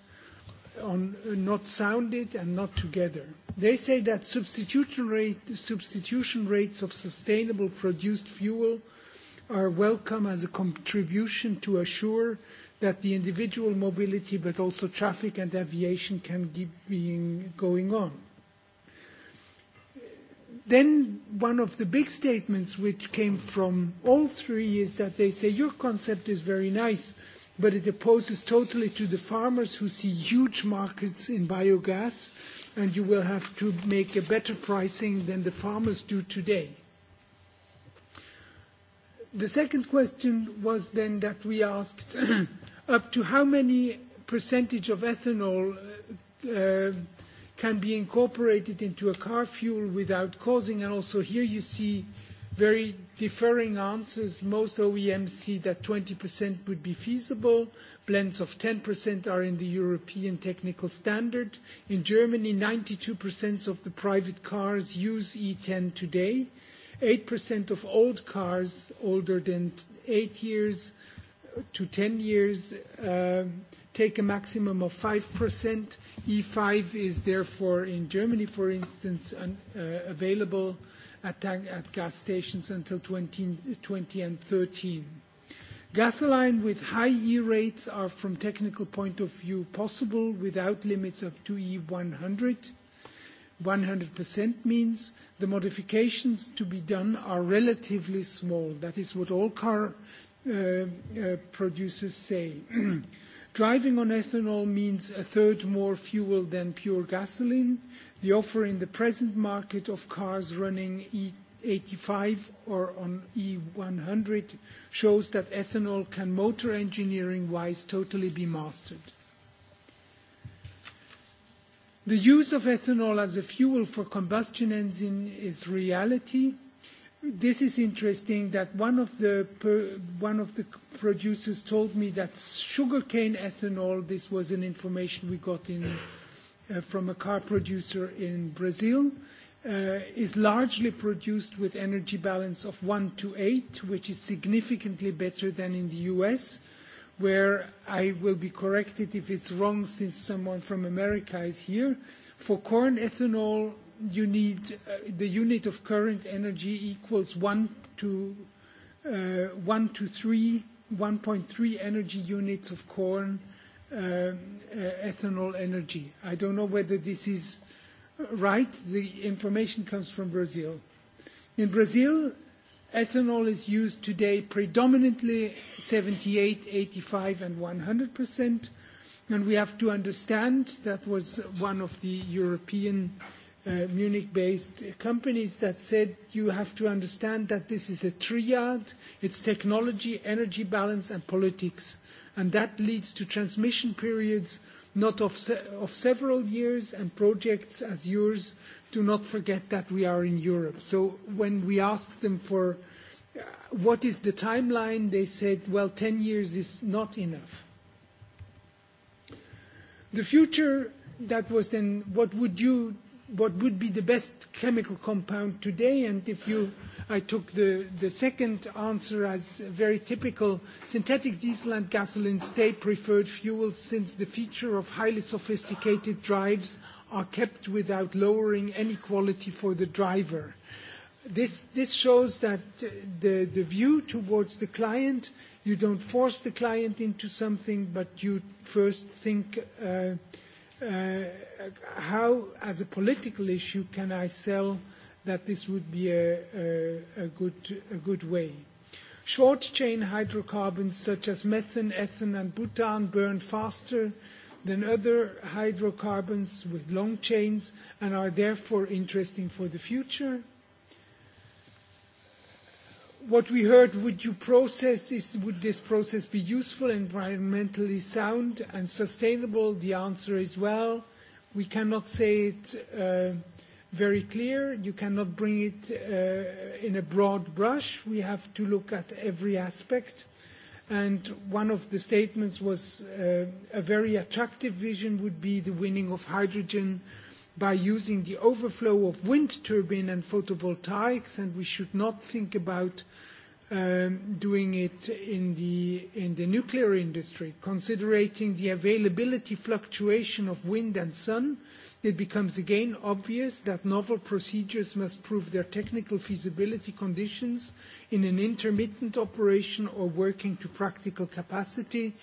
sounded and not together. They say that substitution rates of sustainable produced fuel are welcome as a contribution to assure that the individual mobility, but also traffic and aviation can keep being going on. Then one of the big statements which came from all three is that they say your concept is very nice, but it opposes totally to the farmers who see huge markets in biogas and you will have to make a better pricing than the farmers do today. The second question was then that we asked (clears throat) up to how many percentage of ethanol uh, uh, can be incorporated into a car fuel without causing, and also here you see very differing answers. Most OEMs see that 20% would be feasible. Blends of 10% are in the European technical standard. In Germany, 92% of the private cars use E10 today. 8% of old cars older than eight years to 10 years uh, take a maximum of 5%. E5 is therefore in Germany, for instance, un, uh, available at, tank, at gas stations until 20, 20 and 13. Gasoline with high E rates are from technical point of view possible without limits up to E100. 100% means the modifications to be done are relatively small. That is what all car Uh, uh, producers say. (clears throat) Driving on ethanol means a third more fuel than pure gasoline. The offer in the present market of cars running E85 or on E100 shows that ethanol can motor engineering wise totally be mastered. The use of ethanol as a fuel for combustion engine is reality, This is interesting that one of the per, one of the producers told me that sugarcane ethanol. This was an information we got in uh, from a car producer in Brazil. Uh, is largely produced with energy balance of 1 to 8, which is significantly better than in the US, where I will be corrected if it's wrong since someone from America is here. For corn ethanol, you need uh, the unit of current energy equals 1 to uh, 1 to 3 1.3 energy units of corn uh, uh, ethanol energy i don't know whether this is right the information comes from brazil in brazil ethanol is used today predominantly 78 85 and 100% and we have to understand that was one of the european uh, Munich based companies that said you have to understand that this is a triad it's technology, energy balance, and politics. And that leads to transmission periods not of, se- of several years and projects as yours. Do not forget that we are in Europe. So when we asked them for uh, what is the timeline, they said, well, 10 years is not enough. The future that was then, what would you what would be the best chemical compound today and if you i took the the second answer as very typical synthetic diesel and gasoline stay preferred fuels since the feature of highly sophisticated drives are kept without lowering any quality for the driver this this shows that the the view towards the client you don't force the client into something but you first think uh, uh, how, as a political issue, can I sell that this would be a, a, a, good, a good way? Short chain hydrocarbons such as methane, ethane, and butane burn faster than other hydrocarbons with long chains and are therefore interesting for the future what we heard, would you process this, would this process be useful, environmentally sound and sustainable? The answer is well. We cannot say it uh, very clear. You cannot bring it uh, in a broad brush. We have to look at every aspect. And one of the statements was uh, a very attractive vision would be the winning of hydrogen uh, by using the overflow of wind turbine and photovoltaics, and we should not think about um, doing it in the, in the nuclear industry. Considering the availability fluctuation of wind and sun, it becomes again obvious that novel procedures must prove their technical feasibility conditions in an intermittent operation or working to practical capacity.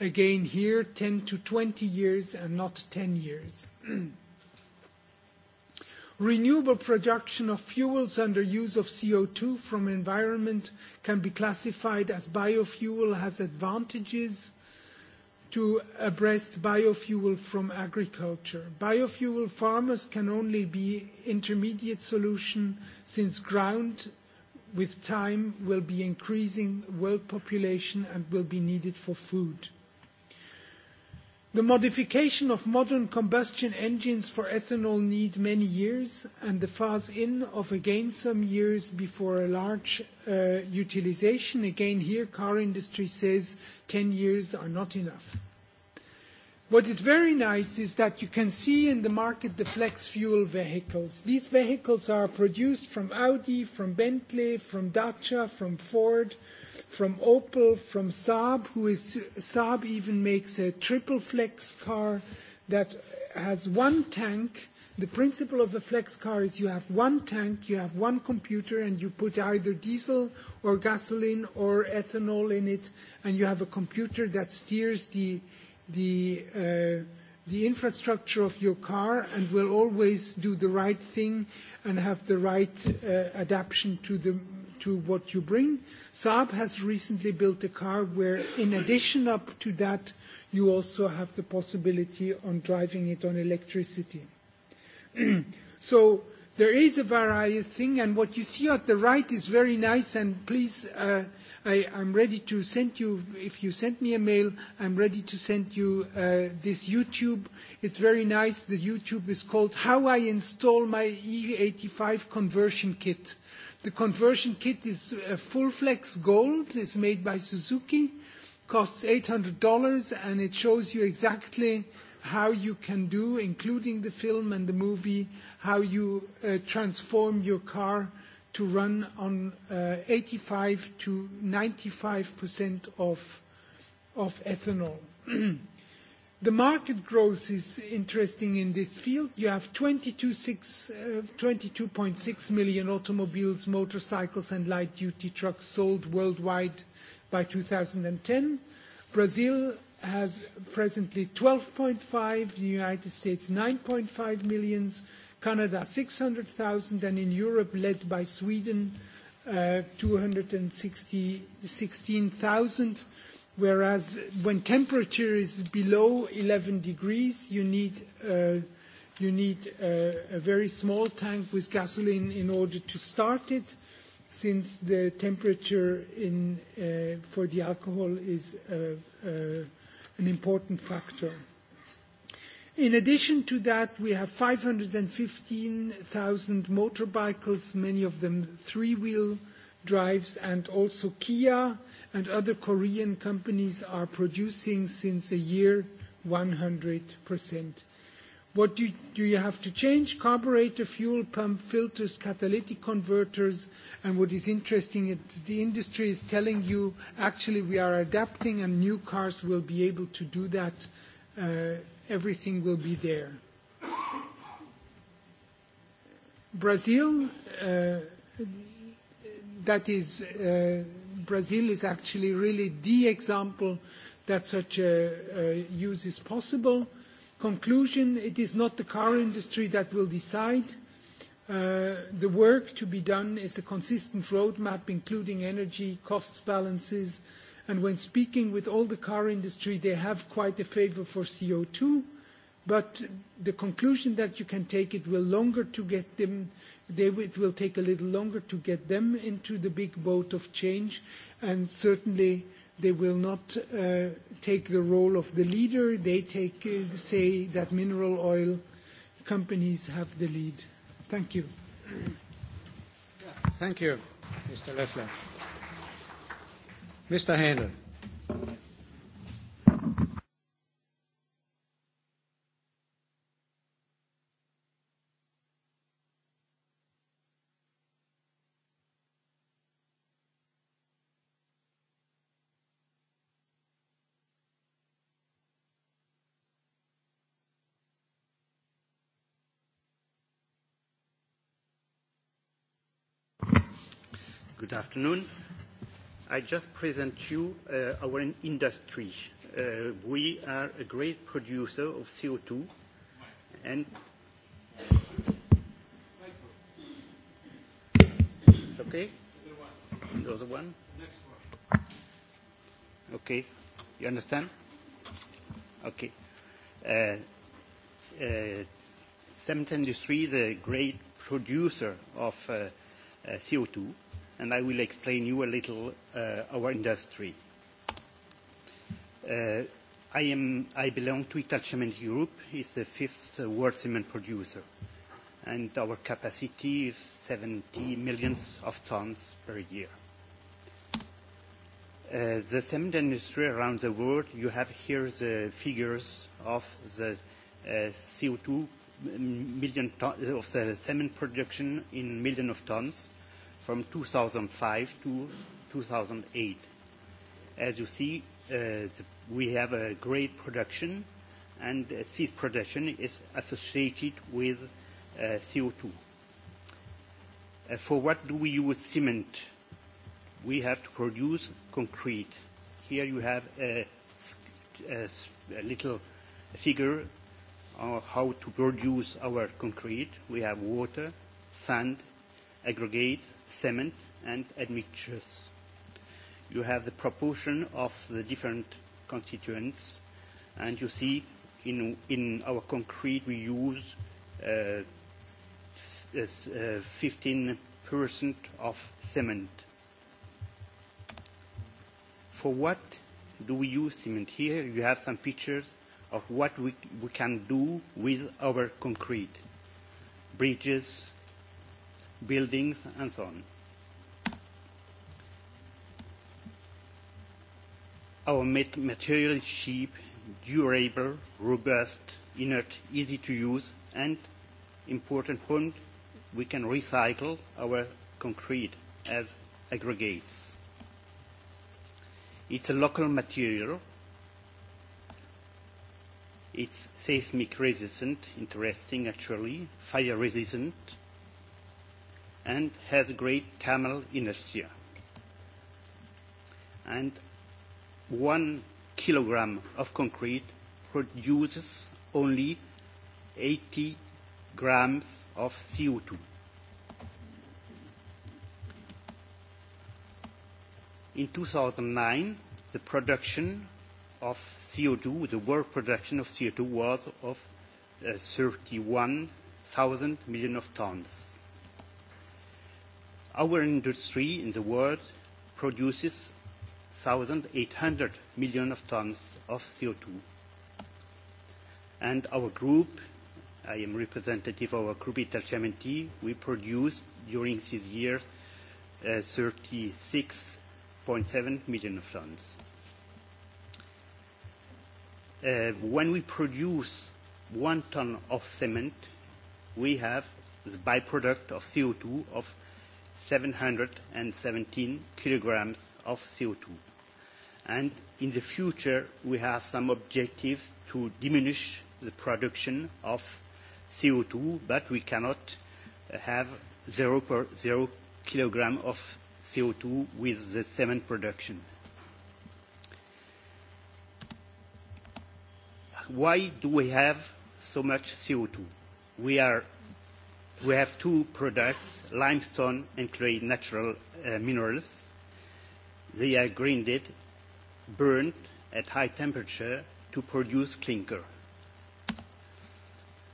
Again, here, 10 to 20 years and not 10 years. (clears throat) renewable production of fuels under use of CO2 from environment can be classified as biofuel, has advantages to abreast biofuel from agriculture. Biofuel farmers can only be intermediate solution since ground with time will be increasing world population and will be needed for food. The modification of modern combustion engines for ethanol need many years and the phase in of again some years before a large uh, utilization. Again here car industry says 10 years are not enough. What is very nice is that you can see in the market the flex fuel vehicles. These vehicles are produced from Audi, from Bentley, from Dacia, from Ford, uh, from Opel, from Saab, who is Saab even makes a triple flex car that has one tank. The principle of a flex car is you have one tank, you have one computer, and you put either diesel or gasoline or ethanol in it, and you have a computer that steers the, the, uh, the infrastructure of your car and will always do the right thing and have the right uh, adaption to the to what you bring. Saab has recently built a car where in addition up to that, you also have the possibility on driving it on electricity. (clears throat) There is a variety of thing, and what you see at the right is very nice, and please, uh, I'm ready to send you. If you send me a mail, I'm ready to send you uh, this YouTube. It's very nice. The YouTube is called How I Install My E85 Conversion Kit. The conversion kit is a full flex gold. It's made by Suzuki. Costs $800 and it shows you exactly how you can do, including the film and the movie, how you uh, transform your car to run on uh, 85 to 95% of, of ethanol. (clears throat) The market growth is interesting in this field. You have 22.6 uh, million automobiles, motorcycles, and light-duty trucks sold worldwide by 2010. Brazil has presently 12.5, United States 9.5 million, Canada 600,000, and in Europe, led by Sweden, 216,000. Uh, whereas when temperature is below 11 degrees, you need, uh, you need uh, a very small tank with gasoline in order to start it, since the temperature in, uh, for the alcohol is uh, uh, an important factor. In addition to that, we have 515,000 motorbikes, many of them three-wheel drives, and also Kia, and other Korean companies are producing since a year 100%. What do you have to change? Carburetor, fuel pump, filters, catalytic converters. What is interesting, it's the industry is telling you, actually, we are adapting and new cars will be able to do that. Uh, everything will be there. Brazil, uh, that is uh, Brazil is actually really the example that such a, a use is possible. Conclusion, it is not the car industry that will decide. Uh, the work to be done is a consistent roadmap, including energy, costs balances, and when speaking with all the car industry, they have quite a favor for CO2. Uh, The conclusion that you can take, it will take a little longer to get them into the big boat of change, and certainly they will not uh, take the role of the leader. They uh, say that mineral oil companies have the lead. Thank you. Thank you, Mr. Loeffler. Mr. Haenel. good afternoon. I just present you uh, our industry. Uh, we are a great producer of CO2, and okay? Other one. Other one? Next one. Okay. You understand? Okay. Cement uh, industry is a great producer of CO2, and I will explain you a little uh, our industry. Uh, I belong to Italcementi Group, is the fifth uh, world cement producer, and our capacity is 70 million tons per year. The cement industry around the world, you have here the figures of the CO2 million ton of the cement production in million of tons from 2005 to 2008. As you see, uh, we have a great production, and uh, seed production is associated with uh, CO2. Uh, for what do we use cement? We have to produce concrete. Here you have a, a, a little figure on how to produce our concrete. We have water, sand, aggregates, cement, and admixtures. You have the proportion of the different constituents, and you see in, in our concrete we use uh, uh, 15% of cement. For what do we use cement? Here you have some pictures of what we, we can do with our concrete. Bridges, buildings, and so on. Our material is cheap, durable, robust, inert, easy to use, and important point, we can recycle our concrete as aggregates. It's a local material. It's seismic resistant, interesting actually, fire resistant, and has a great Tamil industry. And one kilogram of concrete produces only 80 grams of CO2. In 2009, the production of CO2, the world production of CO2 was of uh, 31,000 million of tons. Our industry in the world produces 1,800 million of tons of CO2. And our group, I am representative of our group Italcementi, we produce during these years uh, 36.7 million of tons. Uh, when we produce one ton of cement, we have the byproduct of CO2 of 717 kilograms of CO2. And in the future, we have some objectives to diminish the production of CO2, but we cannot uh, have zero, per, zero kilogram of CO2 with the cement production. Why do we have so much CO2? We are We have two products, limestone and clay natural uh, minerals. They are grinded, burned at high temperature to produce clinker.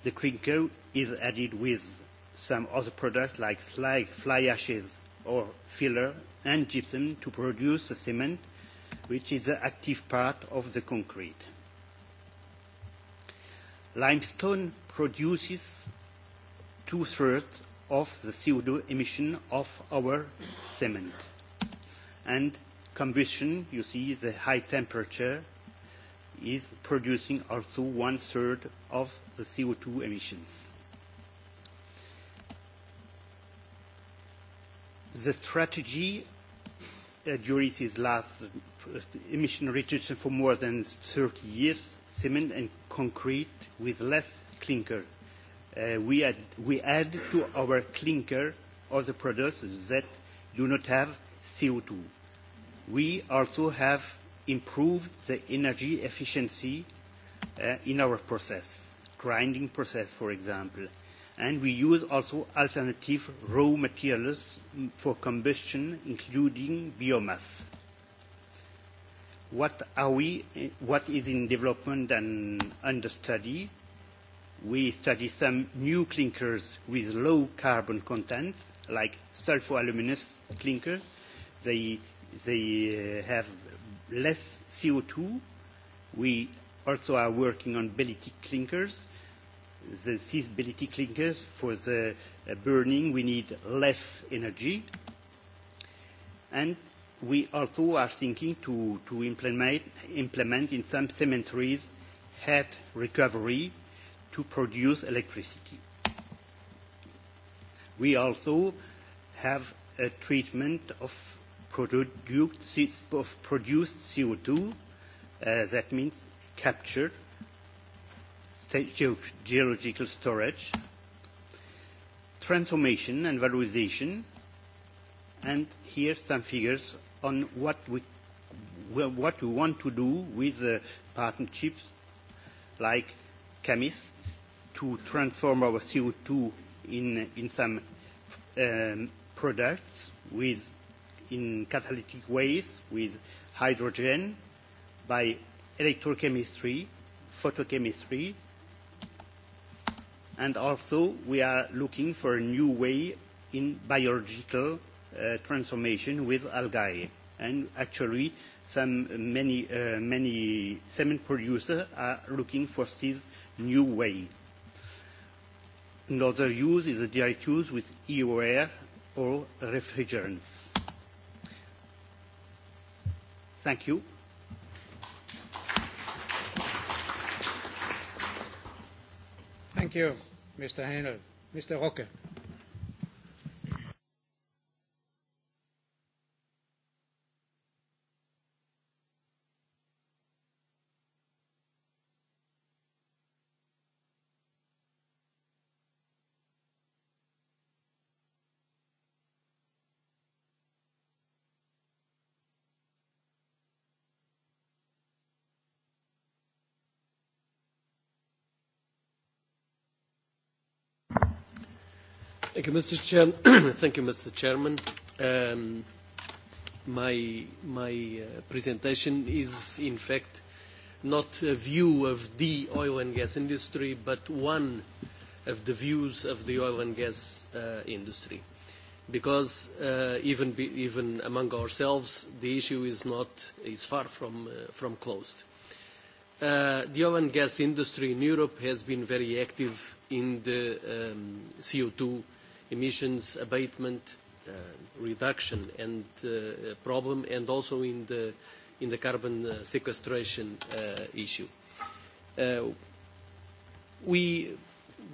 The clinker is added with some other products like fly, fly ashes or filler and gypsum to produce the cement, which is the active part of the concrete. Limestone produces two-thirds of the CO2 emission of our cement. And combustion, you see the high temperature, is producing also one-third of the CO2 emissions. The strategy uh, during this last uh, emission reduction for more than 30 years, cement and concrete with less clinker Uh, we add to our clinker other products that do not have CO2. We also have improved the energy efficiency uh, in our process, grinding process, for example. And we use also alternative raw materials for combustion, including biomass. What are we, uh, what is in development and under study? We study some new clinkers with low carbon content, like sulfo-aluminous clinker. They uh, have less CO2. We also are working on Belytic clinkers. This is Belytic clinkers. For the uh, burning, we need less energy. We also are thinking to implement in some cementeries heat recovery to produce electricity. We also have a treatment of produced, of produced CO2, uh, that means capture, ge geological storage, transformation and valorization, and here some figures on what we, well, what we want to do with uh, partnerships like chemists to transform our CO2 in, in some um, products with, in catalytic ways with hydrogen by electrochemistry, photochemistry. And also, we are looking for a new way in biological uh, transformation with algae. And actually, some many, uh, many cement producers are looking for these new way. Another use is the DRQs with EOR or refrigerants. Thank you. Thank you, Mr. Henel. Mr. Rocke. Thank you, Mr. (clears throat) Chairman. Um, my my uh, presentation is, in fact, not a view of the oil and gas industry, but one of the views of the oil and gas uh, industry. Because uh, even be, even among ourselves, the issue is not is far from uh, from closed. Uh, the oil and gas industry in Europe has been very active in the um, CO2 emissions abatement uh, reduction and uh, problem and also in the in the carbon uh, sequestration uh, issue uh, we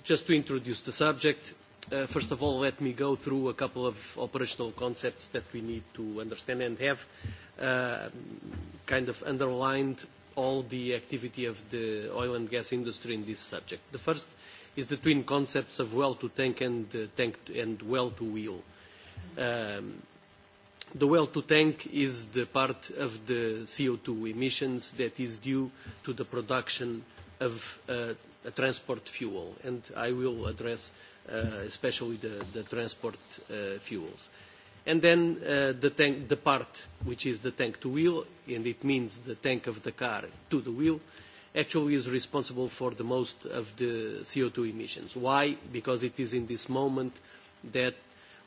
just to introduce the subject uh, first of all let me go through a couple of operational concepts that we need to understand and have uh, kind of underlined all the activity of the oil and gas industry in this subject the first is the twin concepts of well to tank and uh, tank to, and well to wheel. Um, the well to tank is the part of the CO2 emissions that is due to the production of uh, a transport fuel, and I will address uh, especially the, the transport uh, fuels. And then uh, the, tank, the part which is the tank to wheel, and it means the tank of the car to the wheel, uh, actually is responsible for the most of the CO2 emissions. Why? Because it is in this moment that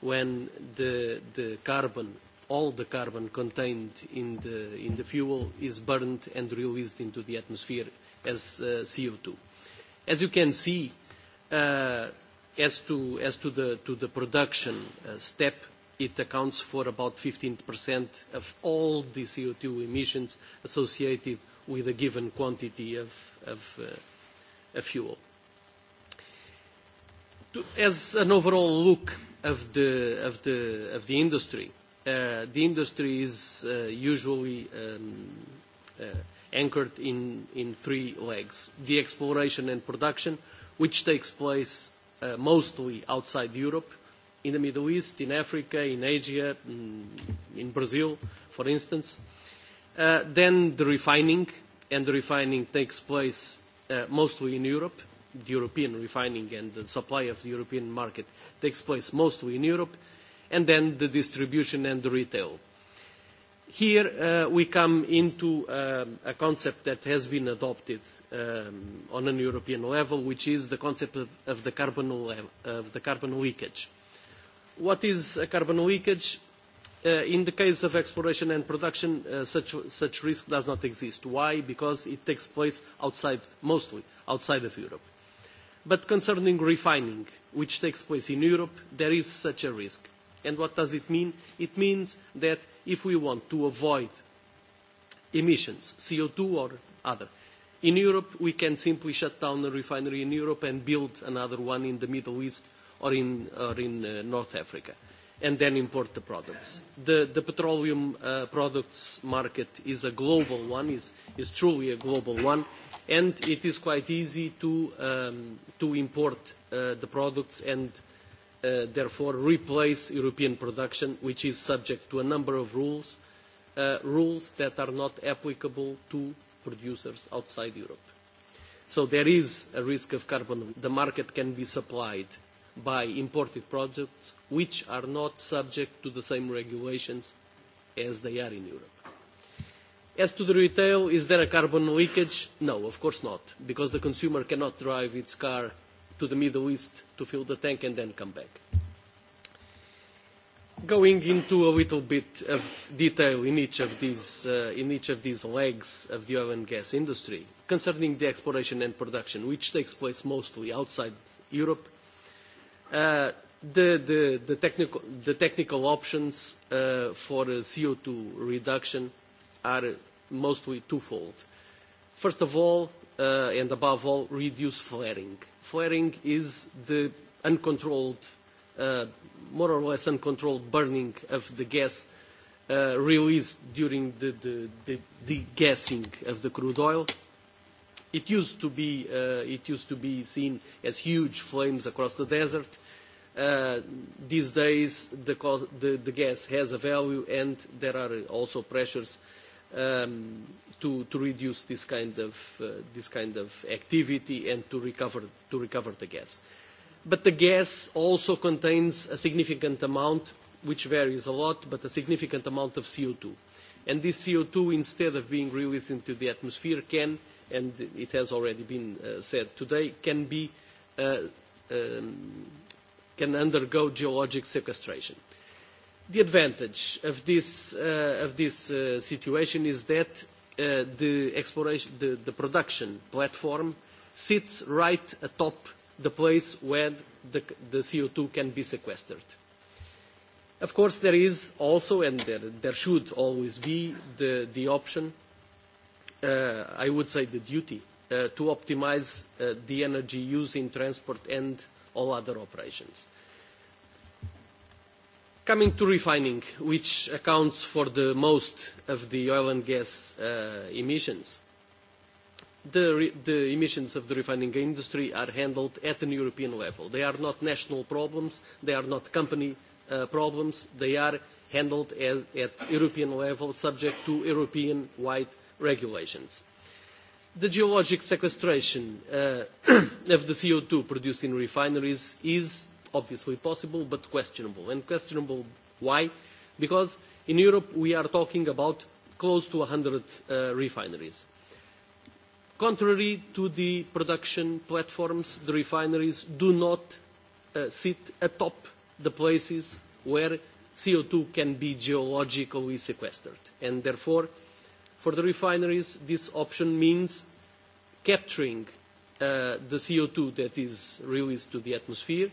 when the, the carbon, all the carbon contained in the, in the fuel is burned and released into the atmosphere as uh, CO2. As you can see, uh, as, to, as to the, to the production uh, step, it accounts for about 15% of all the CO2 emissions associated with a given quantity of uh, fuel. As an overall look of the industry, uh, the industry is uh, usually um, anchored in three legs: the exploration and production, which takes place mostly outside Europe, in the Middle East, in Africa, in Asia, mm, in Brazil, for instance. Uh, then the refining, and the refining takes place uh, mostly in Europe. The European refining and the supply of the European market takes place mostly in Europe, and then the distribution and the retail. Here, uh, we come into a concept that has been adopted um, on a European level, which is the concept of the carbon leakage. What is a carbon leakage? Uh, in the case of exploration and production, uh, such, such risk does not exist. Why? Because it takes place outside, mostly outside of Europe. But concerning refining, which takes place in Europe, there is such a risk. And what does it mean? It means that if we want to avoid emissions, CO2 or other, in Europe, we can simply shut down a refinery in Europe and build another one in the Middle East or in, or in uh, North Africa and then import the products. The, the petroleum uh, products market is a global one, is, is truly a global one, and it is quite easy to, um, to import uh, the products and uh, therefore replace European production, which is subject to a number of rules, uh, rules that are not applicable to producers outside Europe. So there is a risk of carbon. The market can be supplied uh, by imported products which are not subject to the same regulations as they are in Europe. As to the retail, is there a carbon leakage? No, of course not, because the consumer cannot drive its car to the Middle East to fill the tank and then come back. Going into a little bit of detail in each of these, uh, in each of these legs of the oil and gas industry, concerning the exploration and production, which takes place mostly outside Europe, Uh, the technical the technical options uh, for uh, CO2 reduction are mostly twofold. First of all, uh, and above all, reduce flaring. Flaring is the uncontrolled, uh, more or less uncontrolled burning of the gas uh, released during the, the, the, the gassing of the crude oil. It used to be, uh, it used to be seen as huge flames across the desert. Uh, these days, the, cost, the, the gas has a value, and there are also pressures um, to, to reduce this kind, of, uh, this kind of activity and to recover, to recover the gas. But the gas also contains a significant amount, which varies a lot, but a significant amount of CO2. And this CO2, instead of being released into the atmosphere, can uh, and it has already been uh, said today, can be uh, um, can undergo geologic sequestration. The advantage of this, uh, of this uh, situation is that uh, the, exploration, the, the production platform sits right atop the place where the, the CO2 can be sequestered. Of course, there is also, and there, there should always be, the, the option uh, I would say the duty uh, to optimize uh, the energy use in transport and all other operations. Coming to refining, which accounts for the most of the oil and gas uh, emissions, the, re the emissions of the refining industry are handled at an European level. They are not national problems, they are not company uh, problems, they are handled at, at European level subject to European-wide uh, regulations. The geologic sequestration uh, (clears throat) of the CO2 produced in refineries is obviously possible, but questionable. And questionable why? Because in Europe we are talking about close to 100 uh, refineries. Contrary to the production platforms, the refineries do not uh, sit atop the places where CO2 can be geologically sequestered. And therefore, for the refineries, this option means capturing uh, the CO2 that is released to the atmosphere,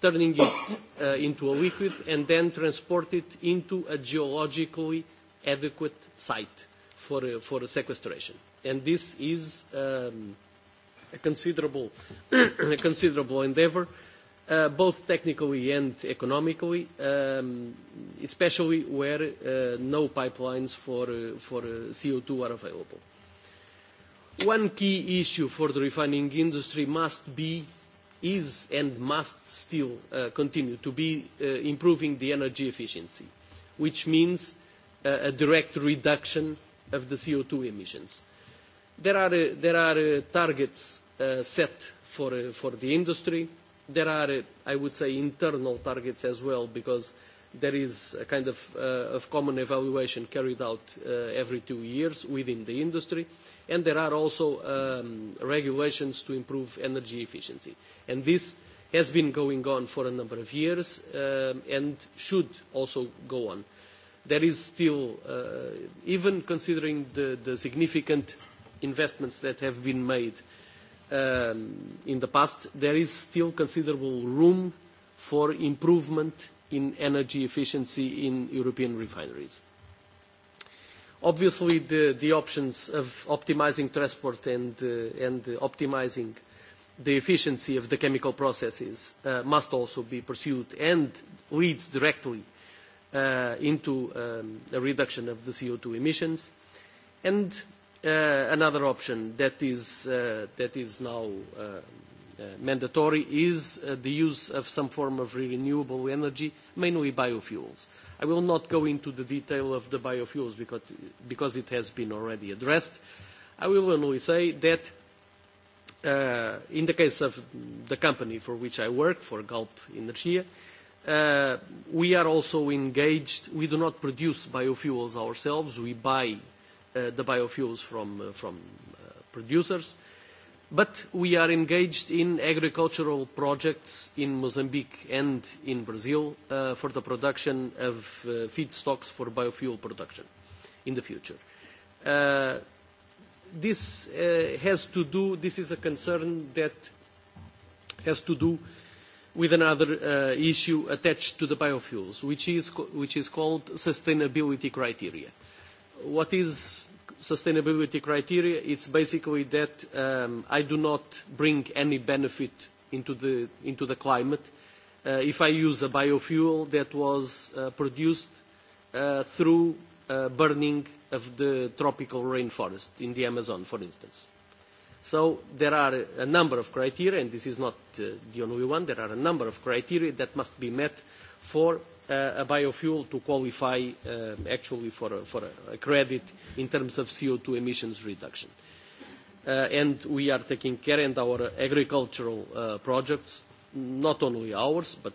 turning it (coughs) uh, into a liquid, and then transport it into a geologically adequate site for, uh, for sequestration. And this is um, a, considerable (coughs) a considerable endeavor. Uh, both technically and economically, um, especially where uh, no pipelines for uh, CO2 are available. One key issue for the refining industry must be, is, and must still continue to be improving the energy efficiency, which means a direct reduction of the CO2 emissions. There are targets set for the industry there are, I would say, internal targets as well, because there is a kind of, uh, of common evaluation carried out uh, every two years within the industry, and there are also um, regulations to improve energy efficiency. And this has been going on for a number of years um, and should also go on. There is still, uh, even considering the, the significant investments that have been made uh, um, in the past, there is still considerable room for improvement in energy efficiency in European refineries. Obviously, the, the options of optimizing transport and, uh, and optimizing the efficiency of the chemical processes uh, must also be pursued and leads directly uh, into um, a reduction of the CO2 emissions. And uh, another option that is uh, that is now uh, uh, mandatory is uh, the use of some form of renewable energy, mainly biofuels. I will not go into the detail of the biofuels because, because it has been already addressed. I will only say that uh, in the case of the company for which I work, for Galp Energia, uh, we are also engaged. We do not produce biofuels ourselves. We buy Uh, the biofuels from, uh, from uh, producers. But we are engaged in agricultural projects in Mozambique and in Brazil uh, for the production of uh, feedstocks for biofuel production in the future. Uh, this uh, has to do, this is a concern that has to do with another uh, issue attached to the biofuels, which is, which is called sustainability criteria. Uh, what is sustainability criteria? It's basically that um, I do not bring any benefit into the, into the climate. Uh, if I use a biofuel that was uh, produced uh, through uh, burning of the tropical rainforest in the Amazon, for instance. So there are a number of criteria, and this is not uh, the only one, there are a number of criteria that must be met for uh, a biofuel to qualify uh, actually for, a, for a, a credit in terms of CO2 emissions reduction. Uh, and we are taking care and our agricultural uh, projects, not only ours, but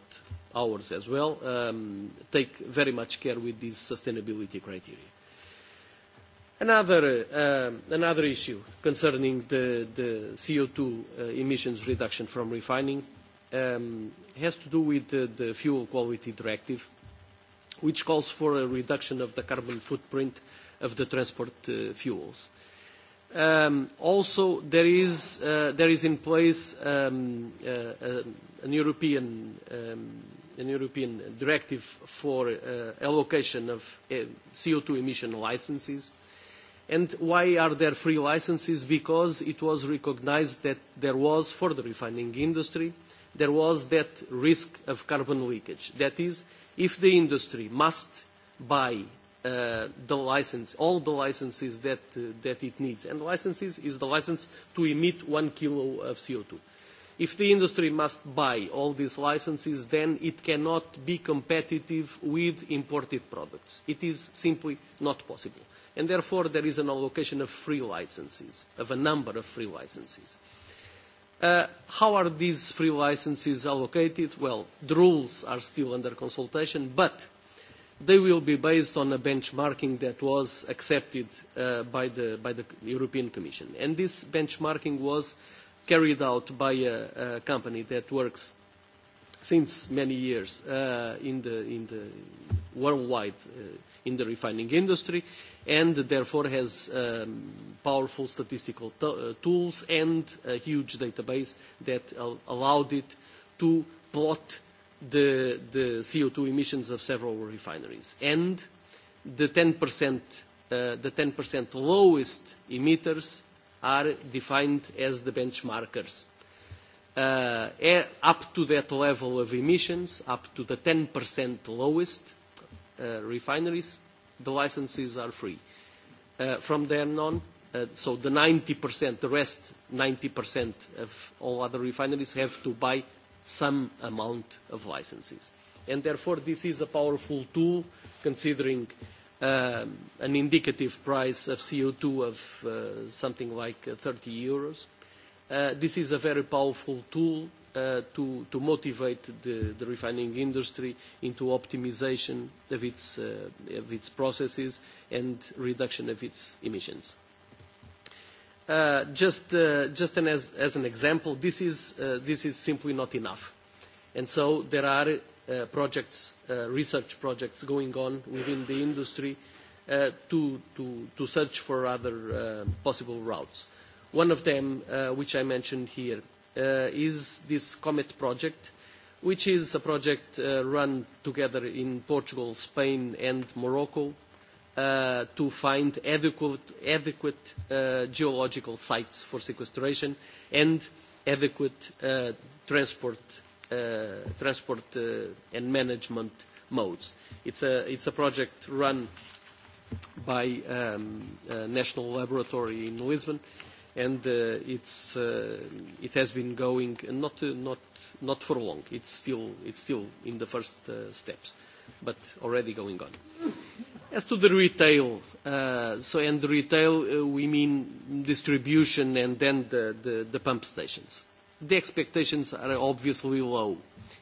ours as well, um, take very much care with these sustainability criteria. Another, uh, another issue concerning the, the CO2 uh, emissions reduction from refining, um, has to do with the, the Fuel Quality Directive, which calls for a reduction of the carbon footprint of the transport uh, fuels. Um, also, there is, uh, there is in place um, uh, uh, an, European, um, an European directive for uh, allocation of uh, CO2 emission licenses. And why are there free licenses? Because it was recognized that there was, for the refining industry, uh, there was that risk of carbon leakage. That is, if the industry must buy uh, the license, all the licenses that, uh, that it needs, and licenses is the license to emit one kilo of CO2. If the industry must buy all these licenses, then it cannot be competitive with imported products. It is simply not possible. And therefore, there is an allocation of free licenses, of a number of free licenses. Uh, Uh, how are these free licenses allocated? Well, the rules are still under consultation, but they will be based on a benchmarking that was accepted uh, by, the, by the European Commission. And this benchmarking was carried out by a, a company that works since many years uh, in the, in the worldwide uh, in the refining industry and therefore has um, powerful statistical t uh, tools and a huge database that al allowed it to plot the, the CO2 emissions of several refineries. And the 10%, uh, the 10 lowest emitters are defined as the benchmarkers uh, é e- up to that level of emissions, up to the 10% lowest uh, refineries, the licenses are free. Uh, from then on, uh, so the 90%, the rest 90% of all other refineries have to buy some amount of licenses. And therefore, this is a powerful tool considering um, an indicative price of CO2 of uh, something like uh, 30 euros. Uh, this is a very powerful tool uh, to, to motivate the, the refining industry into optimization of its, uh, of its processes and reduction of its emissions. Uh, just uh, just an as, as an example, this is, uh, this is simply not enough. And so there are uh, projects, uh, research projects going on within the industry uh, to, to, to search for other uh, possible routes. Uh, One of them, uh, which I mentioned here, uh, is this COMET project, which is a project uh, run together in Portugal, Spain and Morocco uh, to find adequate, adequate uh, geological sites for sequestration and adequate uh, transport, uh, transport uh, and management modes. It's a, it's a project run by um, a uh, national laboratory in Lisbon. Uh, and uh, it's, uh, it has been going not, uh, not, not for long. It's still, it's still in the first uh, steps, but already going on. As to the retail, uh, so in the retail, uh, we mean distribution and then the, the, the pump stations. The expectations are obviously low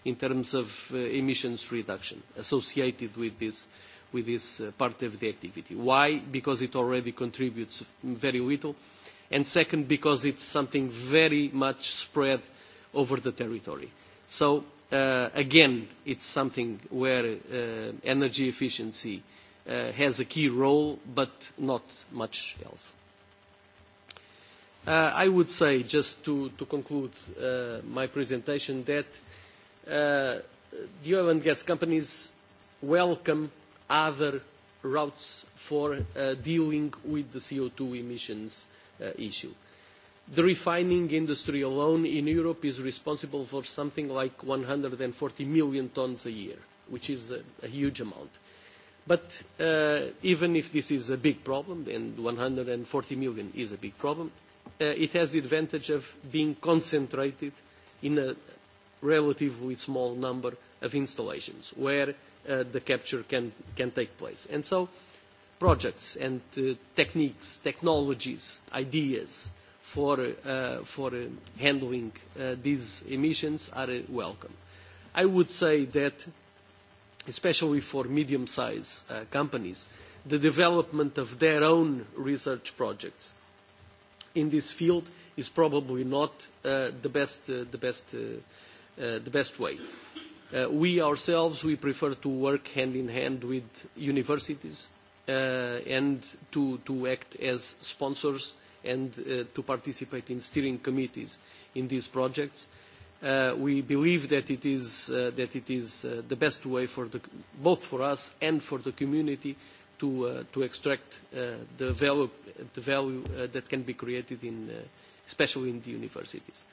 in terms of uh, emissions reduction associated with this, with this uh, part of the activity. Why? Because it already contributes very little. Uh, and second, because it's something very much spread over the territory. So, uh, again, it's something where uh, energy efficiency uh, has a key role, but not much else. Uh, I would say, just to, to conclude uh, my presentation, that uh, the oil and gas companies welcome other routes for uh, dealing with the CO2 emissions uh, Uh, issue. The refining industry alone in Europe is responsible for something like 140 million tons a year, which is a huge amount. But uh, even if this is a big problem, and 140 million is a big problem, uh, it has the advantage of being concentrated in a relatively small number of installations where the capture can take place. And so projects and uh, techniques, technologies, ideas for, uh, for uh, handling uh, these emissions are uh, welcome. I would say that, especially for medium-sized uh, companies, the development of their own research projects in this field is probably not uh, the, best, uh, the, best, uh, uh, the best way. Uh, we ourselves, we prefer to work hand-in-hand -hand with universities, uh, and to, to act as sponsors and uh, to participate in steering committees in these projects. Uh, we believe that it is, uh, that it is uh, the best way for the, both for us and for the community to, uh, to extract uh, the value, the value uh, that can be created, in, uh, especially in the universities.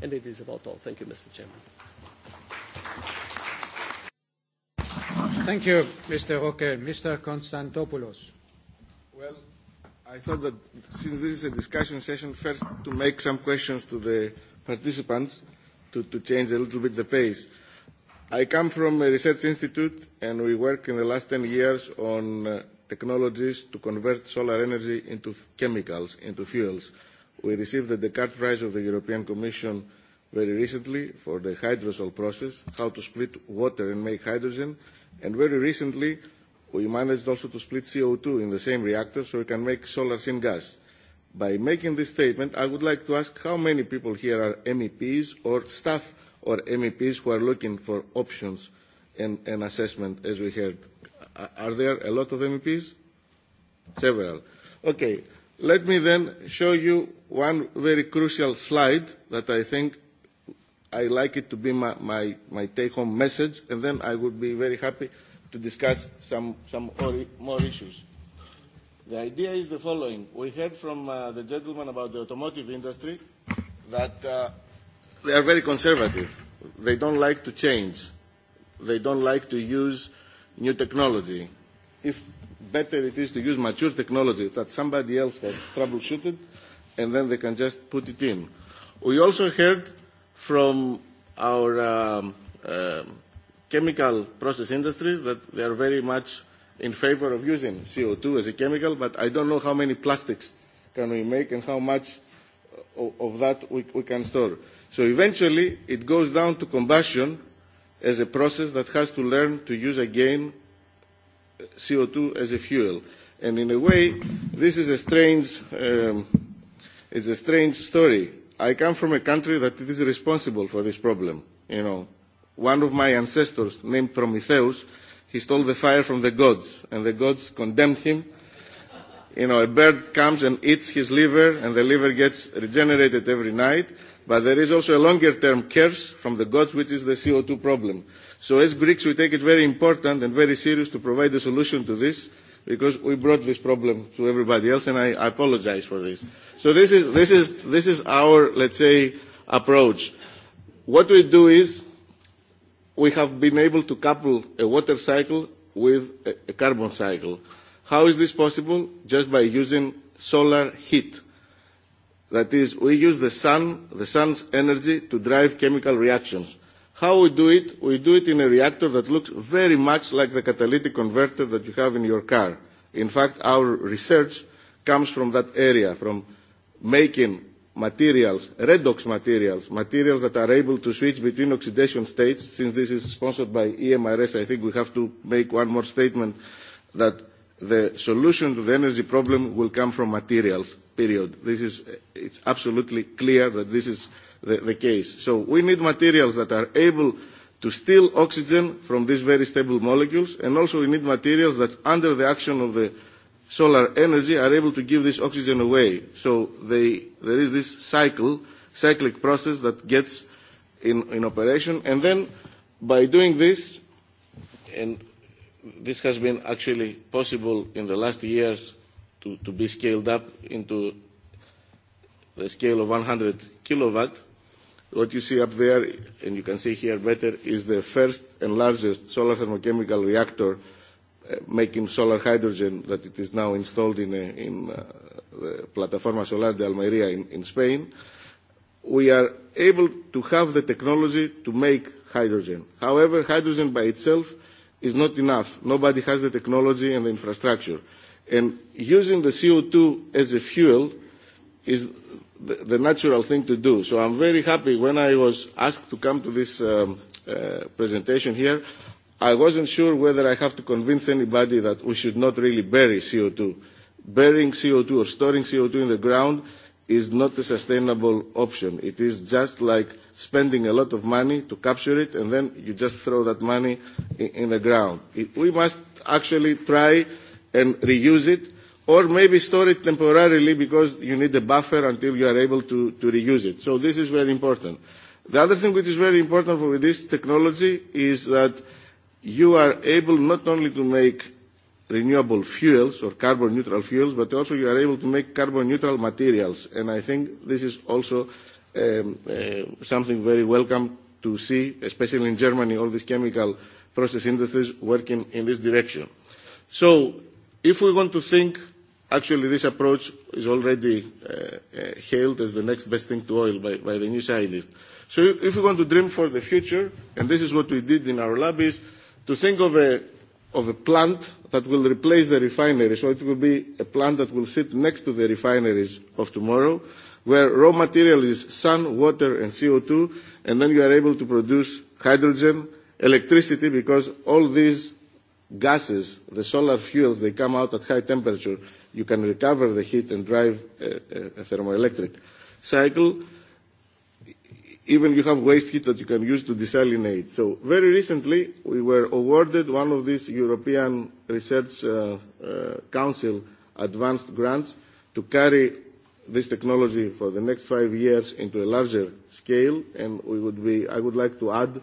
And it is about all. Thank you, Mr. Chairman. Thank you, Mr. Roque. Mr. Constantopoulos. Well, I thought that since this is a discussion session, first to make some questions to the participants to, to change a little bit the pace. I come from a research institute, and we work in the last 10 years on uh, technologies to convert solar energy into f- chemicals, into fuels. We received the Descartes Prize of the European Commission very recently for the hydrosol process, how to split water and make hydrogen. Very recently, we managed also to split CO2 in the same reactor so we can make solar syngas. By making this statement, I would like to ask how many people here are MEPs or staff or MEPs who are looking for options and assessment as we heard. Are there a lot of MEPs? Several. Okay. Let me then show you one very crucial slide that I think I like it to be my, my, my take home message, and then I would be very happy to discuss some, some more issues. The idea is the following. We heard from uh, the gentleman about the automotive industry that uh, they are very conservative. They don't like to change. They don't like to use new technology. If better it is to use mature technology that somebody else has troubleshooted, and then they can just put it in. We also heard from our um, uh, chemical process industries that they are very much in favor of using CO2 as a chemical, but I don't know how many plastics can we make and how much uh, of, of that we, we can store. So eventually it goes down to combustion as a process that has to learn to use again uh, CO2 as a fuel. And in a way, this is a strange, um, it's a strange story. I come from a country that is responsible for this problem. You know, one of my ancestors, named Prometheus, he stole the fire from the gods, and the gods condemned him. You know, a bird comes and eats his liver, and the liver gets regenerated every night. But there is also a longer-term curse from the gods, which is the CO2 problem. So as Greeks, we take it very important and very serious to provide a solution to this because we brought this problem to everybody else, and I, I apologize for this. So this is, this, is, this is our, let's say, approach. What we do is we have been able to couple a water cycle with a, a carbon cycle. How is this possible? Just by using solar heat. That is, we use the sun, the sun's energy to drive chemical reactions. How we do it? We do it in a reactor that looks very much like the catalytic converter that you have in your car. In fact, our research comes from that area, from making materials, redox materials, materials that are able to switch between oxidation states. Since this is sponsored by EMRS, I think we have to make one more statement that the solution to the energy problem will come from materials, period. This is, it's absolutely clear that this is the, the case. So we need materials that are able to steal oxygen from these very stable molecules, and also we need materials that, under the action of the solar energy, are able to give this oxygen away. So they, there is this cycle, cyclic process that gets in, in operation. And then by doing this, and this has been actually possible in the last years to, to be scaled up into the scale of 100 kilowatt, What you see up there, and you can see here better, is the first and largest solar thermochemical reactor uh, making solar hydrogen that it is now installed in, a, uh, in uh, the Plataforma Solar de Almería in, in Spain. We are able to have the technology to make hydrogen. However, hydrogen by itself is not enough. Nobody has the technology and the infrastructure. And using the CO2 as a fuel is the natural thing to do. So I'm very happy when I was asked to come to this um, uh, presentation here. I wasn't sure whether I have to convince anybody that we should not really bury CO2. Burying CO2 or storing CO2 in the ground is not a sustainable option. It is just like spending a lot of money to capture it and then you just throw that money in, in the ground. It, we must actually try and reuse it or maybe store it temporarily because you need a buffer until you are able to, to reuse it. So this is very important. The other thing which is very important with this technology is that you are able not only to make renewable fuels or carbon neutral fuels, but also you are able to make carbon neutral materials. And I think this is also um, uh, something very welcome to see, especially in Germany, all these chemical process industries working in this direction. So if we want to think Actually, this approach is already uh, uh, hailed as the next best thing to oil by, by the new scientists. So if you want to dream for the future, and this is what we did in our lab, is to think of a, of a plant that will replace the refinery. So it will be a plant that will sit next to the refineries of tomorrow, where raw material is sun, water, and CO2, and then you are able to produce hydrogen, electricity, because all these gases, the solar fuels, they come out at high temperature, you can recover the heat and drive a, a, a thermoelectric cycle. Even you have waste heat that you can use to desalinate. So very recently, we were awarded one of these European Research uh, uh, Council advanced grants to carry this technology for the next five years into a larger scale. And we would be, I would like to add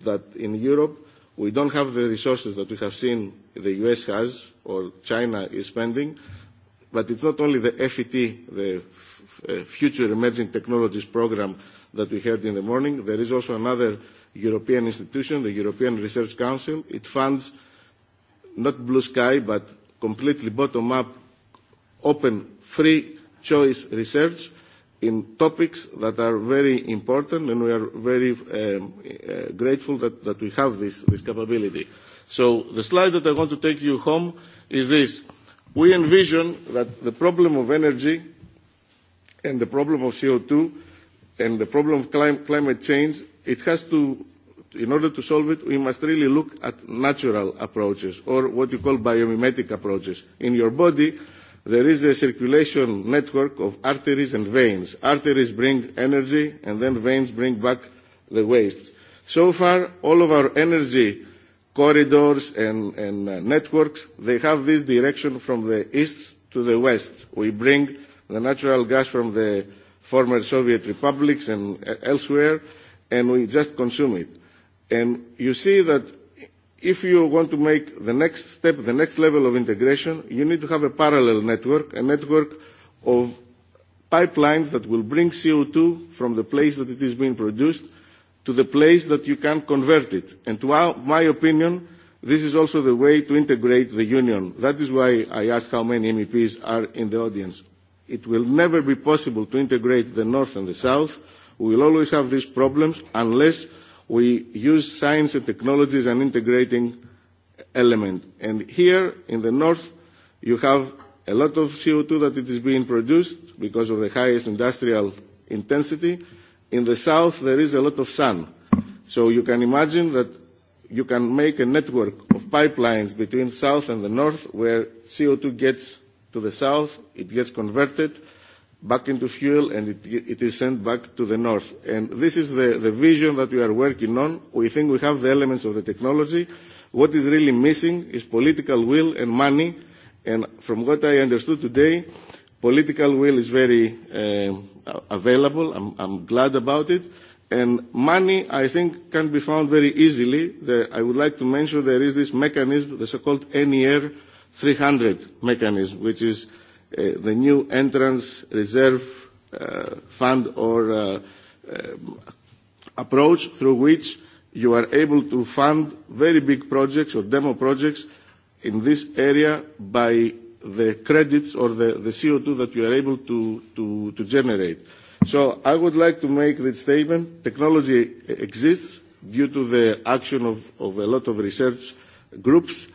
that in Europe, we don't have the resources that we have seen the US has or China is spending, but it's not only the FET, the uh, Future Emerging Technologies Program that we heard in the morning. There is also another European institution, the European Research Council. It funds not blue sky, but completely bottom-up, open, free choice research in topics that are very important, and we are very um, uh, grateful that, that we have this, this capability. So the slide that I want to take you home is this. We envision that the problem of energy and the problem of CO2 and the problem of clim climate change, it has to, in order to solve it, we must really look at natural approaches or what you call biomimetic approaches. In your body, there is a circulation network of arteries and veins. Arteries bring energy and then veins bring back the waste. So far, all of our energy corridors and, and uh, networks, they have this direction from the east to the west. We bring the natural gas from the former Soviet republics and uh, elsewhere, and we just consume it. And you see that if you want to make the next step, the next level of integration, you need to have a parallel network, a network of pipelines that will bring CO2 from the place that it is being produced to the place that you can convert it. And to our, my opinion, this is also the way to integrate the union. That is why I asked how many MEPs are in the audience. It will never be possible to integrate the North and the South. We will always have these problems unless we use science and technologies and integrating element. And here in the North, you have a lot of CO2 that it is being produced because of the highest industrial intensity. Mm -hmm in the south there is a lot of sun. So you can imagine that you can make a network of pipelines between south and the north where CO2 gets to the south, it gets converted back into fuel and it, it is sent back to the north. And this is the, the vision that we are working on. We think we have the elements of the technology. What is really missing is political will and money. And from what I understood today, political will is very... Uh, Uh, available. I'm, I'm glad about it. And money, I think, can be found very easily. The, I would like to mention there is this mechanism, the so-called NER 300 mechanism, which is uh, the new entrance reserve uh, fund or uh, um, approach through which you are able to fund very big projects or demo projects in this area by the credits or the, the CO2 that you are able to, to, to generate. So I would like to make this statement. Technology exists due to the action of, of a lot of research groups,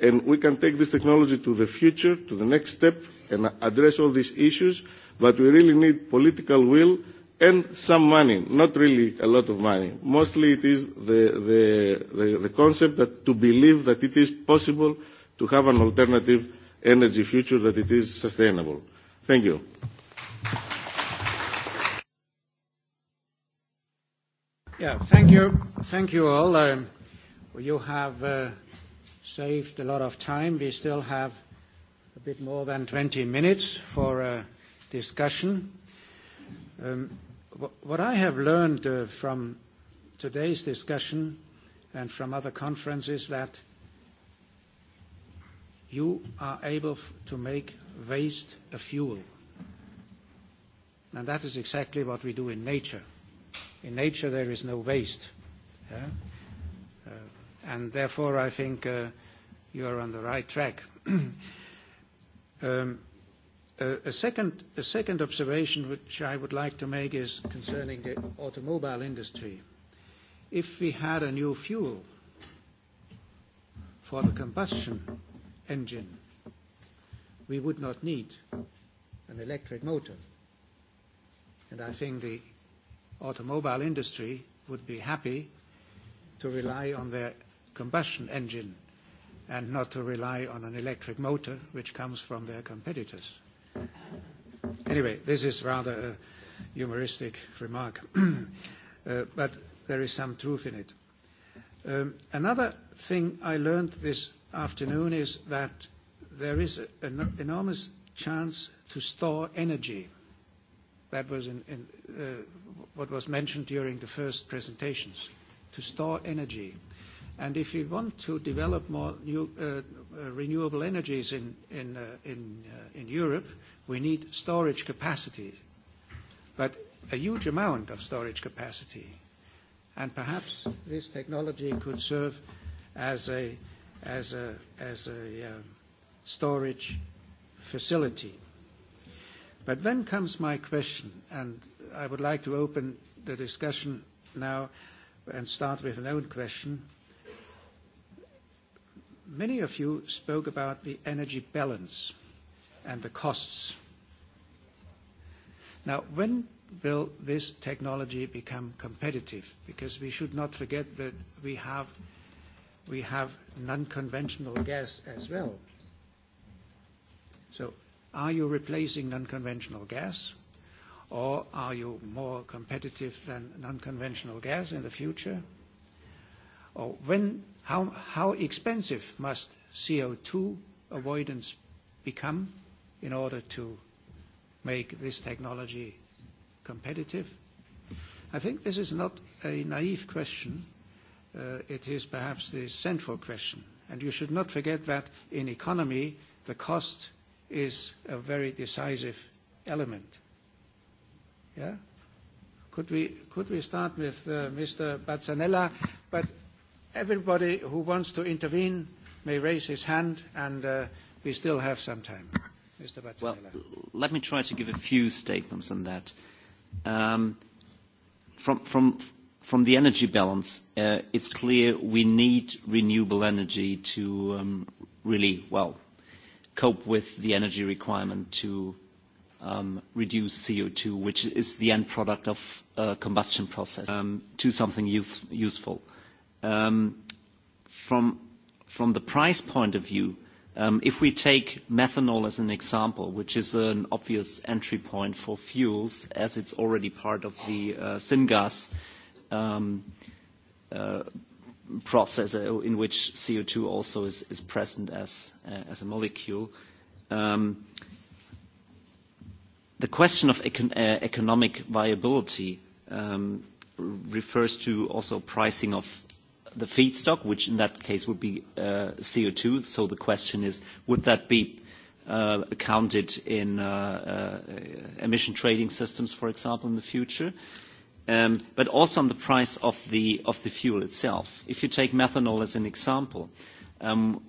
and we can take this technology to the future, to the next step, and address all these issues, but we really need political will and some money, not really a lot of money. Mostly it is the, the, the, the concept that to believe that it is possible to have an alternative energy future that it is sustainable. Thank you. Yeah, thank you. Thank you all. Um, you have uh, saved a lot of time. We still have a bit more than 20 minutes for uh, discussion. Um, what I have learned uh, from today's discussion and from other conferences that you are able to make waste a fuel. And that is exactly what we do in nature. In nature, there is no waste. Yeah? Uh, and therefore, I think uh, you are on the right track. (clears throat) um, uh, a, second, a second observation which I would like to make is concerning the automobile industry. If we had a new fuel for the combustion engine. We would not need an electric motor. And I think the automobile industry would be happy to rely on their combustion engine and not to rely on an electric motor which comes from their competitors. Anyway, this is rather a humoristic remark, (clears throat) uh, but there is some truth in it. Um, another thing I learned this afternoon is that there is an enormous chance to store energy. That was in, in, uh, what was mentioned during the first presentations, to store energy. And if we want to develop more new, uh, uh, renewable energies in, in, uh, in, uh, in Europe, we need storage capacity, but a huge amount of storage capacity. And perhaps this technology could serve as a, as a, as a um, storage facility. But then comes my question, and I would like to open the discussion now and start with an own question. Many of you spoke about the energy balance and the costs. Now, when will this technology become competitive? Because we should not forget that we have we have non-conventional gas as well. So are you replacing non-conventional gas or are you more competitive than non-conventional gas in the future? Or when, how, how expensive must CO2 avoidance become in order to make this technology competitive? I think this is not a naive question uh, it is perhaps the central question. And you should not forget that in economy, the cost is a very decisive element. Yeah? Could we, could we start with uh, Mr. Bazzanella? But everybody who wants to intervene may raise his hand, and uh, we still have some time. Mr. Bazzanella. Well, let me try to give a few statements on that. Um, from, from, from the energy balance, uh, it's clear we need renewable energy to um, really, well, cope with the energy requirement to um, reduce CO2, which is the end product of a uh, combustion process, um, to something use useful. Um, from, from the price point of view, um, if we take methanol as an example, which is an obvious entry point for fuels, as it's already part of the uh, syngas, gas, um, uh, process uh, in which CO2 also is, is present as, uh, as a molecule. Um, the question of econ uh, economic viability um, refers to also pricing of the feedstock, which in that case would be uh, CO2. So the question is, would that be uh, accounted in uh, uh, emission trading systems, for example, in the future? Uh, Um, but also on the price of the of the fuel itself. If you take methanol as an example, um,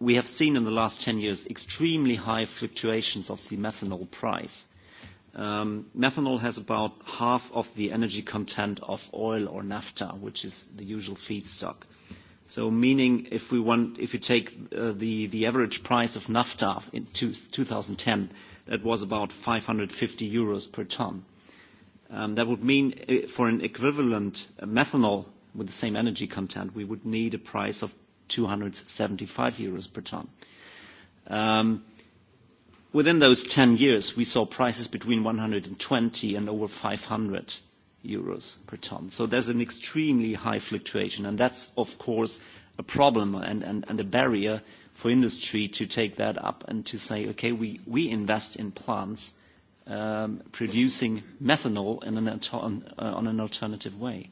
we have seen in the last 10 years extremely high fluctuations of the methanol price. Um, methanol has about half of the energy content of oil or naphtha, which is the usual feedstock. So meaning if we want, if you take uh, the, the average price of naphtha in two, 2010, that was about 550 euros per tonne um, that would mean uh, for an equivalent methanol with the same energy content, we would need a price of 275 euros per ton. Um, within those 10 years, we saw prices between 120 and over 500 euros per ton. So there's an extremely high fluctuation, and that's, of course, a problem and, and, and a barrier for industry to take that up and to say, okay, we, we invest in plants uh, um, producing methanol in an on, uh, on an alternative way.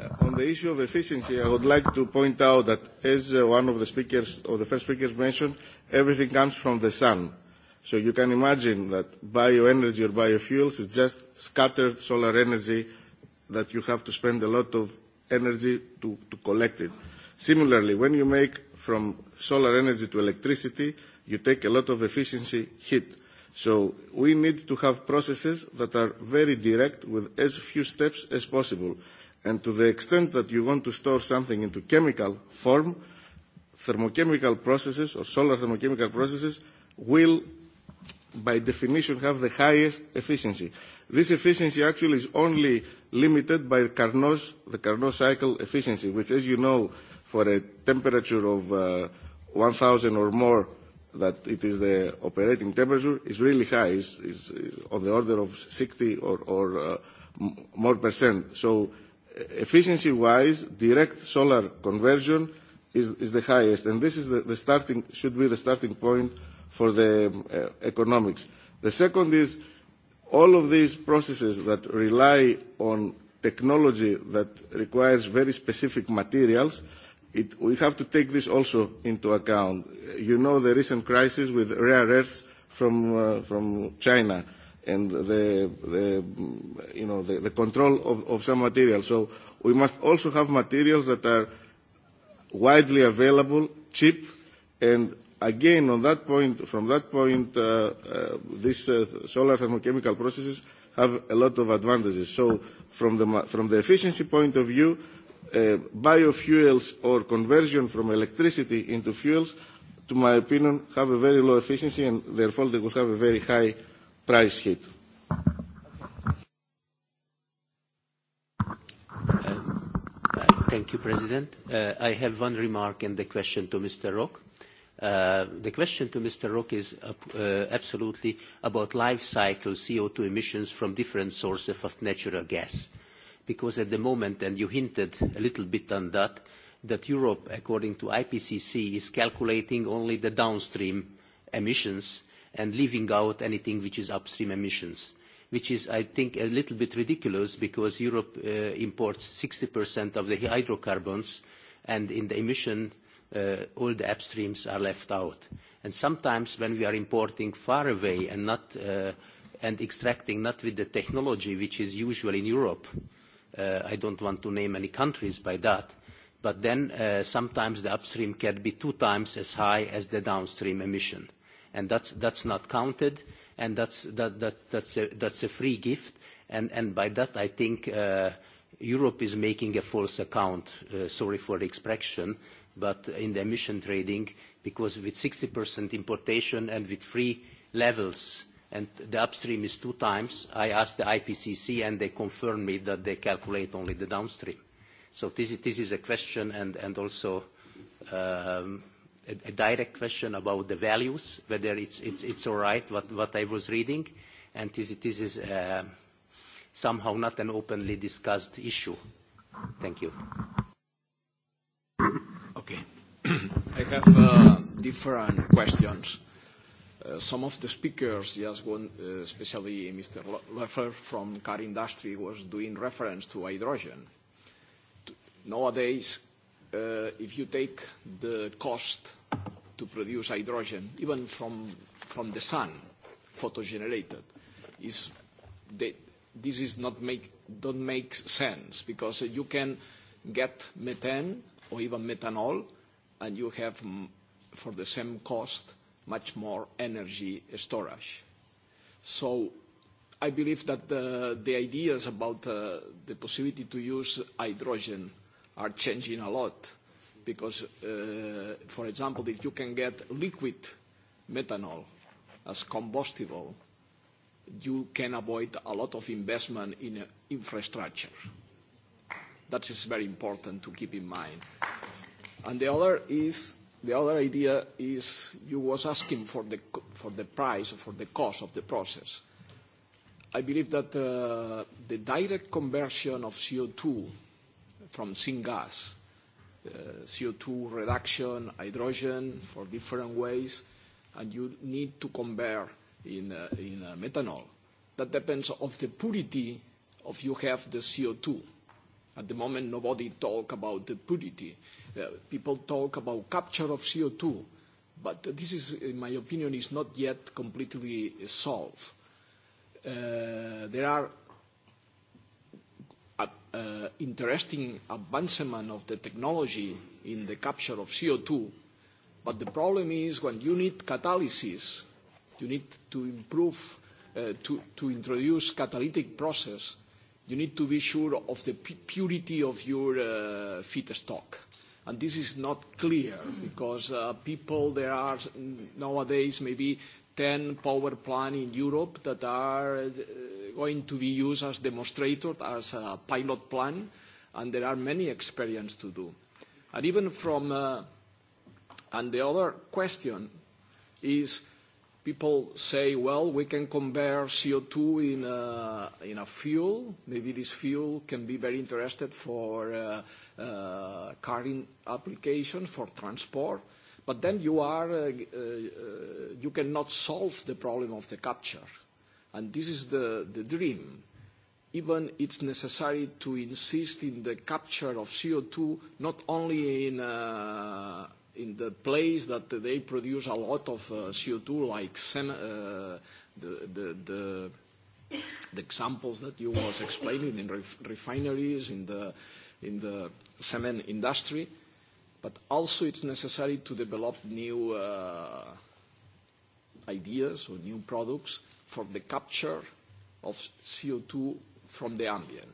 Uh, on the issue of efficiency, I would like to point out that, as uh, one of the speakers, or the first speakers mentioned, everything comes from the sun. So you can imagine that bioenergy or biofuels is just scattered solar energy that you have to spend a lot of energy to, to collect it. Okay. Similarly, when you make from solar energy to electricity, you take a lot of efficiency heat. So we need to have processes that are very direct with as few steps as possible. And to the extent that you want to store something into chemical form, thermochemical processes or solar thermochemical processes will, by definition, have the highest efficiency. This efficiency actually is only limited by Carnot's, the Carnot cycle efficiency, which, as you know, for a temperature of uh, 1,000 or more that it is the operating temperature is really high, is, is, is on the order of 60 or, or uh, m more percent. So efficiency-wise, direct solar conversion is, is the highest, and this is the, the starting, should be the starting point for the uh, economics. The second is all of these processes that rely on technology that requires very specific materials, mm -hmm we have to take this also into account. You know the recent crisis with rare earths from, uh, from China and the, the, you know, the, the control of, of some materials. So we must also have materials that are widely available, cheap, and again, on that point, from that point, uh, uh, these uh, solar thermochemical processes have a lot of advantages. So from the, from the efficiency point of view, Uh, biofuels or conversion from electricity into fuels, to my opinion, have a very low efficiency and therefore they will have a very high price hit. Uh, uh, thank you, President. Uh, I have one remark and the question to Mr. Rock. Uh, the question to Mr. Rock is uh, uh, absolutely about life cycle CO2 emissions from different sources of natural gas. Uh, because at the moment, and you hinted a little bit on that, that Europe, according to IPCC, is calculating only the downstream emissions and leaving out anything which is upstream emissions, which is, I think, a little bit ridiculous because Europe uh, imports 60% of the hydrocarbons and in the emission, uh, all the upstreams are left out. And sometimes when we are importing far away and, not, uh, and extracting not with the technology which is usual in Europe, uh, uh, I don't want to name any countries by that, but then uh, sometimes the upstream can be two times as high as the downstream emission. And that's, that's not counted, and that's, that, that, that's, a, that's a free gift. And, and by that, I think uh, Europe is making a false account, uh, sorry for the expression, but in the emission trading, because with 60% importation and with free levels uh, and the upstream is two times. I asked the IPCC, and they confirmed me that they calculate only the downstream. So this is, this is a question and, and also um, a, a direct question about the values, whether it's, it's, it's all right, what, what I was reading. And this, this is uh, somehow not an openly discussed issue. Thank you. Okay. (clears throat) I have uh, different questions. Uh, some of the speakers, yes, one, uh, especially Mr. Leffer from car industry, was doing reference to hydrogen. Nowadays, uh, if you take the cost to produce hydrogen, even from, from the sun, photogenerated, is they, this is not make, don't make sense because you can get methane or even methanol and you have, for the same cost, uh, much more energy storage. So I believe that the ideas about uh, the possibility to use hydrogen are changing a lot because, uh, for example, if you can get liquid methanol as combustible, you can avoid a lot of investment in uh, infrastructure. That is very important to keep in mind. And the other is The other idea is you was asking for the, for the price, for the cost of the process. I believe that uh, the direct conversion of CO2 from syngas, uh, CO2 reduction, hydrogen for different ways, and you need to convert in, uh, in uh, methanol. That depends of the purity of you have the CO2. At the moment, nobody talk about the purity. Uh, people talk about capture of CO2, but this is, in my opinion, is not yet completely solved. Uh, there are uh, uh, interesting advancement of the technology in the capture of CO2, but the problem is when you need catalysis, you need to improve, uh, to, to introduce catalytic process, you need to be sure of the purity of your uh, feedstock. And this is not clear because uh, people, there are nowadays maybe 10 power plants in Europe that are uh, going to be used as demonstrators, as a pilot plant, and there are many experiments to do. And even from, uh, and the other question is, people say, well, we can compare CO2 in a, uh, in a fuel. Maybe this fuel can be very interested for uh, uh, carring applications, for transport. But then you, are, uh, uh, you cannot solve the problem of the capture. And this is the, the dream. Even it's necessary to insist in the capture of CO2, not only in uh, in the place that they produce a lot of uh, CO2, like sem- uh, the, the, the, the examples that you was explaining in ref- refineries, in the, in the cement industry. But also it's necessary to develop new uh, ideas or new products for the capture of CO2 from the ambient,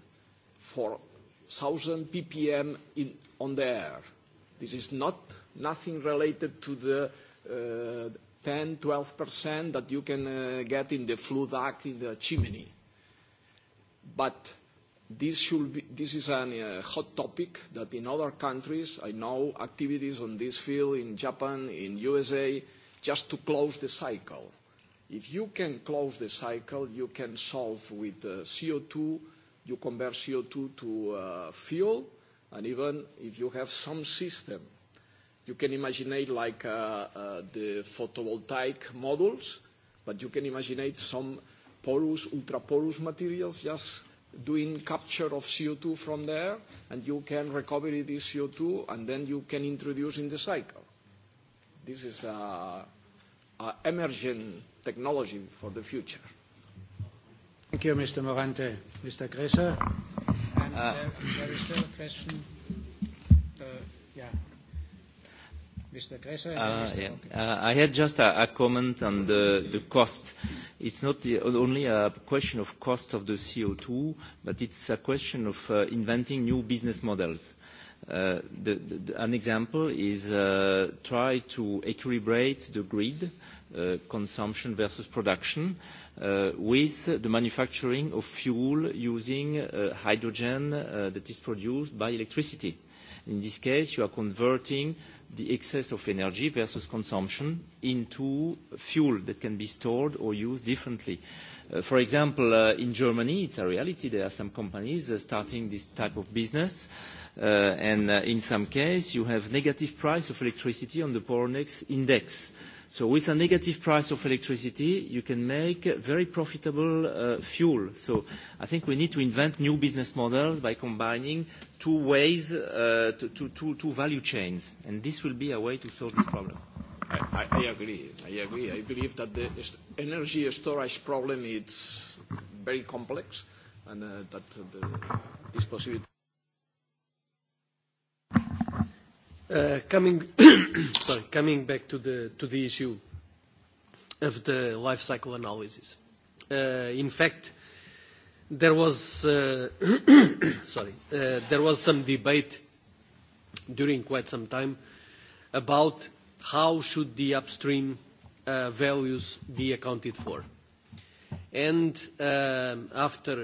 for 1,000 ppm in, on the air. This is not nothing related to the 10%, uh, 12% that you can uh, get in the flue duct in the chimney. But this should be. This is a uh, hot topic that in other countries, I know activities on this field in Japan, in USA, just to close the cycle. If you can close the cycle, you can solve with CO2, you convert CO2 to fuel, And even if you have some system, you can imagine it like uh, uh, the photovoltaic models, but you can imagine it some porous, ultra-porous materials just doing capture of CO2 from there, and you can recover this CO2, and then you can introduce in the cycle. This is an a emerging technology for the future. Thank you, Mr. Morante. Mr. Gresser. Uh, uh, uh, I had just a comment on the cost. It's not only a question of cost of the CO2, but it's a question of inventing new business models. An example is try to equilibrate the grid consumption versus production, Uh, with the manufacturing of fuel using uh, hydrogen uh, that is produced by electricity. In this case, you are converting the excess of energy versus consumption into fuel that can be stored or used differently. For example, in Germany, it's a reality. There are some companies starting this type of business. In some case, you have negative price of electricity on the Euronext index. With a negative price of electricity, you can make very profitable uh, fuel. I think we need to invent new business models by combining two ways, uh, two value chains, and this will be a way to solve this problem. I agree. I believe that the energy storage problem, it's very complex and uh, that this possibility. Uh, (coughs) coming back to the issue of the life cycle analysis. Uh, in fact, uh, (coughs) there was some debate during quite some time about how should the upstream values be accounted for. Um, after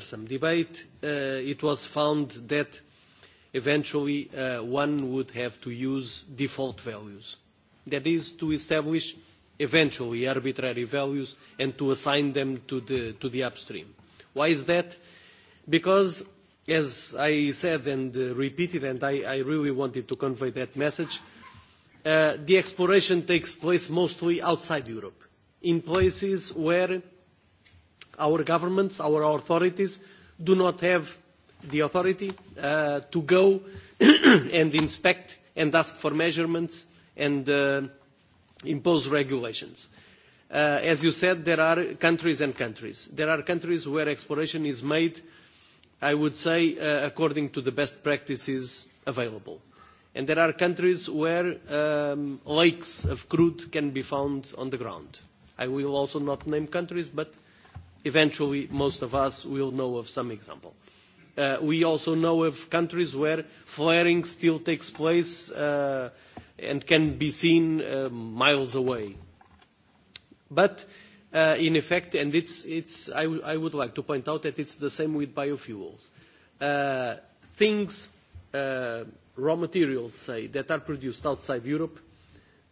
some debate, it was found that eventually uh, one would have to use default values. That is to establish eventually arbitrary values and to assign them to the, to the upstream. Why is that? Because as I said and uh, repeated and I, I really wanted to convey that message, uh, the exploration takes place mostly outside Europe, in places where our governments, our authorities, do not have the authority uh, to go (clears throat) and inspect and ask for measurements and uh, impose regulations. Uh, as you said, there are countries and countries. There are countries where exploration is made, I would say, uh, according to the best practices available. And there are countries where um, lakes of crude can be found on the ground. I will also not name countries, but eventually most of us will know of some example. Uh, uh, we also know of countries where flaring still takes place uh, and can be seen uh, miles away. But uh, in effect, and it's, it's, I, w I would like to point out that it's the same with biofuels. Uh, things, uh, raw materials, say, that are produced outside Europe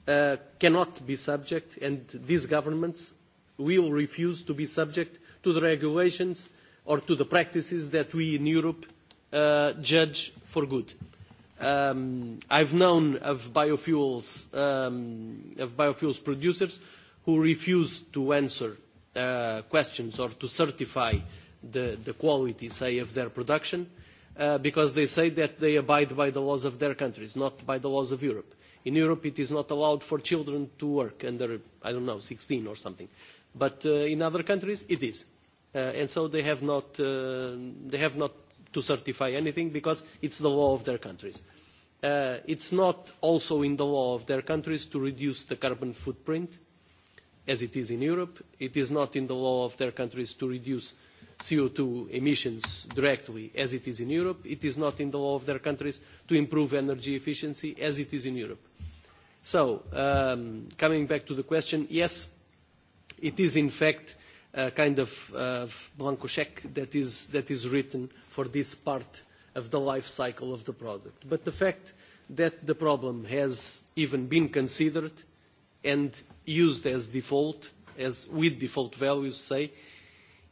uh, cannot be subject, and these governments will refuse to be subject to the regulations or to the practices that we in Europe uh, judge for good. Um, I've known of biofuels, um, of biofuels producers who refuse to answer uh, questions or to certify the, the quality, say, of their production uh, because they say that they abide by the laws of their countries, not by the laws of Europe. In Europe, it is not allowed for children to work under, I don't know, 16 or something. But uh, in other countries, it is. Uh, and so they have not uh, they have not to certify anything because it's the law of their countries. Uh, it's not also in the law of their countries to reduce the carbon footprint, as it is in Europe. It is not in the law of their countries to reduce CO2 emissions directly, as it is in Europe. It is not in the law of their countries to improve energy efficiency, as it is in Europe. So, um, coming back to the question, yes, it is in fact kind of, of blanco check that is, that is written for this part of the life cycle of the product. But the fact that the problem has even been considered and used as default, as with default values, say,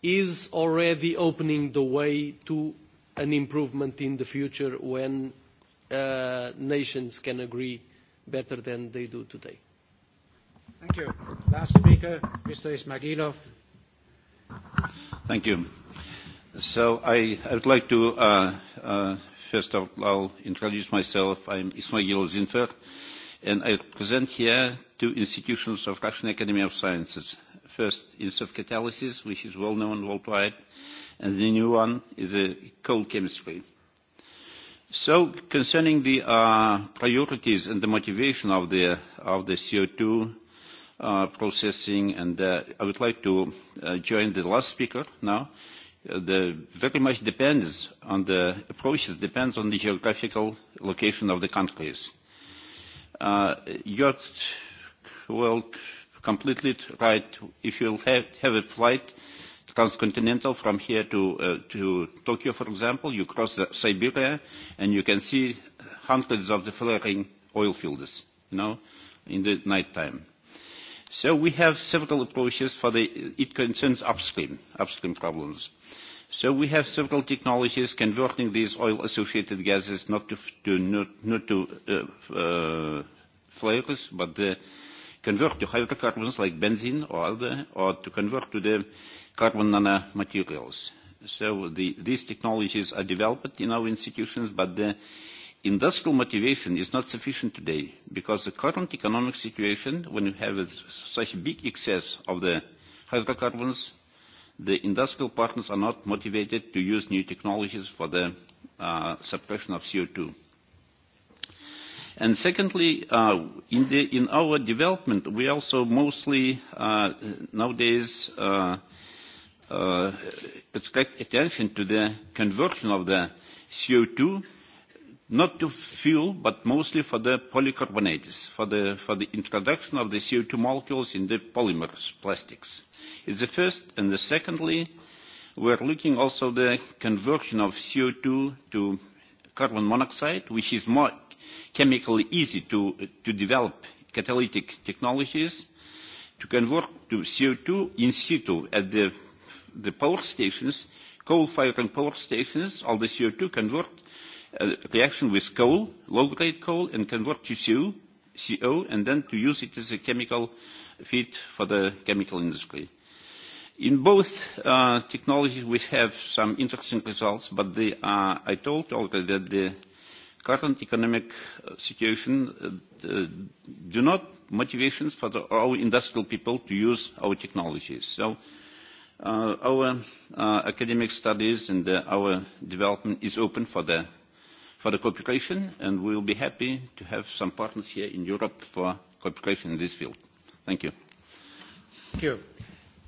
is already opening the way to an improvement in the future when uh, nations can agree better than they do today. Thank you. Last speaker, Mr. Ismagilov. Thank you. So I would like to uh, uh, first of all introduce myself. I'm Ismail Zinfer, and I present here two institutions of Russian Academy of Sciences. First, Institute of Catalysis, which is well known worldwide, and the new one is Cold Chemistry. So concerning the uh, priorities and the motivation of the CO2 Uh, processing. Uh, I would like to uh, join the last speaker now. The very much depends on the approaches, depends on the geographical location of the countries. You're well, completely right. If you'll have a flight transcontinental from here to Tokyo, for example, you cross Siberia, and you can see hundreds of the flaring oil fields, you know, in the nighttime. So we have several approaches for the... It concerns upstream, upstream problems. So we have several technologies converting these oil-associated gases, not to uh, uh, flares, but to convert to hydrocarbons like benzene or other, or to convert to the carbon nanomaterials. So these technologies are developed in our institutions, but the industrial motivation is not sufficient today because the current economic situation, when you have a, such a big excess of the hydrocarbons, the industrial partners are not motivated to use new technologies for the uh, suppression of CO2. And secondly, uh, in, the, in our development, we also mostly uh, nowadays uh, uh, attract attention to the conversion of the CO2 not to fuel, but mostly for the polycarbonates, for the, for the introduction of the CO2 molecules in the polymers, plastics. It's the first, and the secondly, we're looking also the conversion of CO2 to carbon monoxide, which is more chemically easy to, to develop catalytic technologies, to convert to CO2 in situ at the, the power stations, coal-firing power stations, all the CO2 convert Uh, reaction with coal, low-grade coal, and convert to CO, and then to use it as a chemical feed for the chemical industry. In both uh, technologies, we have some interesting results, but I told already that the current economic uh, situation do not motivations for our industrial people to use our technologies. Our academic studies and our development is open for the for the cooperation, and we will be happy to have some partners here in Europe for cooperation in this field. Thank you. Thank you.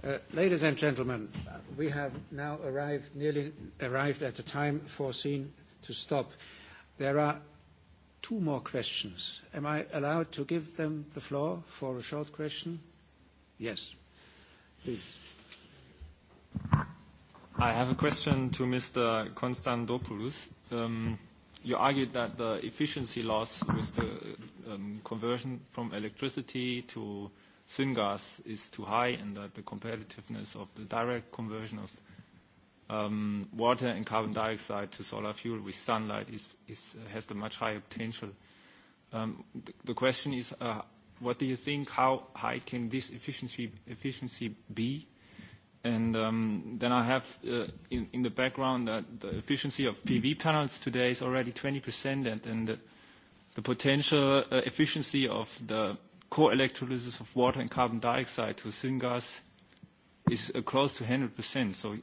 Uh, ladies and gentlemen, we have now arrived, nearly arrived at the time foreseen to stop. There are two more questions. Am I allowed to give them the floor for a short question? Yes. Please. I have a question to Mr. Konstantopoulos. Um, you argued that the efficiency loss with the um, conversion from electricity to syngas is too high and that the competitiveness of the direct conversion of um, water and carbon dioxide to solar fuel with sunlight uh, has a much higher potential. Um, the question is, uh, what do you think, how high can this efficiency be? Um, then I have uh, in the background that the efficiency of PV panels today is already 20%, and the potential uh, efficiency of the core electrolysis of water and carbon dioxide to syngas is uh, close to 100%. So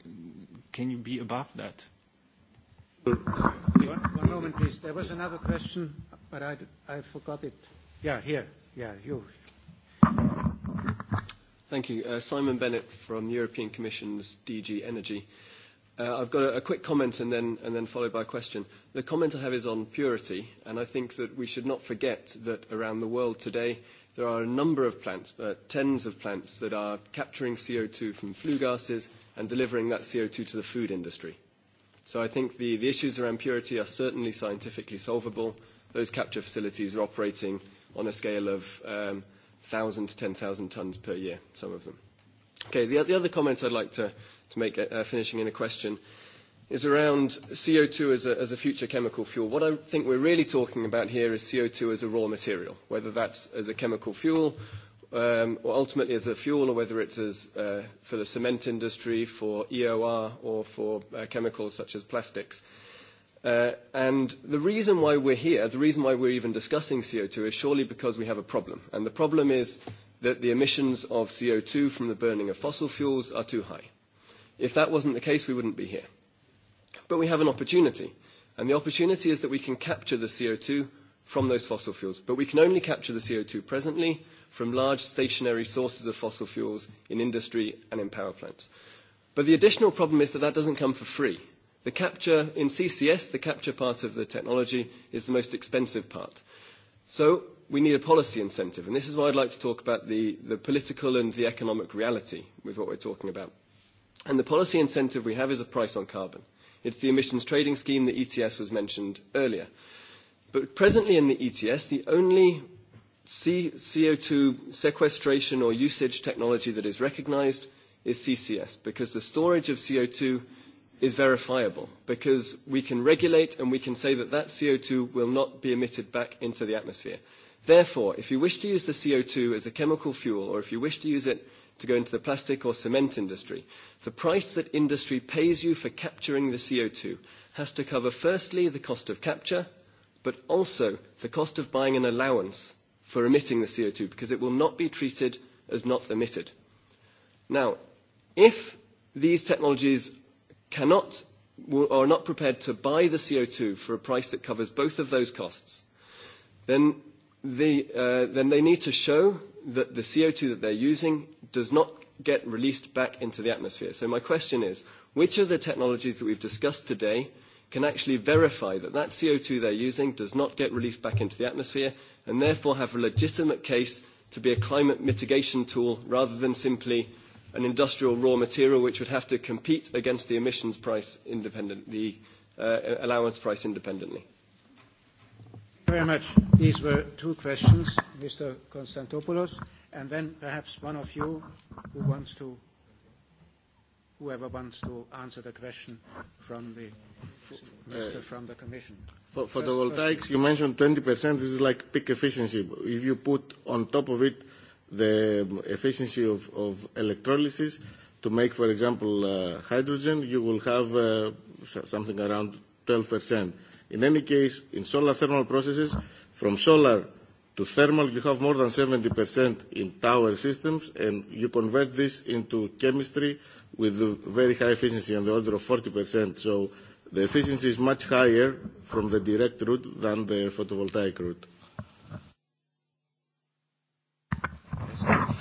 can you be above that? One moment, please. There was another question, but I forgot it. Yeah, here. Yeah, you. Thank you. Uh, Simon Bennett from the European Commission's DG Energy. Uh, I've got a quick comment and then followed by a question. The comment I have is on purity, and I think that we should not forget that around the world today, there are a number of plants, uh, tens of plants, that are capturing CO2 from flue gases and delivering that CO2 to the food industry. So I think the issues around purity are certainly scientifically solvable. Those capture facilities are operating on a scale of um, 1,000 to 10,000 tons per year, some of them. Okay, the other comment I'd like to make, uh, uh, finishing in a question, is around CO2 as a future chemical fuel. What I think we're really talking about here is CO2 as a raw material, whether that's as a chemical fuel, um, or ultimately as a fuel, or whether it's as uh, for the cement industry, for EOR, or for chemicals such as plastics. Uh, and the reason why we're here, the reason why we're even discussing CO2 is surely because we have a problem. And the problem is that the emissions of CO2 from the burning of fossil fuels are too high. If that wasn't the case, we wouldn't be here. But we have an opportunity. And the opportunity is that we can capture the CO2 from those fossil fuels. But we can only capture the CO2 presently from large stationary sources of fossil fuels in industry and in power plants. But the additional problem is that that doesn't come for free the capture in CCS, the capture part of the technology, is the most expensive part. So we need a policy incentive. And this is why I'd like to talk about the, the political and the economic reality with what we're talking about. And the policy incentive we have is a price on carbon. It's the emissions trading scheme, the ETS was mentioned earlier. But presently in the ETS, the only C- CO2 sequestration or usage technology that is recognized is CCS, because the storage of CO2 is verifiable because we can regulate and we can say that that CO2 will not be emitted back into the atmosphere. Therefore, if you wish to use the CO2 as a chemical fuel or if you wish to use it to go into the plastic or cement industry, the price that industry pays you for capturing the CO2 has to cover firstly the cost of capture, but also the cost of buying an allowance for emitting the CO2 because it will not be treated as not emitted. Now, if these technologies cannot are not prepared to buy the CO2 for a price that covers both of those costs, then, the, uh, then they need to show that the CO2 that they're using does not get released back into the atmosphere. So my question is, which of the technologies that we've discussed today can actually verify that that CO2 they're using does not get released back into the atmosphere and therefore have a legitimate case to be a climate mitigation tool rather than simply an industrial raw material which would have to compete against the emissions price independent, the uh, allowance price independently. Thank you very much. These were two questions, Mr. Konstantopoulos, and then perhaps one of you who wants to, whoever wants to answer the question from the, Mr. Uh, from the Commission. For, for the voltaics, question. you mentioned 20%. This is like peak efficiency. If you put on top of it the efficiency of electrolysis to make, for example, uh, hydrogen, you will have uh, something around 12%. In any case, in solar thermal processes, from solar to thermal, you have more than 70% in tower systems, and you convert this into chemistry with a very high efficiency on the order of 40%. The efficiency is much higher from the direct route than the photovoltaic route.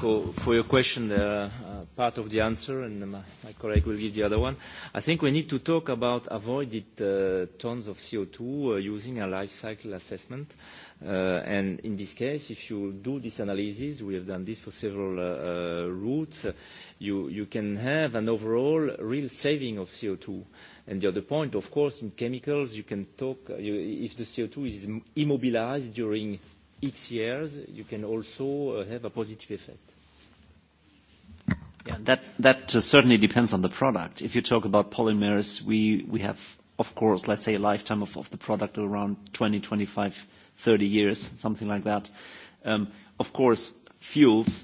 for your question, uh, uh, part of the answer, and my, my colleague will give the other one. I think we need to talk about avoided uh, tons of CO2 uh, using a life cycle assessment. Uh, and in this case, if you do this analysis, we have done this for several uh, uh, routes, uh, you, you can have an overall real saving of CO2. And the other point, of course, in chemicals, you can talk, uh, you, if the CO2 is immobilized during X years, you can also uh, have a positive effect. Yeah, that uh, certainly depends on the product. If you talk about polymers, we have, of course, let's say, a lifetime of the product around 20, 25, 30 years, something like that. Um, of course, fuels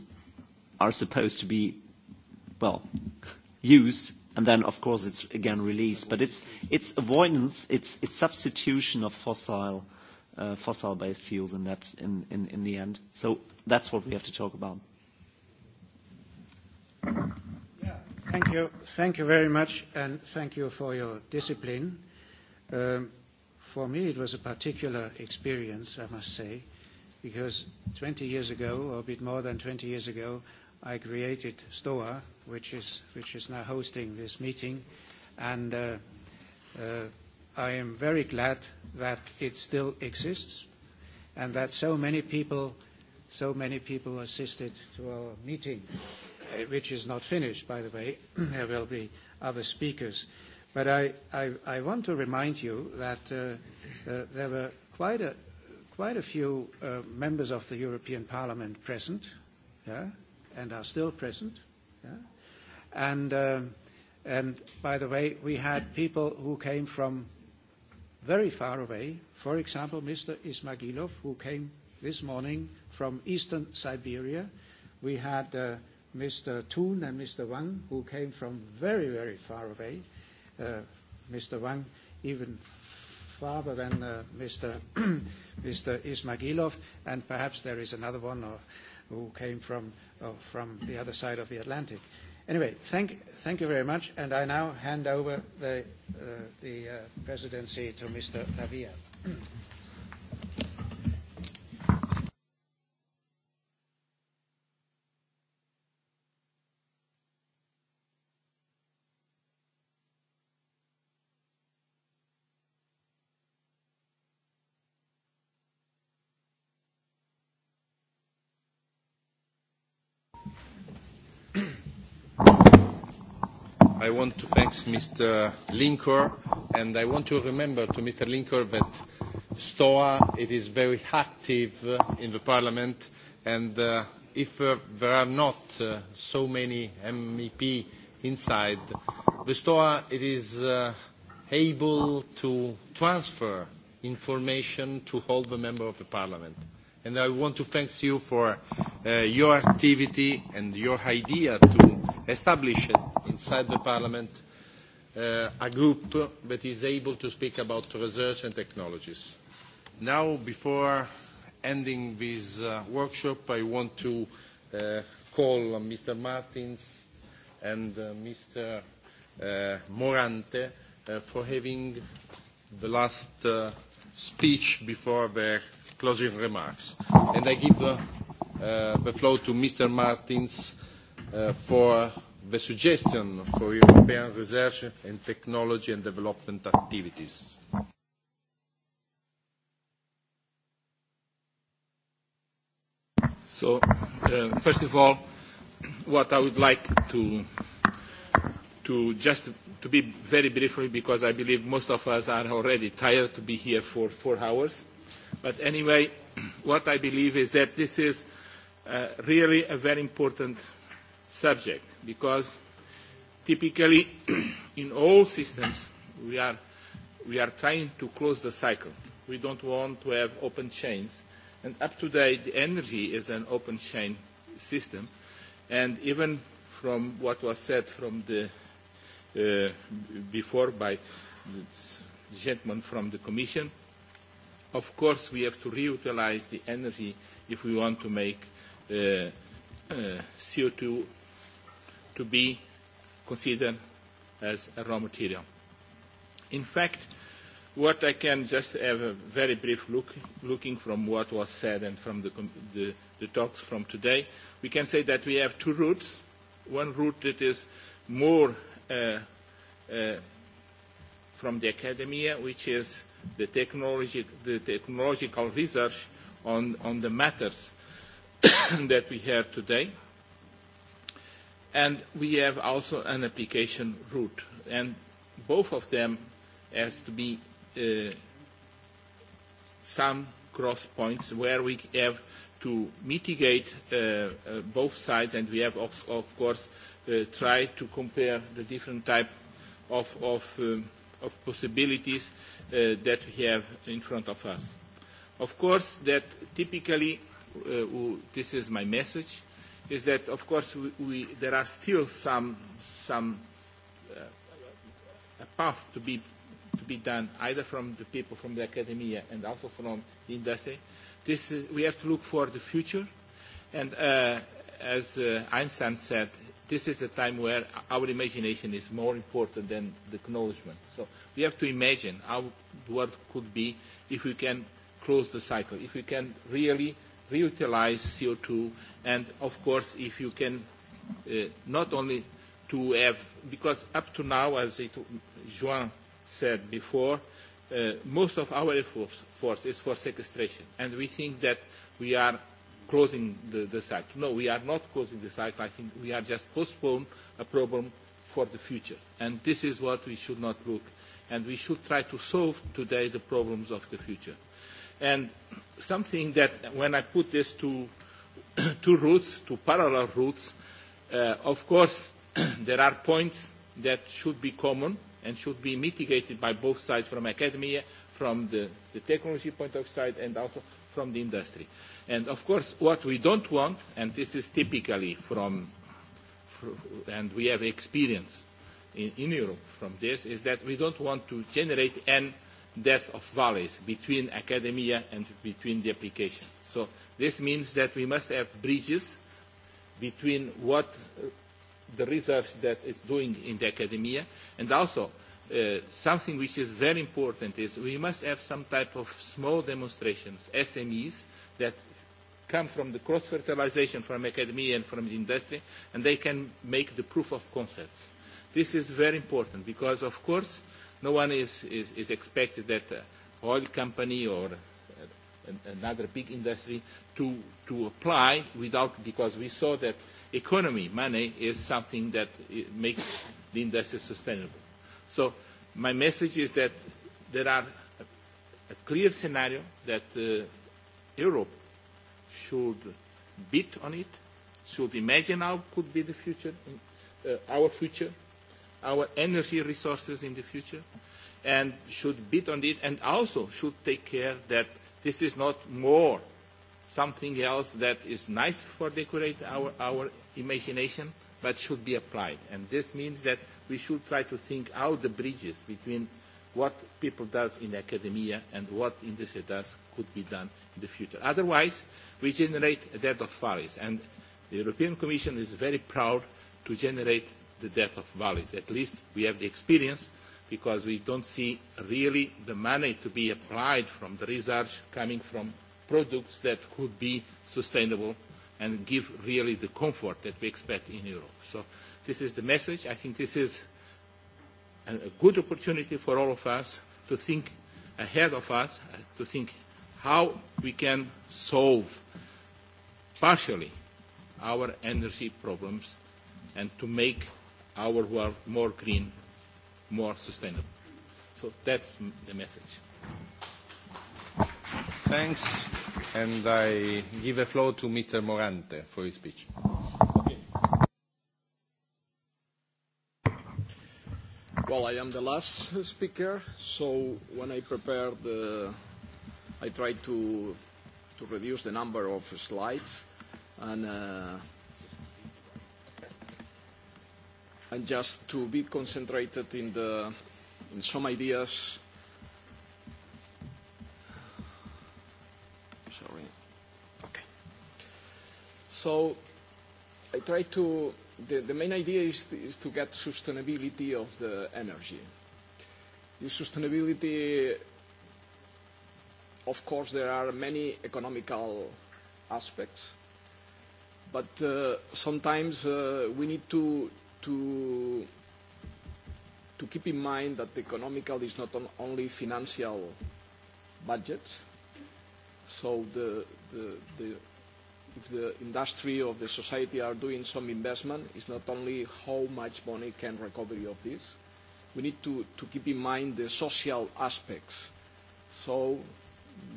are supposed to be, well, (laughs) used, and then, of course, it's again released. But it's avoidance, it's substitution of uh, fossil-based fuels, and that's in the end. So that's what we have to talk about. Thank you. Thank you very much, and thank you for your discipline. Um, for me, it was a particular experience, I must say, because 20 years ago, or a bit more than 20 years ago, I created STOA, which is, which is now hosting this meeting. And, uh, uh, I am very glad that it still exists and that so many people, so many people assisted to our meeting which is not finished, by the way. (clears throat) there will be other speakers. but i, I, I want to remind you that uh, uh, there were quite a, quite a few uh, members of the european parliament present yeah, and are still present. Yeah? And, uh, and, by the way, we had people who came from very far away. for example, mr. ismagilov, who came this morning from eastern siberia. We had uh, Mr. Toon and Mr. Wang, who came from very, very far away. Uh, Mr. Wang, even farther than uh, Mr. (clears throat) Mr. Ismagilov, and perhaps there is another one or, uh, who came from, or uh, from the other side of the Atlantic. Anyway, thank, thank you very much, and I now hand over the, uh, the uh, presidency to Mr. Pavia. (clears throat) I want to thank Mr. Linker, and I want to remember to Mr. Linker that STOA it is very active uh, in the Parliament, and uh, if uh, there are not uh, so many MEP inside, the STOA it is uh, able to transfer information to all the members of the Parliament. And I want to thank you for uh, your activity and your idea to established inside the parliament uh, a group that is able to speak about research and technologies. Now, before ending this uh, workshop, I want to uh, call Mr. Martins and uh, Mr. Uh, Morante uh, for having the last uh, speech before their closing remarks. And I give uh, uh, the floor to Mr. Martins. Uh, for the suggestion for European research and technology and development activities. So, uh, first of all, what I would like to, to just to be very briefly, because I believe most of us are already tired to be here for four hours. But anyway, (clears throat) what I believe is that this is uh, really a very important subject because typically (clears throat) in all systems we are, we are trying to close the cycle. We don't want to have open chains. And up to date, the energy is an open chain system. And even from what was said from the, uh, before by the gentleman from the Commission, of course we have to reutilize the energy if we want to make uh, uh, CO2 to be considered as a raw material. In fact, what I can just have a very brief look, looking from what was said and from the, the, the talks from today, we can say that we have two routes. One route that is more uh, uh, from the academia, which is the, technology, the technological research on, on the matters (coughs) that we have today and we have also an application route and both of them has to be uh, some cross points where we have to mitigate uh, uh, both sides and we have of, of course uh, tried to compare the different type of, of, um, of possibilities uh, that we have in front of us. Of course that typically uh, this is my message is that, of course, we, we, there are still some, some uh, a path to be, to be done, either from the people from the academia and also from the industry. This is, uh, we have to look for the future. And uh, as uh, Einstein said, this is the time where our imagination is more important than the acknowledgement. So we have to imagine how the world could be if we can close the cycle, if we can really – reutilize CO2, and of course, if you can uh, not only to have, because up to now, as it, Juan said before, uh, most of our efforts force is for sequestration, and we think that we are closing the, the cycle. No, we are not closing the cycle. I think we are just postponing a problem for the future, and this is what we should not look, and we should try to solve today the problems of the future. Uh, And something that, when I put this to (coughs) two routes, to parallel routes, uh, of course, (coughs) there are points that should be common and should be mitigated by both sides from academia, from the, the technology point of sight, and also from the industry. And of course, what we don't want, and this is typically from, from and we have experience in, in Europe from this, is that we don't want to generate an death of valleys between academia and between the application. So this means that we must have bridges between what uh, the research that is doing in the academia and also uh, something which is very important is we must have some type of small demonstrations, SMEs, that come from the cross-fertilization from academia and from the industry and they can make the proof of concepts. This is very important because, of course, No one is, is, is expected that uh, oil company or uh, another big industry to, to apply without, because we saw that economy, money, is something that makes the industry sustainable. So my message is that there are a, a clear scenario that uh, Europe should bid on it, should imagine how could be the future, uh, our future, our energy resources in the future and should bid on it and also should take care that this is not more something else that is nice for decorate our, our imagination but should be applied. And this means that we should try to think out the bridges between what people does in academia and what industry does could be done in the future. Otherwise, we generate a debt of fallacy. And the European Commission is very proud to generate the death of valleys. At least we have the experience because we don't see really the money to be applied from the research coming from products that could be sustainable and give really the comfort that we expect in Europe. So this is the message. I think this is a good opportunity for all of us to think ahead of us, uh, to think how we can solve partially our energy problems and to make our world more green, more sustainable. So that's the message. Thanks. And I give a floor to Mr. Morante for his speech. Well, I am the last speaker, so when I prepare the, I try to, to reduce the number of slides, and uh, and just to be concentrated in the in some ideas. Sorry. Okay. So I try to the, the main idea is is to get sustainability of the energy. The sustainability of course there are many economical aspects. But uh, sometimes uh, we need to to to keep in mind that the economical is not on only financial budgets. So the, the, the, if the industry or the society are doing some investment, it's not only how much money can recovery of this. We need to, to keep in mind the social aspects. So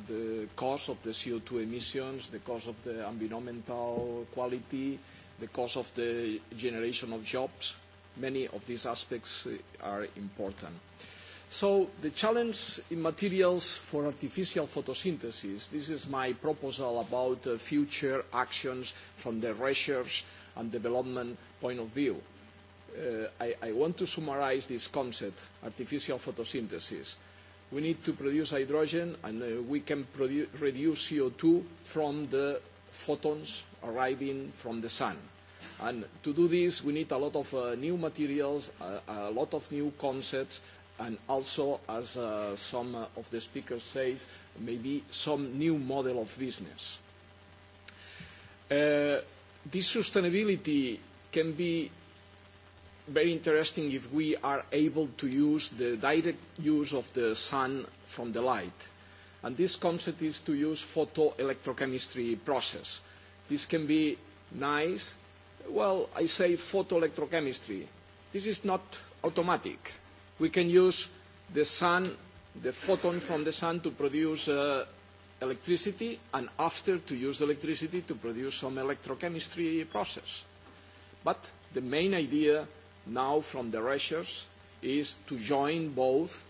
the cost of the CO2 emissions, the cost of the environmental quality, the cost of the generation of jobs. Many of these aspects uh, are important. So the challenge in materials for artificial photosynthesis, this is my proposal about uh, future actions from the research and development point of view. Uh, I, I want to summarize this concept, artificial photosynthesis. We need to produce hydrogen and uh, we can reduce CO2 from the photons arriving from the sun. And to do this, we need a lot of uh, new materials, uh, a lot of new concepts, and also, as uh, some uh, of the speakers say, maybe some new model of business. Uh, this sustainability can be very interesting if we are able to use the direct use of the sun from the light. And this concept is to use photoelectrochemistry process. This can be nice. Well, I say photoelectrochemistry. This is not automatic. We can use the sun, the photon from the sun to produce uh, electricity and after to use the electricity to produce some electrochemistry process. But the main idea now from the Russians is to join both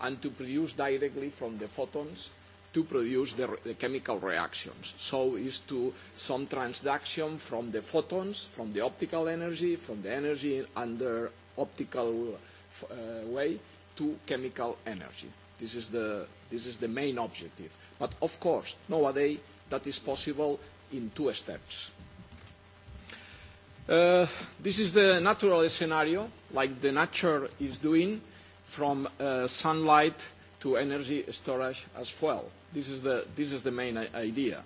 and to produce directly from the photons to produce the, the chemical reactions. So it's to some transduction from the photons, from the optical energy, from the energy under optical uh, way to chemical energy. This is, the, this is the main objective. But of course, nowadays that is possible in two steps. Uh, this is the natural scenario, like the nature is doing, from uh, sunlight to energy storage as well. This is the, this is the main idea.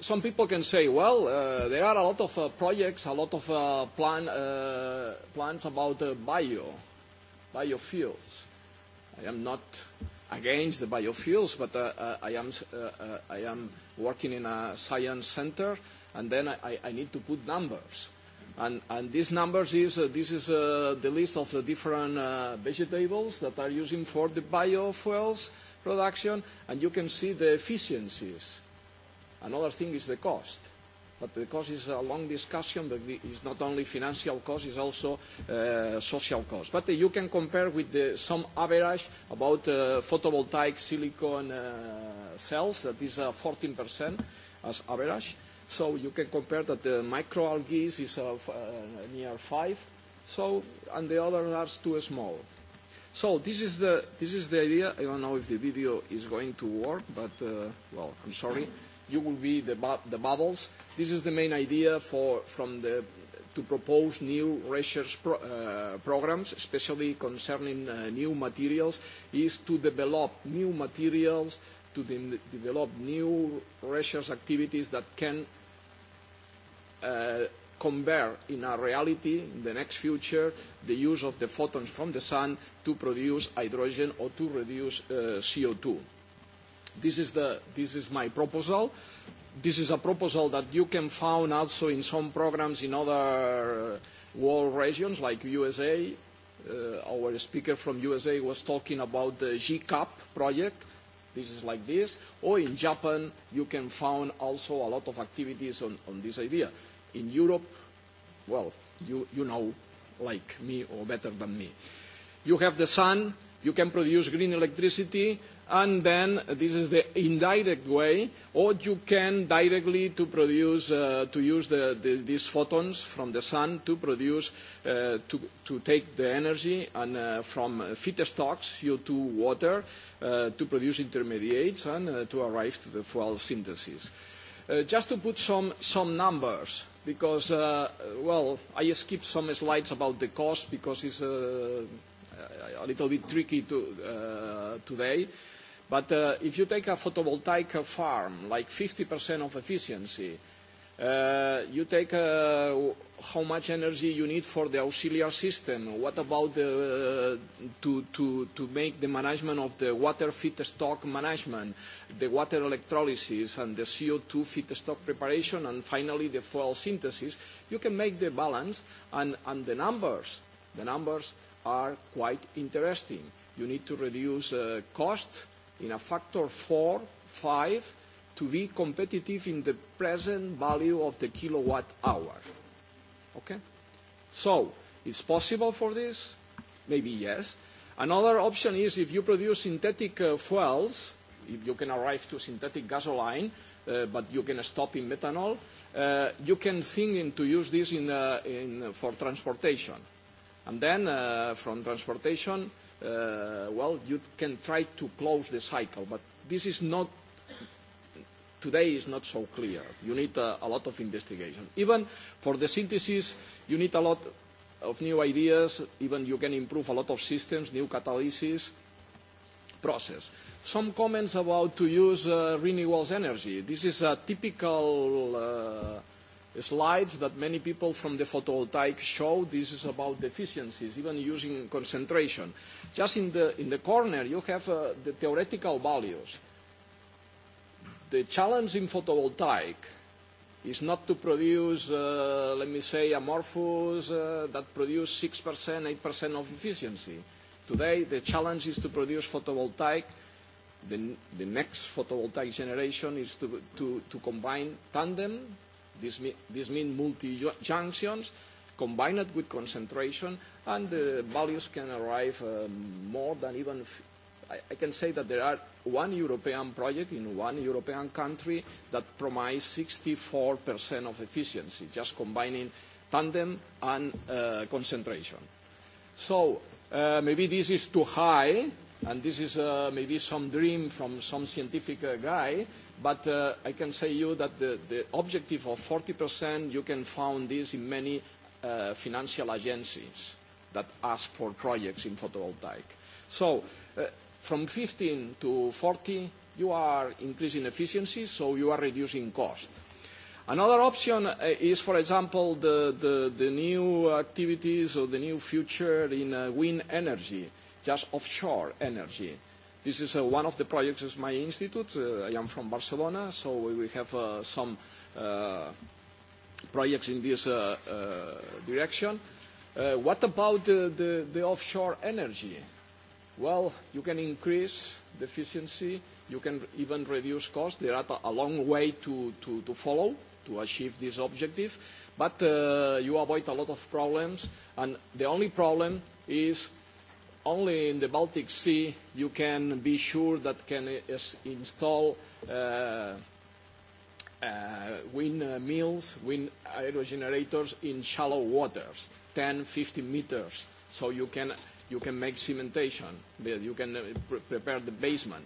Some people can say, well, uh, there are a lot of uh, projects, a lot of uh, plan, uh, plans about uh, bio, biofuels. I am not against the biofuels, but uh, uh, I, am, uh, uh, I am working in a science center, and then I, I need to put numbers. And, and these numbers is, uh, this is uh, the list of the different uh, vegetables that are using for the biofuels, production, and you can see the efficiencies. Another thing is the cost. But the cost is a long discussion, but it's not only financial cost, it's also uh, social cost. But uh, you can compare with the, some average about uh, photovoltaic silicon uh, cells, that is uh, 14% as average. So you can compare that the microalgae is uh, uh near 5%. So, and the others are too small. This is the idea. I don't know if the video is going to work, but, uh, well, I'm sorry. You will be the bubbles. This is the main idea to propose new research uh, programs, especially concerning uh, new materials, is to develop new materials, to develop new research activities that can convert in a reality in the next future the use of the photons from the sun to produce hydrogen or to reduce uh, CO2. This is, the, this is my proposal. This is a proposal that you can find also in some programs in other uh, world regions like USA. Uh, our speaker from USA was talking about the GCAP project. This is like this. Or in Japan, you can find also a lot of activities on, on this idea in Europe, well, you, you know like me or better than me. You have the sun, you can produce green electricity, and then this is the indirect way, or you can directly to produce, uh, to use the, the, these photons from the sun to produce, uh, to, to take the energy and, uh, from feedstocks, CO2, water, uh, to produce intermediates and uh, to arrive to the fuel synthesis. Uh, just to put some, some numbers, because, uh, well, I skipped some slides about the cost because it's uh, a, a little bit tricky to, uh, today. But uh, if you take a photovoltaic farm, like 50% of efficiency, uh, Uh, you take uh, how much energy you need for the auxiliar system. What about uh, to, to, to make the management of the water feedstock management, the water electrolysis and the CO2 feedstock preparation and finally the fuel synthesis. You can make the balance and, and the numbers. The numbers are quite interesting. You need to reduce uh, cost in a factor four, five, to be competitive in the present value of the kilowatt hour. Okay? So, it's possible for this? Maybe yes. Another option is if you produce synthetic uh, fuels, if you can arrive to synthetic gasoline, uh, but you can stop in methanol, uh, you can think in to use this in, uh, in, uh, for transportation. And then uh, from transportation, uh, well, you can try to close the cycle, but this is not today is not so clear. You need uh, a lot of investigation. Even for the synthesis, you need a lot of new ideas. Even you can improve a lot of systems, new catalysis process. Some comments about to use uh, renewables energy. This is a typical uh, slides that many people from the photovoltaic show. This is about deficiencies, even using concentration. Just in the, in the corner, you have uh, the theoretical values the challenge in photovoltaic is not to produce, uh, let me say, amorphous uh, that produce 6%, 8% of efficiency. Today, the challenge is to produce photovoltaic. The, the next photovoltaic generation is to, to, to combine tandem, this, this means multi-junctions, combine it with concentration, and the values can arrive uh, more than even I can say that there are one European project in one European country that promises 64% of efficiency, just combining tandem and uh, concentration. So uh, maybe this is too high, and this is uh, maybe some dream from some scientific uh, guy, but uh, I can say you that the, the objective of 40%, you can find this in many uh, financial agencies that ask for projects in photovoltaic. So, from 15 to 40, you are increasing efficiency, so you are reducing cost. Another option eh, is, for example, the new activities or the new future in eh, wind energy, just offshore energy. This is eh, one of the projects of my institute. I am from Barcelona, so we have some projects in this direction. What about the offshore energy? Well, you can increase the efficiency, you can even reduce cost. There are a long way to follow to achieve this objective, but uh, you avoid a lot of problems, and the only problem is only in the Baltic Sea, you can be sure that can install uh, uh, windmills, hydrogenerators in shallow waters, 10, 15 meters. So you can you can make cementation, you can uh, pre prepare the basement.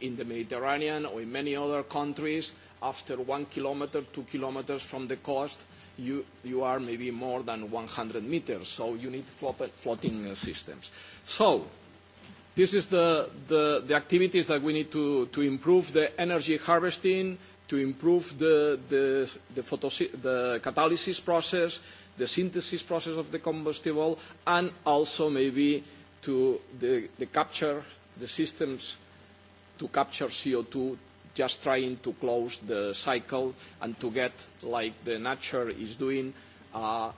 In the Mediterranean or in many other countries, after one kilometer, two kilometers from the coast, you, you are maybe more than 100 meters. So you need float, floating uh, systems. So this is the, the, the activities that we need to, to improve the energy harvesting, to improve the, the, the, the catalysis process, the synthesis process of the combustible and also maybe to the, the capture, the systems to capture CO2, just trying to close the cycle and to get, like the nature is doing, a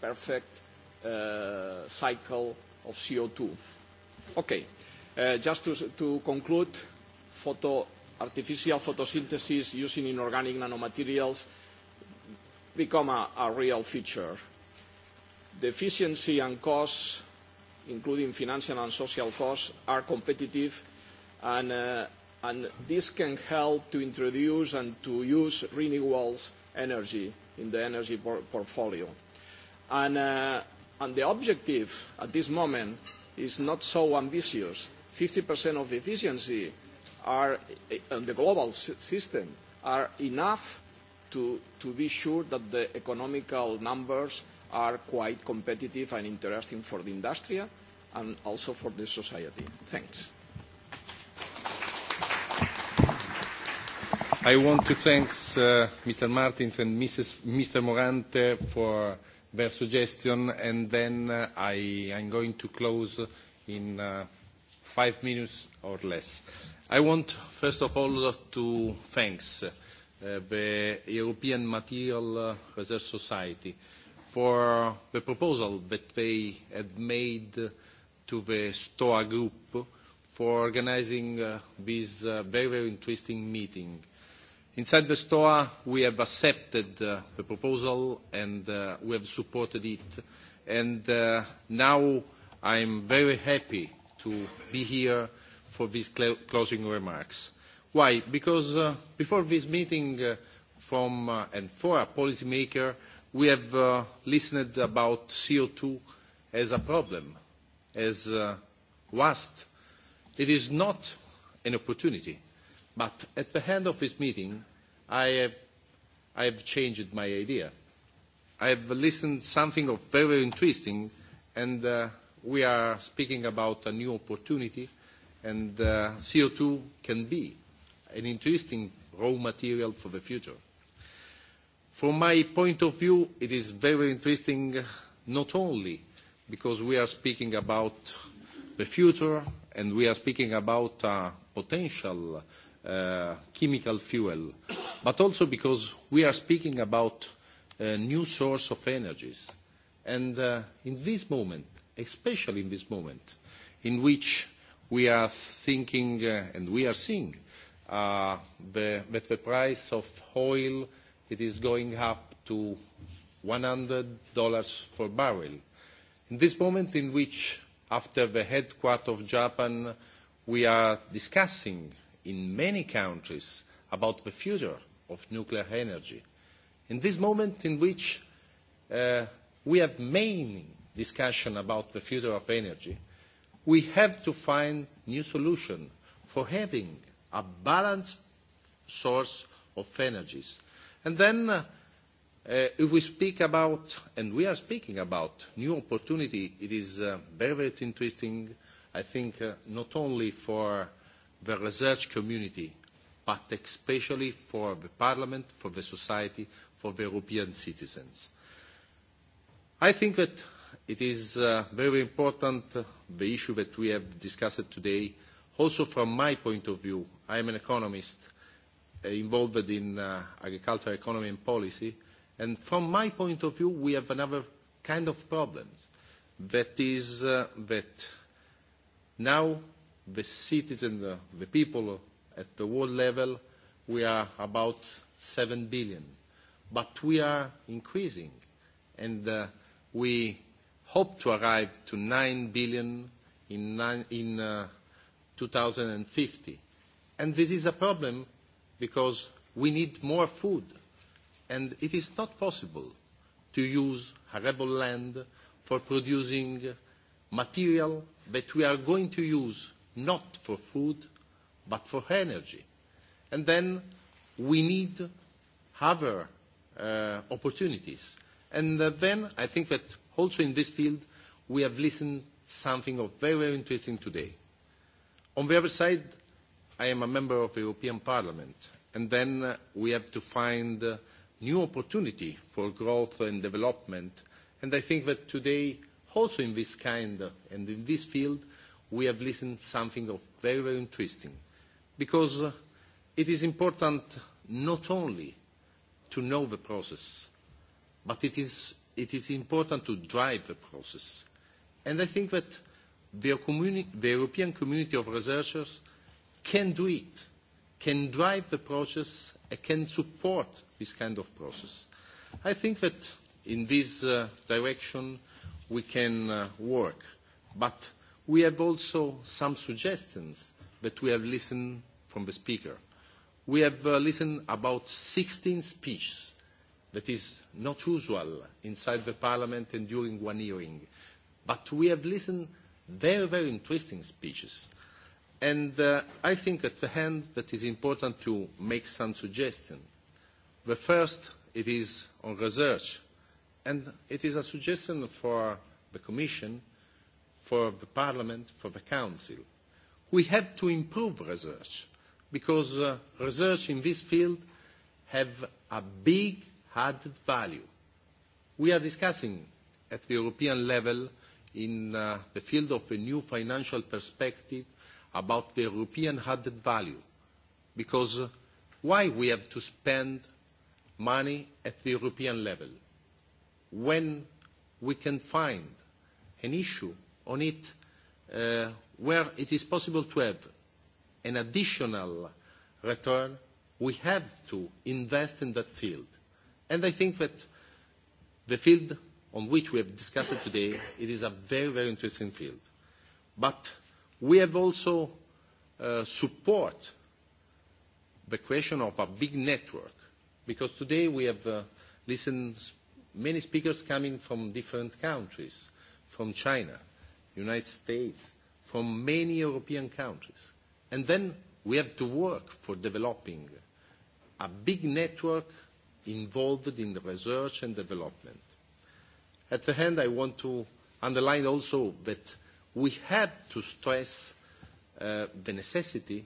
perfect uh, cycle of CO2. Okay, uh, just to, to conclude, photo, artificial photosynthesis using inorganic nanomaterials become a real feature. The efficiency and costs, including financial and social costs, are competitive, and uh, this can help to introduce and to use renewable energy in the energy portfolio. Uh, the objective at this moment is not so ambitious. 50% of efficiency eh, on the global system are enough to be sure that the economical numbers are quite competitive and interesting for the industry and also for the society. Thanks. I want to thank uh, Mr. Martins and Mr. Morante for their suggestion, and then uh, I'm going to close in uh, five minutes or less. I want, first of all, to thank Eh, the European Material eh, Research Society for the proposal that they had made to the STOA group for organizing uh, this uh, very, very interesting meeting. Inside the STOA, we have accepted uh, the proposal and uh, we have supported it. And uh, now I'm very happy to be here for these cl closing remarks. Why? Because uh, before this meeting uh, from uh, and for a policymaker, we have uh, listened about CO2 as a problem, as uh, waste. It is not an opportunity. But at the end of this meeting, I have, I have changed my idea. I have listened something of very interesting, and uh, we are speaking about a new opportunity, and uh, CO2 can be an interesting raw material for the future. From my point of view, it is very interesting not only because we are speaking about the future and we are speaking about uh, potential uh, chemical fuel, but also because we are speaking about a uh, new source of energies. And uh, in this moment, especially in this moment, in which we are thinking uh, and we are seeing uh, the, that the price of oil it is going up to $100 for barrel. In this moment in which, after the headquarters of Japan, we are discussing in many countries about the future of nuclear energy, in this moment in which uh, we have main discussion about the future of energy, we have to find new solution for having a balanced source of energies. And then, uh, uh, if we speak about, and we are speaking about, new opportunity, it is uh, very, very interesting, I think, uh, not only for the research community, but especially for the parliament, for the society, for the European citizens. I think that it is uh, very important, uh, the issue that we have discussed today, also from my point of view, I am an economist uh, involved in uh, agricultural economy and policy, and from my point of view, we have another kind of problem, that is uh, that now the citizens, uh, the people at the world level, we are about 7 billion, but we are increasing, and uh, we hope to arrive to 9 billion in, nine, in uh, 2050. And this is a problem because we need more food. And it is not possible to use arable land for producing material that we are going to use not for food, but for energy. And then we need other uh, opportunities. And uh, then I think that also in this field, we have listened something of very, very interesting today on the other side i am a member of the european parliament and then uh, we have to find new opportunity for growth and development and i think that today also in this kind uh, and in this field we have listened to something of very very interesting because uh, it is important not only to know the process but it is it is important to drive the process and i think that the, the European community of researchers can do it, can drive the process, and can support this kind of process. I think that in this uh, direction we can uh, work, but we have also some suggestions that we have listened from the speaker. We have uh, listened about 16 speeches that is not usual inside the parliament and during one hearing, but we have listened very, very interesting speeches. And uh, I think at the end that is important to make some suggestion. The first, it is on research. And it is a suggestion for the Commission, for the Parliament, for the Council. We have to improve research because uh, research in this field have a big added value. We are discussing at the European level in uh, the field of a new financial perspective about the European added value. Because uh, why we have to spend money at the European level when we can find an issue on it uh, where it is possible to have an additional return, we have to invest in that field. And I think that the field on which we have discussed it today, it is a very, very interesting field. But we have also uh, support the creation of a big network, because today we have uh, listened many speakers coming from different countries, from China, United States, from many European countries. And then we have to work for developing a big network involved in the research and development. At the end, I want to underline also that we have to stress uh, the necessity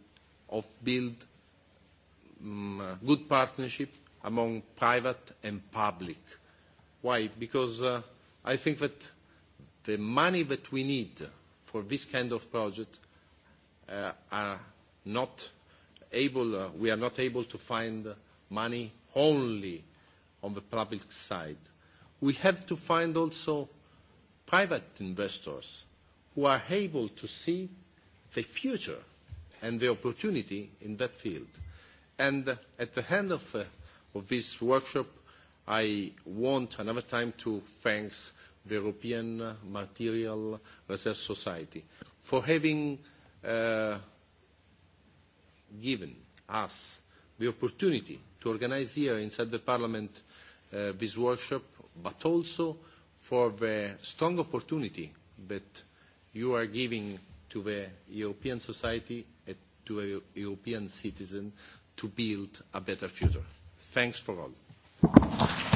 of build um, good partnership among private and public. Why? Because uh, I think that the money that we need for this kind of project uh, are not able, uh, we are not able to find money only on the public side we have to find also private investors who are able to see the future and the opportunity in that field. And uh, at the end of, uh, of this workshop, I want another time to thank the European Material Research Society for having uh, given us the opportunity to organize here inside the Parliament uh, this workshop but also for the strong opportunity that you are giving to the European society, to a European citizen, to build a better future. Thanks for all.